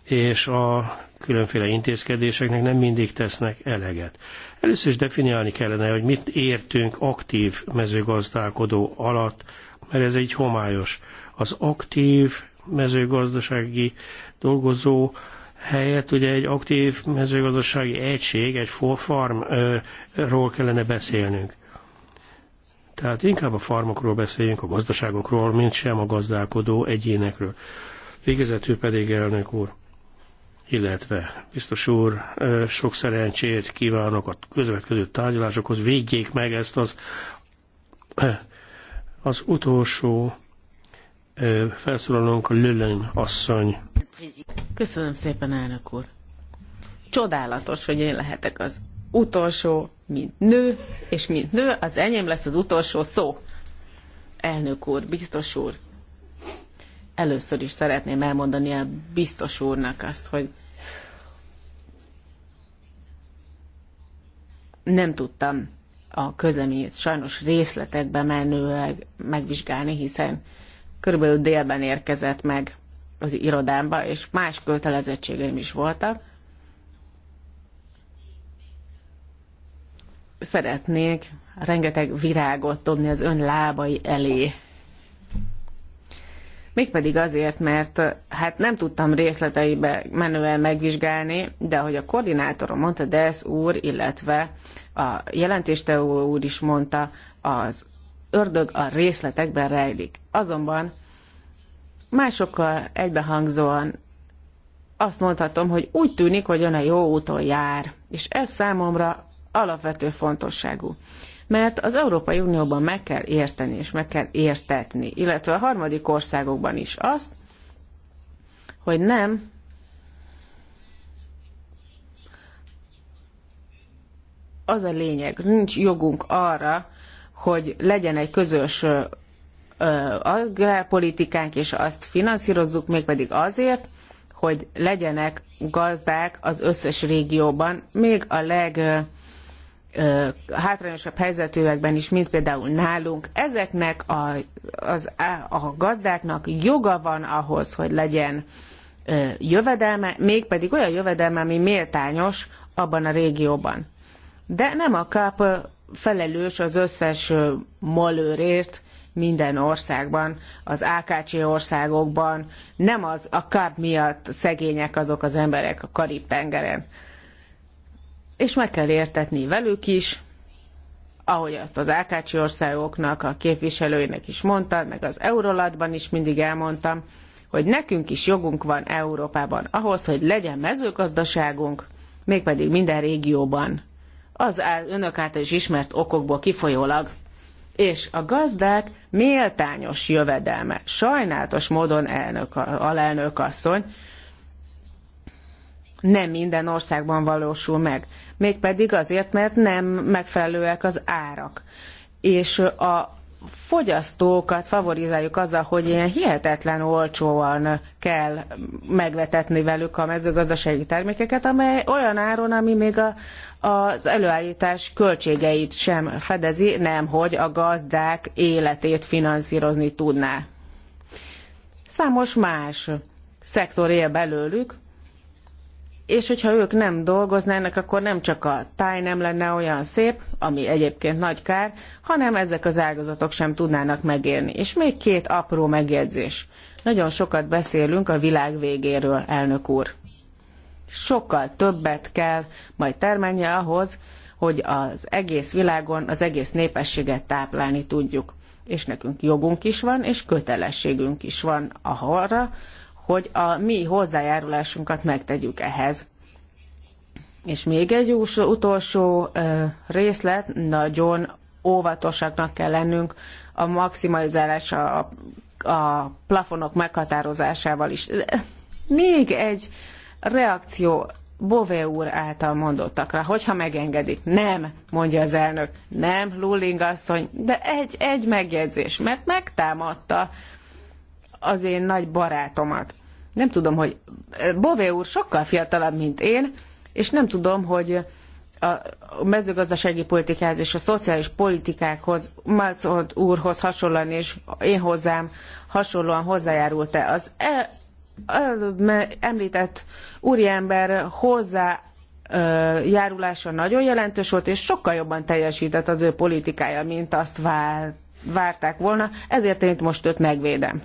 és a különféle intézkedéseknek nem mindig tesznek eleget. Először is definiálni kellene, hogy mit értünk aktív mezőgazdálkodó alatt, mert ez egy homályos. Az aktív mezőgazdasági dolgozó helyett ugye egy aktív mezőgazdasági egység, egy full farmról kellene beszélnünk. Tehát inkább a farmokról beszéljünk, a gazdaságokról, mint sem a gazdálkodó egyénekről. Végezetül pedig elnök úr, illetve biztos úr, sok szerencsét kívánok a közvetkező tárgyalásokhoz. Védjék meg ezt az, az utolsó felszólalónk Lüllen asszony. Köszönöm szépen, elnök úr. Csodálatos, hogy én lehetek az utolsó mint nő, és mint nő, az enyém lesz az utolsó szó. Elnök úr, biztos úr, először is szeretném elmondani a biztos úrnak azt, hogy nem tudtam a közleményét sajnos részletekbe menőleg megvizsgálni, hiszen körülbelül délben érkezett meg az irodámba, és más kötelezettségeim is voltak. szeretnék rengeteg virágot dobni az ön lábai elé. Mégpedig azért, mert hát nem tudtam részleteibe menően megvizsgálni, de ahogy a koordinátorom mondta, Desz úr, illetve a jelentésteó úr is mondta, az ördög a részletekben rejlik. Azonban másokkal egybehangzóan azt mondhatom, hogy úgy tűnik, hogy ön a jó úton jár, és ez számomra alapvető fontosságú. Mert az Európai Unióban meg kell érteni és meg kell értetni, illetve a harmadik országokban is azt, hogy nem az a lényeg, nincs jogunk arra, hogy legyen egy közös agrárpolitikánk, és azt finanszírozzuk mégpedig azért, hogy legyenek gazdák az összes régióban, még a leg hátrányosabb helyzetűekben is, mint például nálunk. Ezeknek a, az, a gazdáknak joga van ahhoz, hogy legyen jövedelme, mégpedig olyan jövedelme, ami méltányos abban a régióban. De nem a kap felelős az összes malőrért minden országban, az AKC országokban, nem az a kap miatt szegények azok az emberek a Karib-tengeren és meg kell értetni velük is, ahogy azt az Ákácsi országoknak, a képviselőinek is mondtam, meg az Eurolatban is mindig elmondtam, hogy nekünk is jogunk van Európában ahhoz, hogy legyen mezőgazdaságunk, mégpedig minden régióban. Az áll önök által is ismert okokból kifolyólag. És a gazdák méltányos jövedelme. Sajnálatos módon elnök, alelnök asszony, nem minden országban valósul meg. Mégpedig azért, mert nem megfelelőek az árak. És a fogyasztókat favorizáljuk azzal, hogy ilyen hihetetlen olcsóan kell megvetetni velük a mezőgazdasági termékeket, amely olyan áron, ami még a, az előállítás költségeit sem fedezi, nem hogy a gazdák életét finanszírozni tudná. Számos más szektor él belőlük, és hogyha ők nem dolgoznának, akkor nem csak a táj nem lenne olyan szép, ami egyébként nagy kár, hanem ezek az ágazatok sem tudnának megélni. És még két apró megjegyzés. Nagyon sokat beszélünk a világ végéről, elnök úr. Sokkal többet kell majd termelnie ahhoz, hogy az egész világon az egész népességet táplálni tudjuk. És nekünk jogunk is van, és kötelességünk is van arra, hogy a mi hozzájárulásunkat megtegyük ehhez. És még egy utolsó részlet, nagyon óvatosaknak kell lennünk a maximalizálás a, a plafonok meghatározásával is. Még egy reakció Bové úr által mondottakra, hogyha megengedik. Nem, mondja az elnök, nem, Lulling asszony, de egy, egy megjegyzés, mert megtámadta az én nagy barátomat. Nem tudom, hogy eh, Bové úr sokkal fiatalabb, mint én, és nem tudom, hogy a mezőgazdasági politikához és a szociális politikákhoz Malcolt úrhoz hasonlóan és én hozzám hasonlóan hozzájárult-e. Az el, el, említett úriember hozzá járulása nagyon jelentős volt, és sokkal jobban teljesített az ő politikája, mint azt vár, várták volna, ezért én itt most őt megvédem.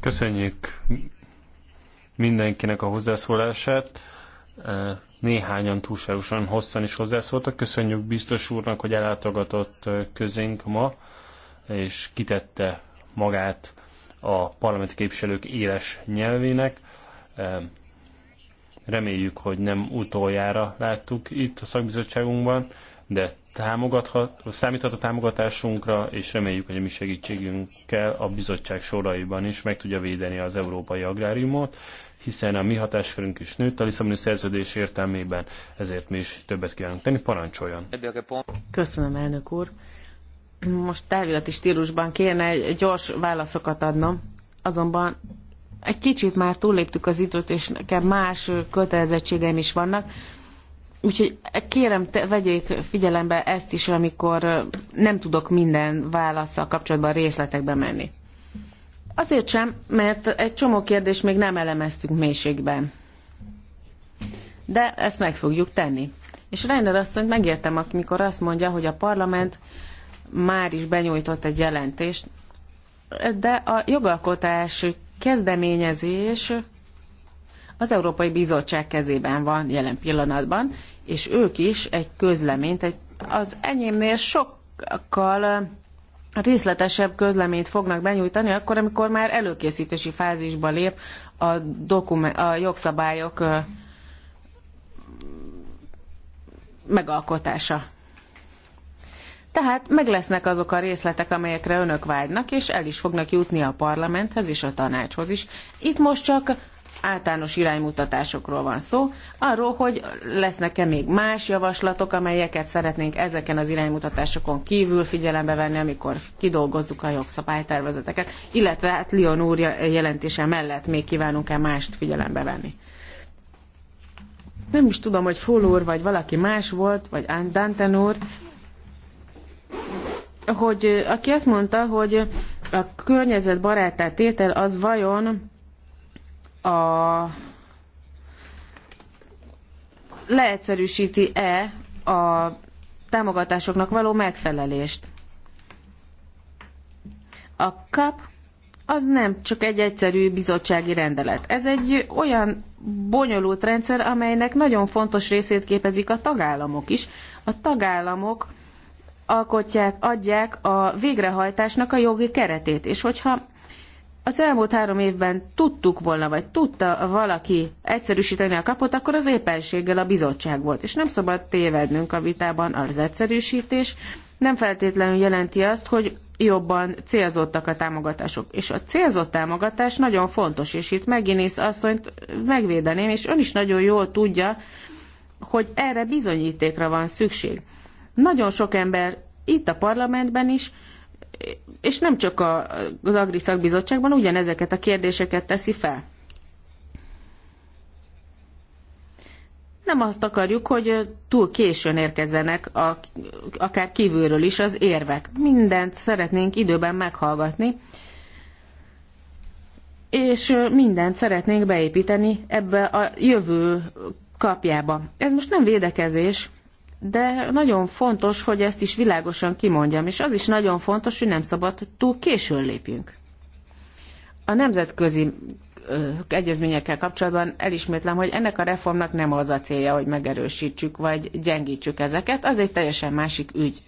Köszönjük mindenkinek a hozzászólását. Néhányan túlságosan hosszan is hozzászóltak. Köszönjük biztos úrnak, hogy ellátogatott közénk ma, és kitette magát a parlamenti képviselők éles nyelvének. Reméljük, hogy nem utoljára láttuk itt a szakbizottságunkban de támogathat, számíthat a támogatásunkra, és reméljük, hogy a mi segítségünkkel a bizottság soraiban is meg tudja védeni az európai agráriumot, hiszen a mi hatáskörünk is nőtt a Lisszaboni szerződés értelmében, ezért mi is többet kívánunk tenni. Parancsoljon! Köszönöm, elnök úr! Most távirati stílusban kéne egy gyors válaszokat adnom, azonban egy kicsit már túlléptük az időt, és nekem más kötelezettségeim is vannak Úgyhogy kérem, te, vegyék figyelembe ezt is, amikor nem tudok minden válaszsal kapcsolatban részletekbe menni. Azért sem, mert egy csomó kérdést még nem elemeztünk mélységben. De ezt meg fogjuk tenni. És Reiner asszonyt megértem, amikor azt mondja, hogy a parlament már is benyújtott egy jelentést, de a jogalkotás kezdeményezés az Európai Bizottság kezében van jelen pillanatban, és ők is egy közleményt, egy, az enyémnél sokkal eh, részletesebb közleményt fognak benyújtani, akkor, amikor már előkészítési fázisba lép a, dokumen- a jogszabályok eh, megalkotása. Tehát meg lesznek azok a részletek, amelyekre önök vágynak, és el is fognak jutni a parlamenthez és a tanácshoz is. Itt most csak általános iránymutatásokról van szó, arról, hogy lesznek-e még más javaslatok, amelyeket szeretnénk ezeken az iránymutatásokon kívül figyelembe venni, amikor kidolgozzuk a jogszabálytervezeteket, illetve hát Lion úr jelentése mellett még kívánunk-e mást figyelembe venni. Nem is tudom, hogy Full úr, vagy valaki más volt, vagy Danten úr, hogy aki azt mondta, hogy a környezetbarátá tétel az vajon a leegyszerűsíti-e a támogatásoknak való megfelelést. A kap az nem csak egy egyszerű bizottsági rendelet. Ez egy olyan bonyolult rendszer, amelynek nagyon fontos részét képezik a tagállamok is. A tagállamok alkotják, adják a végrehajtásnak a jogi keretét, és hogyha az elmúlt három évben tudtuk volna, vagy tudta valaki egyszerűsíteni a kapot, akkor az éppenséggel a bizottság volt. És nem szabad tévednünk a vitában az egyszerűsítés, nem feltétlenül jelenti azt, hogy jobban célzottak a támogatások. És a célzott támogatás nagyon fontos, és itt Meginész hogy megvédeném, és ön is nagyon jól tudja, hogy erre bizonyítékra van szükség. Nagyon sok ember itt a parlamentben is és nem csak a, az Agri Szakbizottságban ugyanezeket a kérdéseket teszi fel. Nem azt akarjuk, hogy túl későn érkezzenek a, akár kívülről is az érvek. Mindent szeretnénk időben meghallgatni, és mindent szeretnénk beépíteni ebbe a jövő kapjába. Ez most nem védekezés, de nagyon fontos, hogy ezt is világosan kimondjam, és az is nagyon fontos, hogy nem szabad túl későn lépjünk. A nemzetközi egyezményekkel kapcsolatban elismétlem, hogy ennek a reformnak nem az a célja, hogy megerősítsük vagy gyengítsük ezeket, az egy teljesen másik ügy.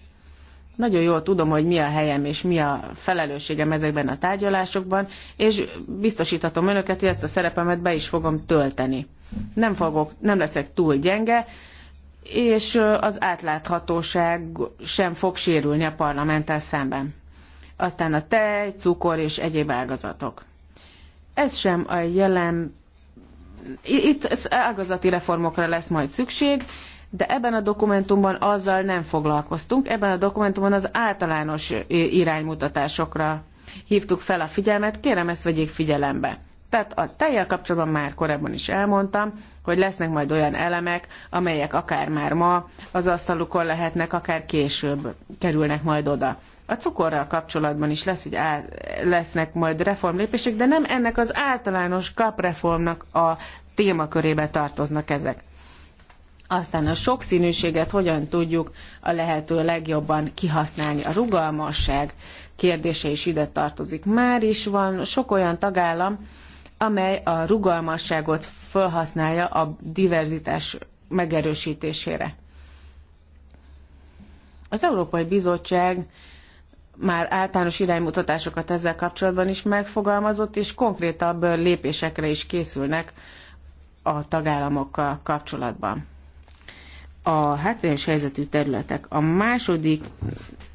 Nagyon jól tudom, hogy mi a helyem és mi a felelősségem ezekben a tárgyalásokban, és biztosítatom önöket, hogy ezt a szerepemet be is fogom tölteni. Nem, fogok, nem leszek túl gyenge, és az átláthatóság sem fog sérülni a parlamenttel szemben. Aztán a tej, cukor és egyéb ágazatok. Ez sem a jelen... Itt ágazati reformokra lesz majd szükség, de ebben a dokumentumban azzal nem foglalkoztunk, ebben a dokumentumban az általános iránymutatásokra hívtuk fel a figyelmet, kérem ezt vegyék figyelembe. Tehát a tejjel kapcsolatban már korábban is elmondtam, hogy lesznek majd olyan elemek, amelyek akár már ma az asztalukon lehetnek, akár később kerülnek majd oda. A cukorral kapcsolatban is lesz, egy á, lesznek majd reformlépések, de nem ennek az általános kapreformnak a témakörébe tartoznak ezek. Aztán a sokszínűséget hogyan tudjuk a lehető legjobban kihasználni. A rugalmasság kérdése is ide tartozik. Már is van sok olyan tagállam, amely a rugalmasságot felhasználja a diverzitás megerősítésére. Az Európai Bizottság már általános iránymutatásokat ezzel kapcsolatban is megfogalmazott, és konkrétabb lépésekre is készülnek a tagállamokkal kapcsolatban. A hátrányos helyzetű területek. A második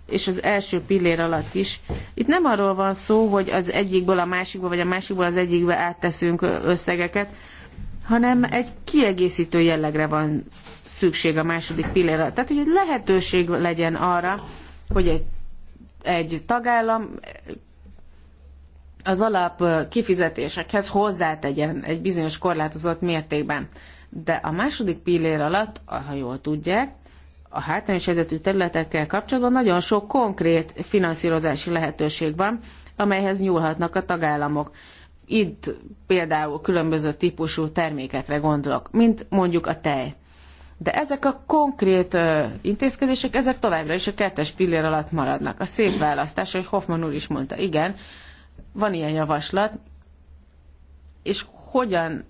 és az első pillér alatt is. Itt nem arról van szó, hogy az egyikből a másikba, vagy a másikból az egyikbe átteszünk összegeket, hanem egy kiegészítő jellegre van szükség a második alatt. Tehát, hogy egy lehetőség legyen arra, hogy egy, egy tagállam az alap kifizetésekhez hozzátegyen egy bizonyos korlátozott mértékben. De a második pillér alatt, ha jól tudják, a hátrányos helyzetű területekkel kapcsolatban nagyon sok konkrét finanszírozási lehetőség van, amelyhez nyúlhatnak a tagállamok. Itt például különböző típusú termékekre gondolok, mint mondjuk a tej. De ezek a konkrét intézkedések, ezek továbbra is a kettes pillér alatt maradnak. A szétválasztás, ahogy Hoffman úr is mondta, igen, van ilyen javaslat, és hogyan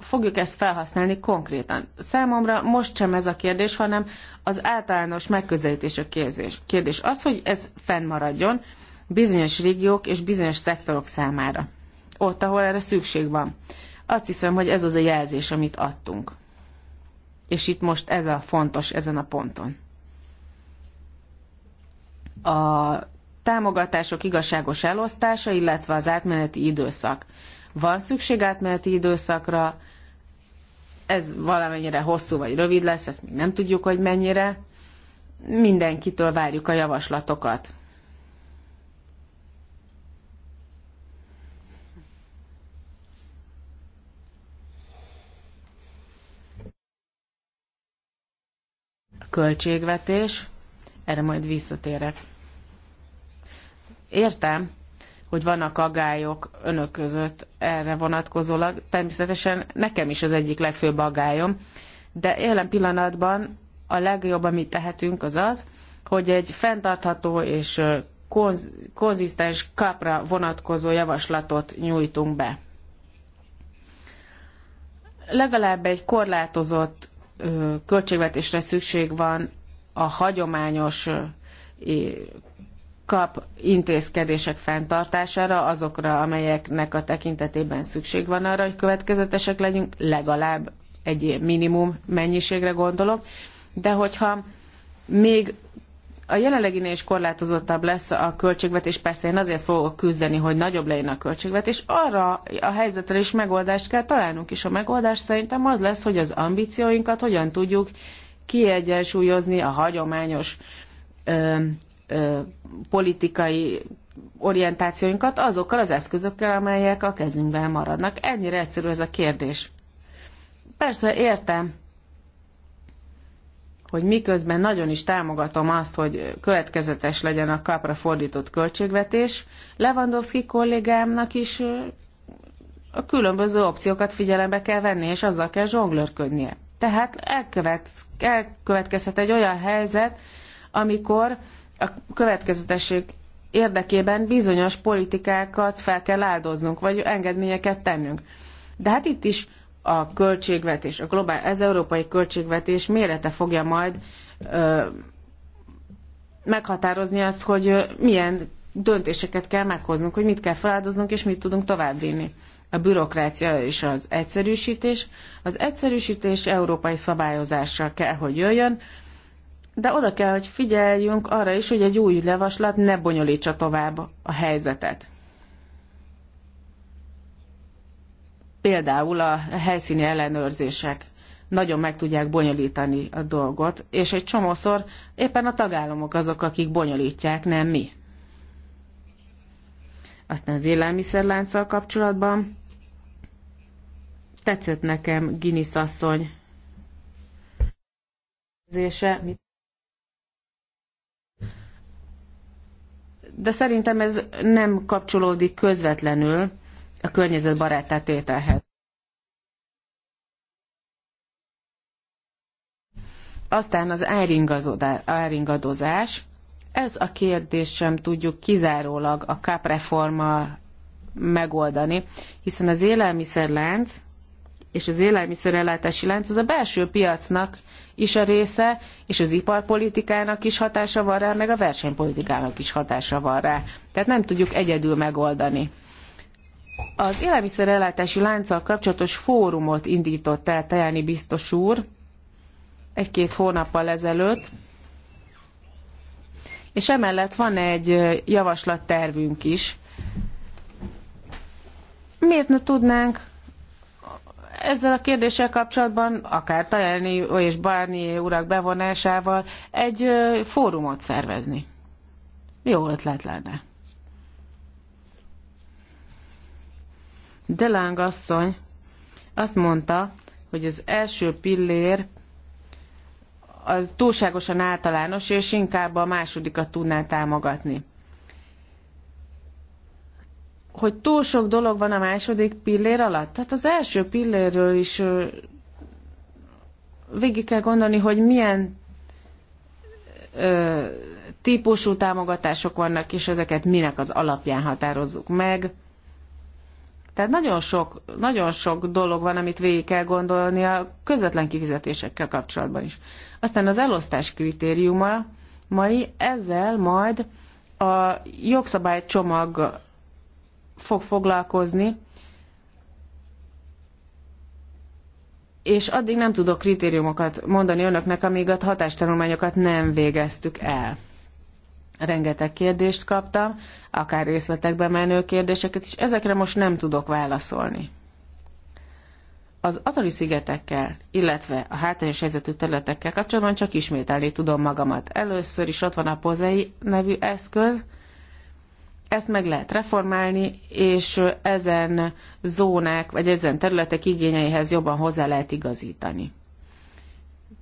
fogjuk ezt felhasználni konkrétan? Számomra most sem ez a kérdés, hanem az általános megközelítés a kérdés. kérdés. Az, hogy ez fennmaradjon bizonyos régiók és bizonyos szektorok számára. Ott, ahol erre szükség van. Azt hiszem, hogy ez az a jelzés, amit adtunk. És itt most ez a fontos ezen a ponton. A támogatások igazságos elosztása, illetve az átmeneti időszak. Van szükség átmeneti időszakra, ez valamennyire hosszú vagy rövid lesz, ezt még nem tudjuk, hogy mennyire. Mindenkitől várjuk a javaslatokat. A költségvetés, erre majd visszatérek. Értem, hogy vannak agályok önök között erre vonatkozólag. Természetesen nekem is az egyik legfőbb agályom, de jelen pillanatban a legjobb, amit tehetünk, az az, hogy egy fenntartható és konz- konzisztens kapra vonatkozó javaslatot nyújtunk be. Legalább egy korlátozott költségvetésre szükség van a hagyományos kap intézkedések fenntartására, azokra, amelyeknek a tekintetében szükség van arra, hogy következetesek legyünk, legalább egy minimum mennyiségre gondolok, de hogyha még a jelenleginél is korlátozottabb lesz a költségvetés, persze én azért fogok küzdeni, hogy nagyobb legyen a költségvetés, arra a helyzetre is megoldást kell találnunk, és a megoldás szerintem az lesz, hogy az ambícióinkat hogyan tudjuk kiegyensúlyozni a hagyományos politikai orientációinkat azokkal az eszközökkel, amelyek a kezünkben maradnak. Ennyire egyszerű ez a kérdés. Persze értem, hogy miközben nagyon is támogatom azt, hogy következetes legyen a kapra fordított költségvetés, Lewandowski kollégámnak is a különböző opciókat figyelembe kell venni, és azzal kell zsonglőrködnie. Tehát elkövet, elkövetkezhet egy olyan helyzet, amikor a következetesség érdekében bizonyos politikákat fel kell áldoznunk, vagy engedményeket tennünk. De hát itt is a költségvetés, a globál, ez európai költségvetés mérete fogja majd ö, meghatározni azt, hogy milyen döntéseket kell meghoznunk, hogy mit kell feláldoznunk, és mit tudunk továbbvinni. A bürokrácia és az egyszerűsítés. Az egyszerűsítés európai szabályozással kell, hogy jöjjön, de oda kell, hogy figyeljünk arra is, hogy egy új levaslat ne bonyolítsa tovább a helyzetet. Például a helyszíni ellenőrzések nagyon meg tudják bonyolítani a dolgot, és egy csomószor éppen a tagállamok azok, akik bonyolítják, nem mi. Aztán az élelmiszerlánccal kapcsolatban tetszett nekem Guinness asszony. Mit? de szerintem ez nem kapcsolódik közvetlenül a környezetbarát tételhez. Aztán az áringadozás. Ez a kérdés sem tudjuk kizárólag a kapreforma megoldani, hiszen az élelmiszerlánc és az élelmiszerellátási lánc az a belső piacnak is a része, és az iparpolitikának is hatása van rá, meg a versenypolitikának is hatása van rá. Tehát nem tudjuk egyedül megoldani. Az élelmiszerellátási lánccal kapcsolatos fórumot indított el Tajani biztos úr egy-két hónappal ezelőtt, és emellett van egy javaslattervünk is. Miért ne tudnánk ezzel a kérdéssel kapcsolatban, akár Tajani és Barnier urak bevonásával egy fórumot szervezni. Jó ötlet lenne. Deláng asszony azt mondta, hogy az első pillér az túlságosan általános, és inkább a másodikat tudná támogatni hogy túl sok dolog van a második pillér alatt. Tehát az első pillérről is végig kell gondolni, hogy milyen ö, típusú támogatások vannak, és ezeket minek az alapján határozzuk meg. Tehát nagyon sok, nagyon sok dolog van, amit végig kell gondolni a közvetlen kifizetésekkel kapcsolatban is. Aztán az elosztás kritériuma mai ezzel majd a jogszabálycsomag fog foglalkozni, és addig nem tudok kritériumokat mondani önöknek, amíg a hatástanulmányokat nem végeztük el. Rengeteg kérdést kaptam, akár részletekbe menő kérdéseket, és ezekre most nem tudok válaszolni. Az azali szigetekkel, illetve a hátrányos helyzetű területekkel kapcsolatban csak ismételni tudom magamat. Először is ott van a pozei nevű eszköz, ezt meg lehet reformálni, és ezen zónák, vagy ezen területek igényeihez jobban hozzá lehet igazítani.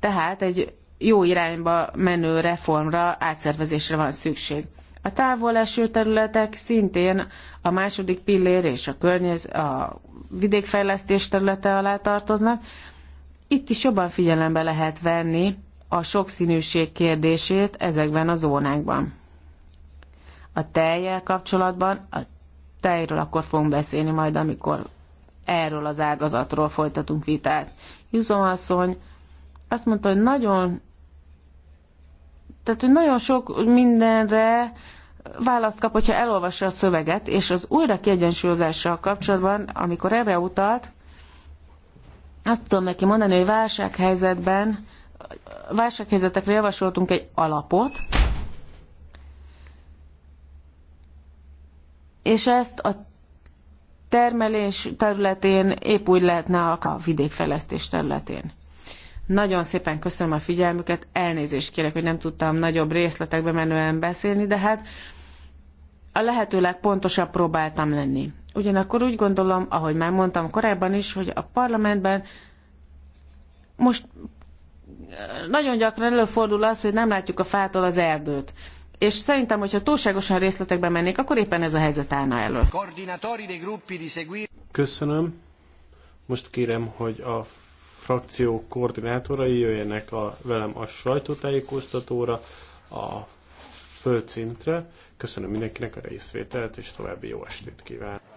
Tehát egy jó irányba menő reformra, átszervezésre van szükség. A távol eső területek szintén a második pillér és a, környez, a vidékfejlesztés területe alá tartoznak. Itt is jobban figyelembe lehet venni a sokszínűség kérdését ezekben a zónákban a tejjel kapcsolatban, a tejről akkor fogunk beszélni majd, amikor erről az ágazatról folytatunk vitát. Juzom asszony azt mondta, hogy nagyon tehát, hogy nagyon sok mindenre választ kap, hogyha elolvassa a szöveget, és az újra kiegyensúlyozással kapcsolatban, amikor erre utalt, azt tudom neki mondani, hogy válsághelyzetben, válsághelyzetekre javasoltunk egy alapot, és ezt a termelés területén épp úgy lehetne a vidékfejlesztés területén. Nagyon szépen köszönöm a figyelmüket, elnézést kérek, hogy nem tudtam nagyobb részletekbe menően beszélni, de hát a lehető legpontosabb próbáltam lenni. Ugyanakkor úgy gondolom, ahogy már mondtam korábban is, hogy a parlamentben most nagyon gyakran előfordul az, hogy nem látjuk a fától az erdőt és szerintem, hogyha túlságosan részletekbe mennék, akkor éppen ez a helyzet állna elő. Köszönöm. Most kérem, hogy a frakció koordinátorai jöjjenek a, velem a sajtótájékoztatóra, a földszintre. Köszönöm mindenkinek a részvételt, és további jó estét kívánok!